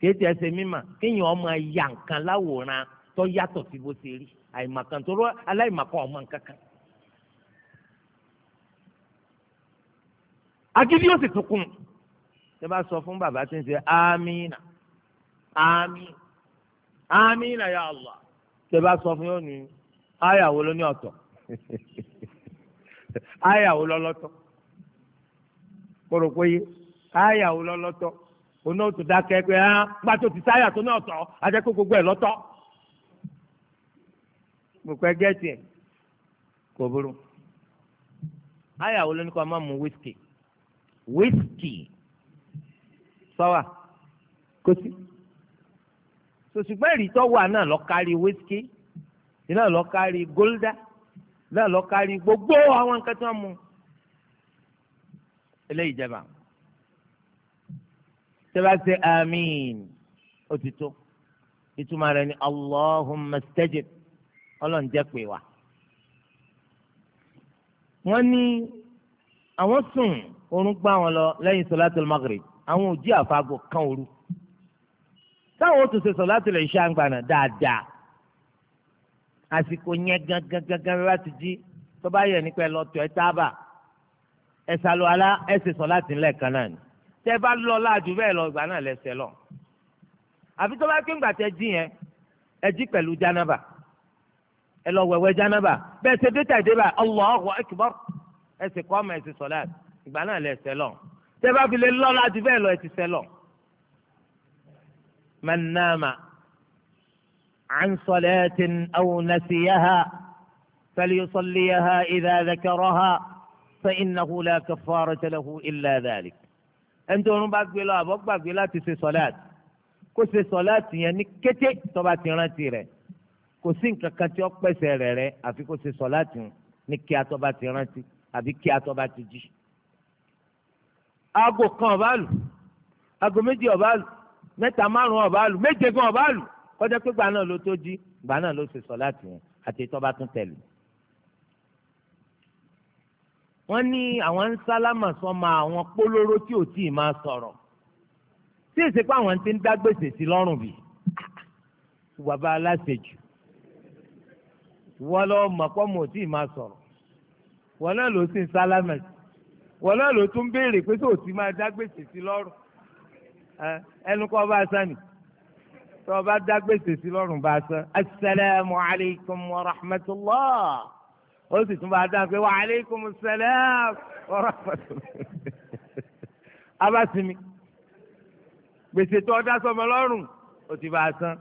Speaker 1: kéètì ẹsẹ̀ mímà kéèyàn ọmọ ya nǹkan láwòrán tó yàtọ̀ sí bó ṣe rí àìmọ̀kan tó rọ ọmọ nǹkan kan. agídí yóò sì tún kún un bá sọ fún bàbá tí ń amina amina amina ya allah ṣé bá sọ fún yóò ní ayàwó ló ọ̀tọ̀ ayàwó lọ́lọ́tọ̀ kórópó yé ayàwó lọ́lọ́tọ̀ dákẹ́ pé á ah, ti sáyà tó ní ọ̀tọ̀ gbogbo ẹ̀ lọ́tọ̀. mo pẹ́ gẹ́ẹ̀tì ẹ̀ kò burú ayàwó ló ní kó máa mu wíṣkì wíṣkì sọ́wà kò sí sòṣùgbọ́n ìrìtọ́ wà náà lọ kárí wíṣkì iná lọ kárí gólúdà náà lọ kárí gbogbo àwọn nǹkan tí wọ́n mu eléyìí jẹba tẹ́lá amiin ó ìtumọ̀ rẹ̀ ni allahumma stajib ọlọ́run jẹ́ pé wà. wọ́n ní àwọn sùn oorun gbá wọn lọ lẹ́yìn sọlátul maghrib àwọn ò jí àfagbọ̀ kan òru táwọn ó tún ṣe sọlátul ìṣá ń gbànà dáadáa àsìkò yẹn gangan gangan bí wọ́n ti jí tó bá yẹ nípa ẹ lọ tọ́ ẹ tábà ẹ sàlù alá ẹ sì sọlátul lẹ́ẹ̀kan náà ni tẹ bá lọ láàjù bẹ́ẹ̀ lọ ìgbà náà lẹ́sẹ̀ lọ àfi tó bá pé ńgbà tẹ jí yẹn ẹ jí pẹ̀lú jánábà ẹ lọ wẹ̀wẹ̀ jánábà bẹ́ẹ̀ ṣe dé tàdé bá Allahu akbar ẹ sì kọ́ ọmọ ẹ sì sọ̀lá ìgbà náà lẹ ṣẹlọ tẹ́ bá fi lè lọ láti bẹ́ẹ̀ lọ ẹ ti ṣẹlọ. man nama an salatin aw nasiyaha falyusalliyaha idha dhakaraha fa innahu la kaffarata lahu illa dhalik. ẹni tó ń bá gbé lọ àbọ̀ gbàgbé láti ṣe sọ̀lá kó ṣe sọ̀lá tìyẹn ní kété tó bá ti rántí rẹ̀. kò sí nǹkan kan tí ó pẹ̀sẹ̀ rẹ̀ rẹ̀ àfi kó ṣe sọ̀láàtì ní kí atọ́ bá ti rántí àbí kí atọ́ bá ti jí. aago kan ọ̀bá lù aago méjì ọ̀bá lù mẹ́ta márùn-ún ọ̀bá lù méje gan ọ̀bá lù kọjá pé gbà náà ló tó jí gbà náà ló ṣe sọ̀láàtì yẹn àti tó bá tún tẹ̀lé. wọ́n ní àwọn ń sálámà sọ́mọ àwọn pólóró tí ò tí máa sọ̀rọ̀ tí èsì pé àwọn ti ń dá gbèsè sí lọ́rùn bì bàbá aláṣejù wọ́n lọ́ọ́ mọ̀ pọ́ mọ̀ tí ì máa sọ̀rọ̀ wọ́n náà ló sì ń sálámẹ̀ sí wọ́n náà ló tún béèrè pé tó ti máa dá gbèsè sí lọ́rùn ẹnu kọ́ bá a sani tó o bá dá gbèsè sí lọ́rùn bá a san asalaamu alaykum wa rahmatulah ó sì tún bá a pé wa alaykum salaam wa rahmatulah abasimi gbèsè tó o dá sọmọ lọ́rùn ó ti bá san.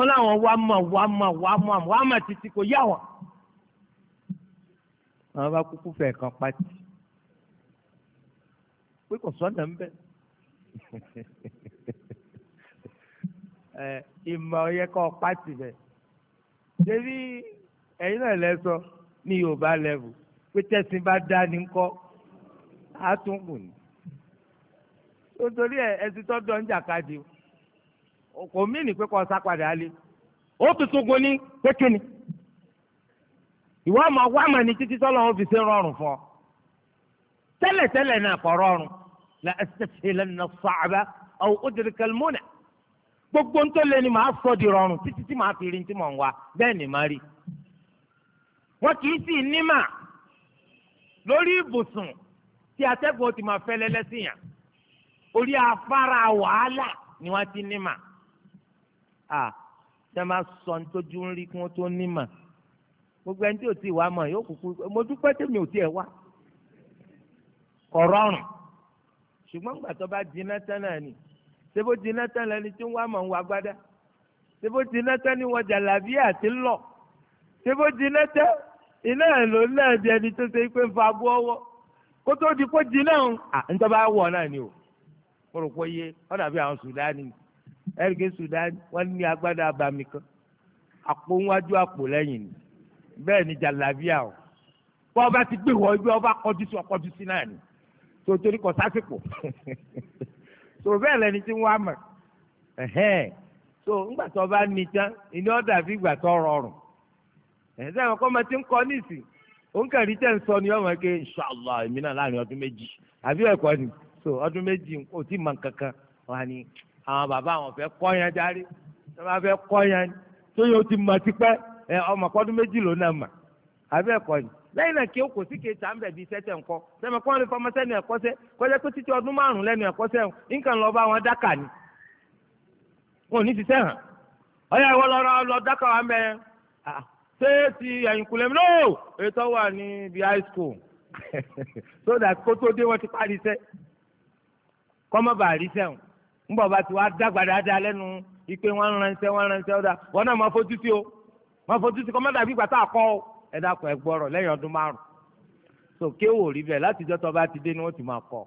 Speaker 1: wọn láwọn wá mà wá mà wá mà wá mà títí kò yá wọn. àwọn bá kúkú fẹ̀ kan pati pé kò sọ́nà ń bẹ̀. ìmọ̀ ọ̀yẹ́ kọ́ pati bẹ̀. débí ẹ̀yin náà lẹ sọ ní Yorùbá level pé tẹ̀sìn bá dá ní kọ́ á tún kù ní. nítorí ẹ̀ ẹ̀sìn tó dán jàkadì o kò mí ní pé kọ́ sá padà lé ó tuntun kò ní pékinni ìwọ ọmọ wa mà ní títí tọ́lọ́ wọn fi ṣe rọrùn fún ọ tẹ́lẹ̀tẹ́lẹ̀ náà kọ́ rọrùn la astafhilana as-sa'ba aw udrika al-muna gbogbo ntọ́ lé ni màá sọ di rọrùn títí tí màá fi rí tí mò ń wá bẹ́ẹ̀ ni màá rí wọn kì í sì nímà lórí ibùsùn tí atẹ́gùn ó ti máa fẹ́ lẹ́lẹ́sìn yàn orí afárá wàhálà ni wọ́n ti nímà à ṣe máa sọ ní tójú ń rí kí wọ́n tó ní mà gbogbo ẹni tí ò tí ì wá mọ̀ yóò kúkú mo dúpẹ́ tèmi ò tí ì wá kọ̀ rọrùn ṣùgbọ́n gbà tó bá jiná tán náà ni ṣébó jiná tán lẹni tí ń wá mọ̀ ń wá gbádá ṣébó jiná tán ni wọ́n jàlábí àti lọ ṣébó jiná tán iná ẹ̀ ló ń náà di ẹni tó ṣe pé ń fa abú ọwọ́ kó tó di kó jiná ń tọ́ bá wọ̀ náà ni o mo rò pé yé ọ̀nà bí àwọn Sùdáànì ẹ̀ríkẹ́ Sudan wọ́n ní agbádá abàmì kan àpò ńwájú àpò ni bẹ́ẹ̀ o kwa ọba ti gbé wọ́n ọba kọjú sí ọkọjú sí náà ni tó torí kọ sásìkò tó lẹni tí ọba ní tán ìní ọ̀dà fi gbà tó rọrùn ọkọ ọmọ ti ń kọ nísìn òun sọ ni èmi náà láàrin so ọdún méjì tí ì mọ nǹkan àwọn bàbá àwọn fẹ́ kọ́ yẹn darí tó bá fẹ́ kọ́ yẹn tó yóò ti mọ̀ tipẹ́ ẹ ọmọ kọ́dún méjì ló náà mà abẹ́ ẹ̀kọ́ ni lẹ́yìn náà kí o kò sí kí etí à ń bẹ̀ bíi sẹ́tẹ̀ ńkọ́ sẹ́mi kọ́ lè fọmọ sẹ́ni ẹ̀kọ́ sẹ́ kọjá pé títí ọdún márùn-ún lẹ́nu ẹ̀kọ́ sẹ́ nǹkan lọ bá wọn dákà ni wọn ò ní ti sẹ́ hàn ọ̀yà ìwọ lọ rọ lọ dákà wà mẹ́ ṣé ti ẹ̀yìnkùlẹ̀ mi lóò ètò wà ní bíi high school so that kó tó dé wọn ti parí sẹ́ kọ́mọ́bà rí sẹ́wọ̀n ńgbà bá ti wá dàgbà dáadáa lẹ́nu ipe wọ́n ránṣẹ́ wọ́n ránṣẹ́ ọ̀dà wọn náà máa fojú sí o máa fojú sí kọ́ má dàbí ìgbà tá a ẹ dákun ẹ gbọ́rọ̀ lẹ́yìn ọdún márùn so kéwò rí bẹ́ẹ̀ látijọ́ tó bá ti dé ni wọ́n ti máa kọ́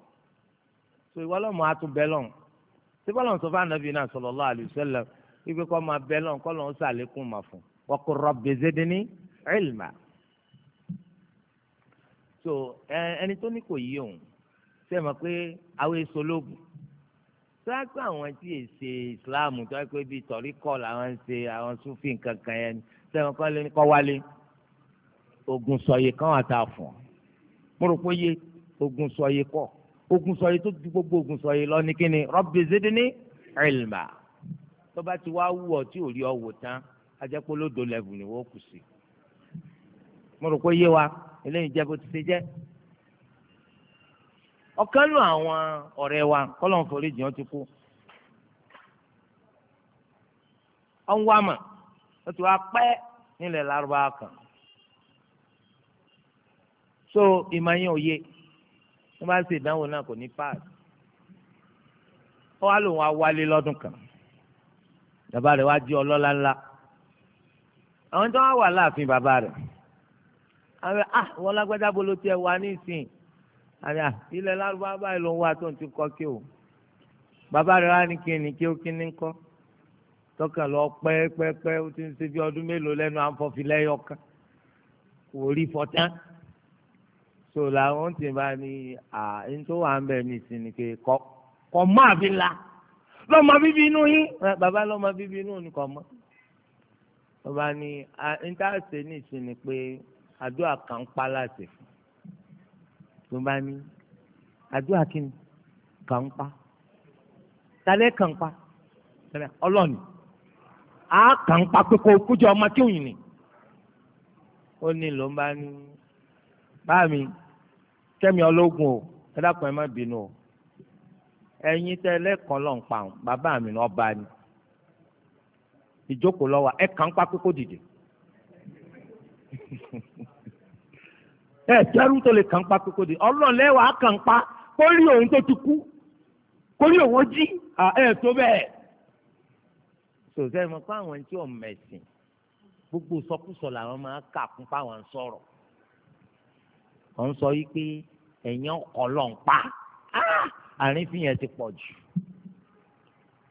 Speaker 1: so ìwọ lọ́mọ atún bẹ́ẹ̀ lọ́n tí bọ́lọ̀n sọ fún anabi náà sallallahu alaihi wasallam ibi kọ́ máa bẹ́ẹ̀ lọ́n kọ́ lọ́n sàlékún máa fún wa qur rabbi zidni ilma so ẹni tó ní kò yí òun sẹ́ẹ̀ mọ̀ pé sáàkó àwọn tí yè ṣe ìsìláàmù tó yẹ pé bíi tọ̀rí kọ́ làwọn ń ṣe àwọn súnfìn kankan yẹn sẹ́wọ̀n kọ́ lé kọ́ wálé ogun sọ̀yè kan wà tá a fún ọ mo rò pé yé ogun sọ̀yè kọ́ ogun sọ̀yè tó ju gbogbo ogun sọ̀yè lọ ní kíni Rabbi zidni ilma tó bá ti wá wù ọ tí ò rí ọ wò tán ajẹ́pọ̀ lódò lẹ́bùn ni wọ́n kù sí mo rò pé yé wa eléyìí jẹ́ bó ti ṣe jẹ́ ọ̀kan lu àwọn ọ̀rẹ́ wa kọ́lọ́n forí jìn ti kú ọ̀n wá mà ó ti kan so ìmọ̀ yẹn ò yé wọ́n bá ṣe ìdánwò náà kò ní páàsì ó wá lòun á wálé lọ́dún kan bàbá rẹ̀ wá jí ọlọ́lá ńlá àwọn tó wá wà láàfin bàbá rẹ̀ àwọn ah wọn lágbájá bolo tiẹ̀ wà nísìnyí àyà ah, ilẹ̀ lárúbáwá báyìí ló ń wá tó ń ti kọ́ kí o bàbá rẹ̀ wá ní kí ni kí ó kí ni kọ́ tọkàn lọ pẹ́ẹ́pẹ́ẹ́pẹ́ ó ti ń ṣe bí ọdún mélòó lẹ́nu àǹfọ̀fì lẹ́yọ̀kan kò rí fọtán so làwọn ti bá ní à ń tó wà ń bẹ̀ ní ìsinmi pé kọ́ mọ́ àbí la lọ́mọ bíbí inú yín bàbá lọ́mọ bíbí inú ni kọ́ mọ́ bàbá ní à ń tá a ṣe ní ìsinmi pé àdúrà kan ń pa láti fún tó bá ní àdúrà kí ni kà ń pa tálẹ́ kà ń pa ọlọ́ọ̀ni á kà ń pa pé kó kójọ ọmọ kí òyìn ni ó ní ló ń bá ní bá mi kẹ́mi ọlọ́gùn o ẹ dákun má bínú o ẹ̀yin tẹ́ lẹ́kọ̀ọ́ lọ́n pa àwọn bàbá mi ní ọba ni ìjókòó lọ́wọ́ ẹ kà pa pé dìde ẹ tẹ́rù tó lè kàn pa kókó de ọlọ́run lẹ́wàá kàn pa kó rí òun tó ti kú kó rí òun jí ẹ tó bẹ́ẹ̀. sòtẹ́ mo pa àwọn tí ò mẹ̀sìn gbogbo sọkúsọ làwọn máa kà fún páwọn sọ̀rọ̀ wọ́n sọ yìí pé ẹ̀yàn ọ̀lọ́ ń pa àárín fi yẹn ti pọ̀ jù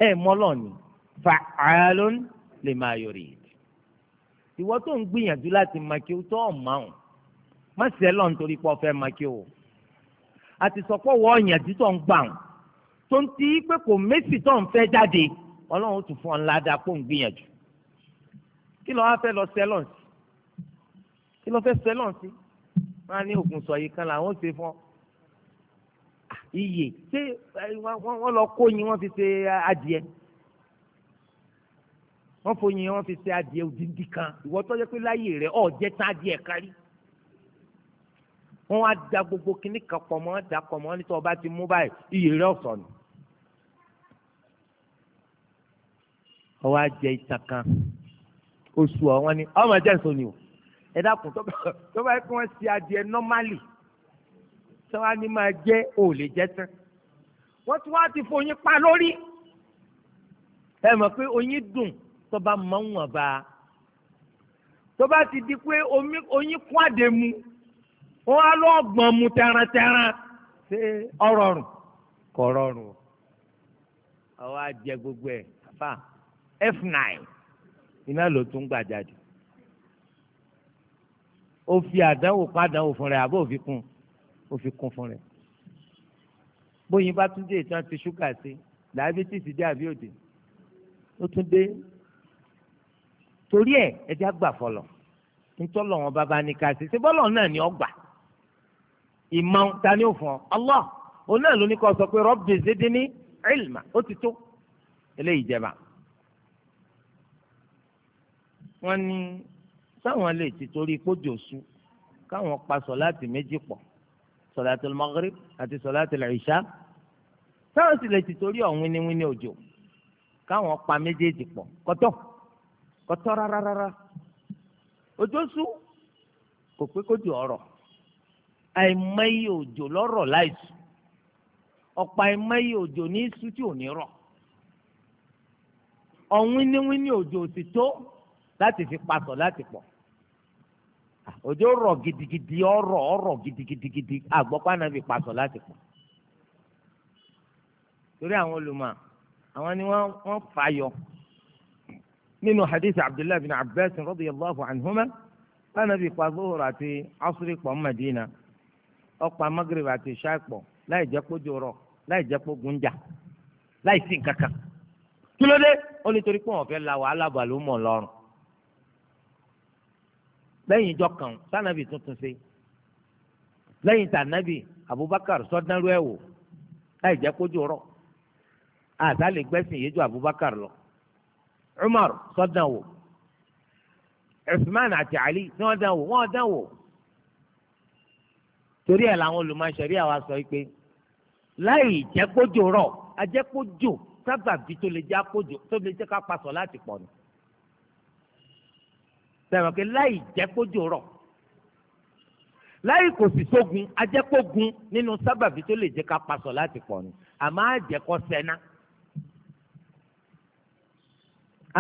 Speaker 1: ẹ mọ́lọ̀ ni fa'alun lima yurid ìwọ tó ń gbìyànjú láti máa kí o tó ọ̀ máa hàn má ṣe lọ nítorí pé ọfẹ máa kí o àti sọpọ wọ ọyàn títọ ń gbà tó ń ti pé kò mẹsì tó ń fẹ́ jáde Ọlọ́run tún fún ọ ńlá kó ń gbìyànjú kí lọ wá fẹ́ lọ sẹlọn sí kí lọ fẹ́ sẹlọn sí wọn á ní oògùn sọyìí kan làwọn ó ṣe fún iye ṣé wọ́n lọ kó yin wọ́n fi ṣe adìẹ wọ́n fo yin wọ́n fi ṣe adìẹ òdìdí kan ìwọ tó pé láyé rẹ̀ ọ̀ jẹ́ tán adìẹ kárí wọ́n wá da gbogbo kínní kan pọ̀ mọ́ da pọ̀ mọ́ nítorí ọba ti mú báyìí iye rẹ̀ ọ̀sọ̀ nù. ọwọ́ ajẹ ìtàn kan oṣù ọ̀ wọ́n ní ọmọ ẹ̀jẹ̀ nsọ ni o ẹ dákun tó bá yẹ kí wọ́n ṣe adìẹ nọ́málì tí wọ́n á ní máa jẹ́ ò lè jẹ́ tán wọ́n tún wá ti fọyín pa lórí ẹ mọ̀ pé oyin dùn tó bá mọ̀ ń bá tó bá ti di pé oyin kún àdé mu wọ́n á lọ gbọ̀n mu tẹrantẹran ṣé ọ̀rọ̀rùn kò rọrùn o àwọn àjẹ gbogbo ẹ̀ àfà f9 iná ló tún gbà jáde ó fi àdánwò kún àdánwò fún rẹ̀ àbó òfin kún òfin kún fún rẹ̀ bóyin bá tún dé ìtàn ti ṣúgà sí diabetes dé àbí òde ó tún dé torí ẹ̀ ẹjẹ àgbà fọlọ ntọ́lọ̀ wọn bá bá ní ká ṣe ṣe bọ́lọ̀ náà ni ọ ìmọ̀ ta ni ó fún ọ Allah òun náà ló ní kó sọ pé Rabbi zidni ilma ó ti tó eléyìí jẹba. wọ́n ní sáwọn lè ti torí kójò sùn káwọn pa sọ̀láàtì méjì pọ̀ sọ̀láàtì Maghrib àti sọ̀láàtì Isha sáwọn sì lè ti torí ọ̀hún ní wíní òjò káwọn pa méjèèjì pọ̀ kọ́tọ́ kọ́tọ́ rárára òjò sùn kò pé kójò ọ̀rọ̀ àìmọye òjò lọ́rọ̀ láìsù ọ̀pọ̀ àìmọye òjò ní isu tí ò ní rọ̀ ọ̀wínníwínní òjò ò sì tó láti fi pasọ̀ láti pọ̀ òjò rọ̀ gidigidi ọ̀rọ̀ ọ̀rọ̀ gidigidigidi àgbọ̀pá náà fi pasọ̀ láti pọ̀ torí àwọn olùmọ̀ àwọn ni wọ́n fàyọ nínú hadith abdullahi bin abbas radiyallahu anhuma lánàá fi pa zuhur àti asri pọ̀ Madina ọ̀pá magreth àti ṣáìpọ̀ láì jẹ́ kó jòrò láì jẹ́ kó gúnjà láì sí kankan kí ló dé ó nítorí pé wọn fẹ́ la wàhálà bàlú mọ̀ lọ́rùn lẹ́yìn ìjọ kan sànàbì tuntun ṣe lẹ́yìn tànàbì Abubakar sọ́dánrú ẹ̀ wò láì jẹ́ kó jòrò àtàlẹ́ gbẹ́sìn yéjú Abubakar lọ Umar sọ́dánwò Usman àti Ali ni wọ́n dánwò wọ́n dánwò torí ẹ̀ làwọn olùmọ̀ọ́sẹ̀rí àwa sọ pé láì jẹ́kójò rọ̀ ajẹ́kójò sábàbí tó lè jẹ́ àkójò tó lè jẹ́ ká pasọ̀ láti pọ̀ ni. sẹ̀wọ̀n pé láì jẹ́kójò rọ̀ láì kò sì sógun ajẹ́kógun nínú sábàbí tó lè jẹ́ ká pasọ̀ láti pọ̀ ni àmọ́ àjẹkọ́ sẹ́ná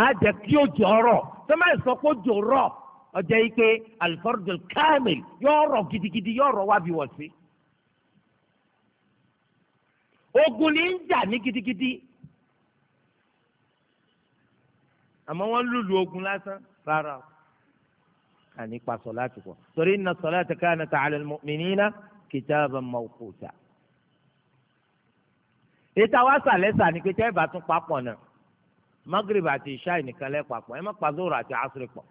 Speaker 1: àjẹ kí òjò rọ̀ sọ́mọ́ ìsọkójò rọ̀ ọjọ́ yìí pé alifọ́rọ̀dùn kámẹ́l yóò rọ̀ gidigidi yóò rọ̀ wá bí wọ̀ sí. ogun ni ń jà ní gidigidi àmọ́ wọ́n lùlù ogun lásán rárá o àní pa sọláàtì pọ̀ torí inna salata kanat ala al-mu'minina kitaban mawquta. ètò àwọn àṣàlẹ́sà ni pé tẹ́ ẹ bá tún papọ̀ náà magrib àti ìṣá ìnìkan lẹ́ papọ̀ ẹ má pa zoro àti asiri pọ̀.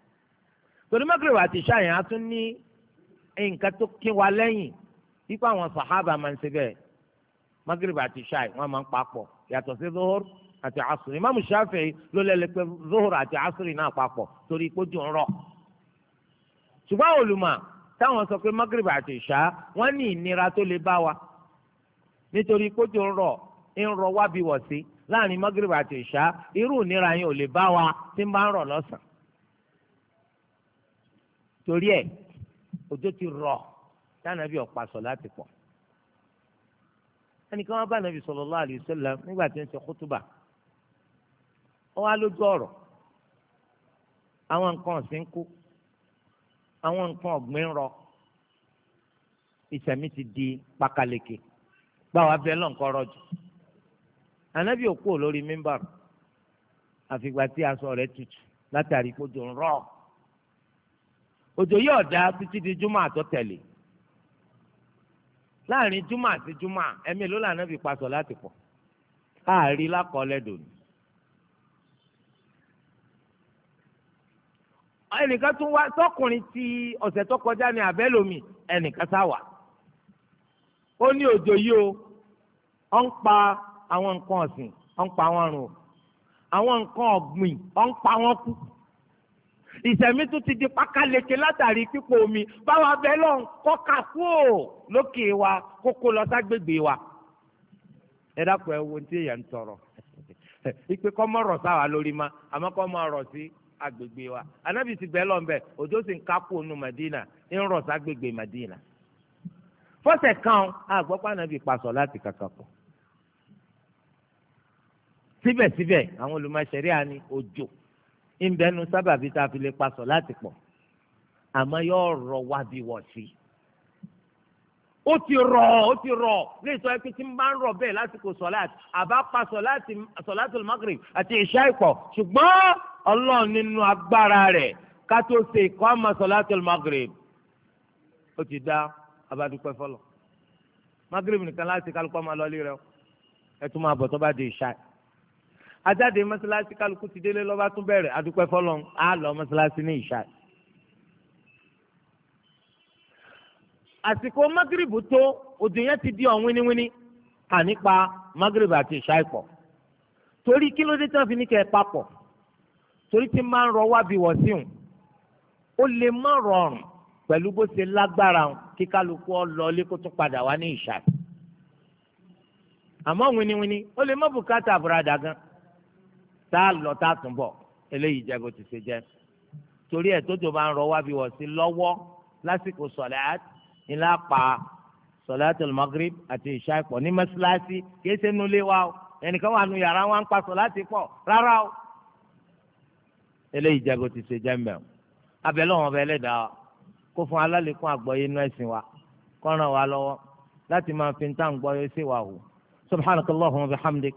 Speaker 1: torí magrib àti ṣáàyàn á tún ní nǹkan tó kí wa lẹ́yìn pípa àwọn sàhábà máa ń ṣe bẹ́ẹ̀ àti ṣáàyàn wọ́n máa ń papọ̀ yàtọ̀ sí zohor àti asiri imaamu shafi'i ló lẹ́lẹ́ pé zohor àti asiri náà papọ̀ torí ìpójú ń rọ̀ ṣùgbọ́n olùmọ̀ táwọn sọ pé ṣá wa nítorí ìpójú ń rọ̀ ń rọ̀ wábi torí ẹ̀ òjò ti rọ̀ tánàbí ọ̀pá sọ̀ láti pọ̀ ẹnìkan wọn bá nàbì sallallahu alaihi wasallam nígbà tí ń ṣe kútùbà ó wá lójú ọ̀rọ̀ àwọn nǹkan ọ̀sìn kú àwọn nǹkan ọ̀gbìn rọ ìṣẹ̀mí ti di pakaleke gbáwa bẹ́ẹ̀ lọ́n kọ́ rọ́jò ànábì òkú lórí mímbàrò àfìgbà tí aṣọ rẹ̀ tutù látàrí kójò ń rọ̀ òjò yóò dá títí di júmọ̀ àtọ́ tẹ̀lé láàrin júmọ̀ àti júmọ̀ ẹ̀mí ló lànà fi pasọ̀ láti pọ̀ káàrí lákọọ́lẹ̀ dòní. ẹnìkan tún wá sọkùnrin tí ọ̀sẹ̀ tó kọjá ní abẹ́lómi ẹnìkan sá wà ó ní òjò yìí o ó ń pa àwọn nǹkan ọ̀sìn ó ń pa wọn run o àwọn nǹkan ọ̀gbìn ó ń pa wọn kú ìṣẹ̀mí tún ti di pákáleke látàrí pípò omi báwa bẹ́ẹ̀ lọ́n kọ́ka kúò lókè wa kókó lọ ságbègbè wa. ẹ dákun ẹ wo tí èèyàn ń tọrọ ipe kọ́ mọ́ rọ̀ sáwà lórí ma àmọ́ kọ́ mọ́ rọ̀ sí agbègbè wa anábì ti bẹ́ẹ̀ lọ́n bẹ́ẹ̀ òjò sì ń kákó nu Madina ń rọ̀ ságbègbè Madina. fọ́sẹ̀ kan àgbọ̀pá anábì paṣọ láti kàkà pọ̀ síbẹ̀síbẹ̀ àwọn olùmọ̀ṣẹ̀rí ìbẹ́nu sábàbí tá a fi lè pasọ̀ láti pọ̀ àmọ́ yóò rọ wá bí wọ̀ sí. ó ti rọ̀ ó ti rọ̀ ní ìsọ ẹkí tí ń bá ń rọ̀ bẹ́ẹ̀ lásìkò sọ̀láàtì àbá pa sọ̀láàtì sọ̀láàtì magrib àti ìṣá ìpọ̀ ṣùgbọ́n ọlọ́run nínú agbára rẹ̀ ká tó ṣe ìkọ́ àmọ́ sọ̀láàtì magrib ó ti dá abadúpẹ́ fọlọ́ magrib nìkan láti kálukọ́ máa lọ ajáde mọ́sálásí kálukú ti délé lọ́ba tún bẹ̀rẹ̀ adúpẹ́ fọlọ́n á lọ mọ́sálásí ní ìṣá. àsìkò magrib tó òjò yẹn ti di ọ̀hún wíníwíní kà nípa magrib àti ìṣá ìpọ̀ torí kí ló dé tí wọ́n fi ní kẹ́ ẹ papọ̀ torí tí máa ń rọ wá bí wọ́n síhùn ó lè má rọrùn pẹ̀lú bó ṣe lágbára kí kálukú ọ lọ ilé kó tún padà wá ní ìṣá àmọ́ wíníwíní ó lè má bùkátà àbúradà gan-an tá a lọ tá a tún bọ̀ eléyìí jẹ́ bó ti ṣe jẹ́ torí ẹ̀ tó tó bá ń rọ wá bí wọ̀ sí lọ́wọ́ lásìkò sọ̀lẹ́ ńlá pa sọ̀látùl magrib àti ìṣá ìpọ̀ ní mọ́ṣáláṣí kìí ṣe nulẹ̀ wa o ẹnìkan wà nù yàrá wa ń pa sọ̀láti pọ̀ rárá o eléyìí jẹ́ bó ti ṣe jẹ́ mbẹ́ o abẹ́lẹ́ wọn bẹ́ẹ̀ lẹ́dàá wa kó fún alálẹ́kùn àgbọ̀yé inú ẹ̀sìn wa kó ràn lọ́wọ́ láti máa fi ń tàn gbọ́yé sí wa o subhanakallahumma wa bihamdik.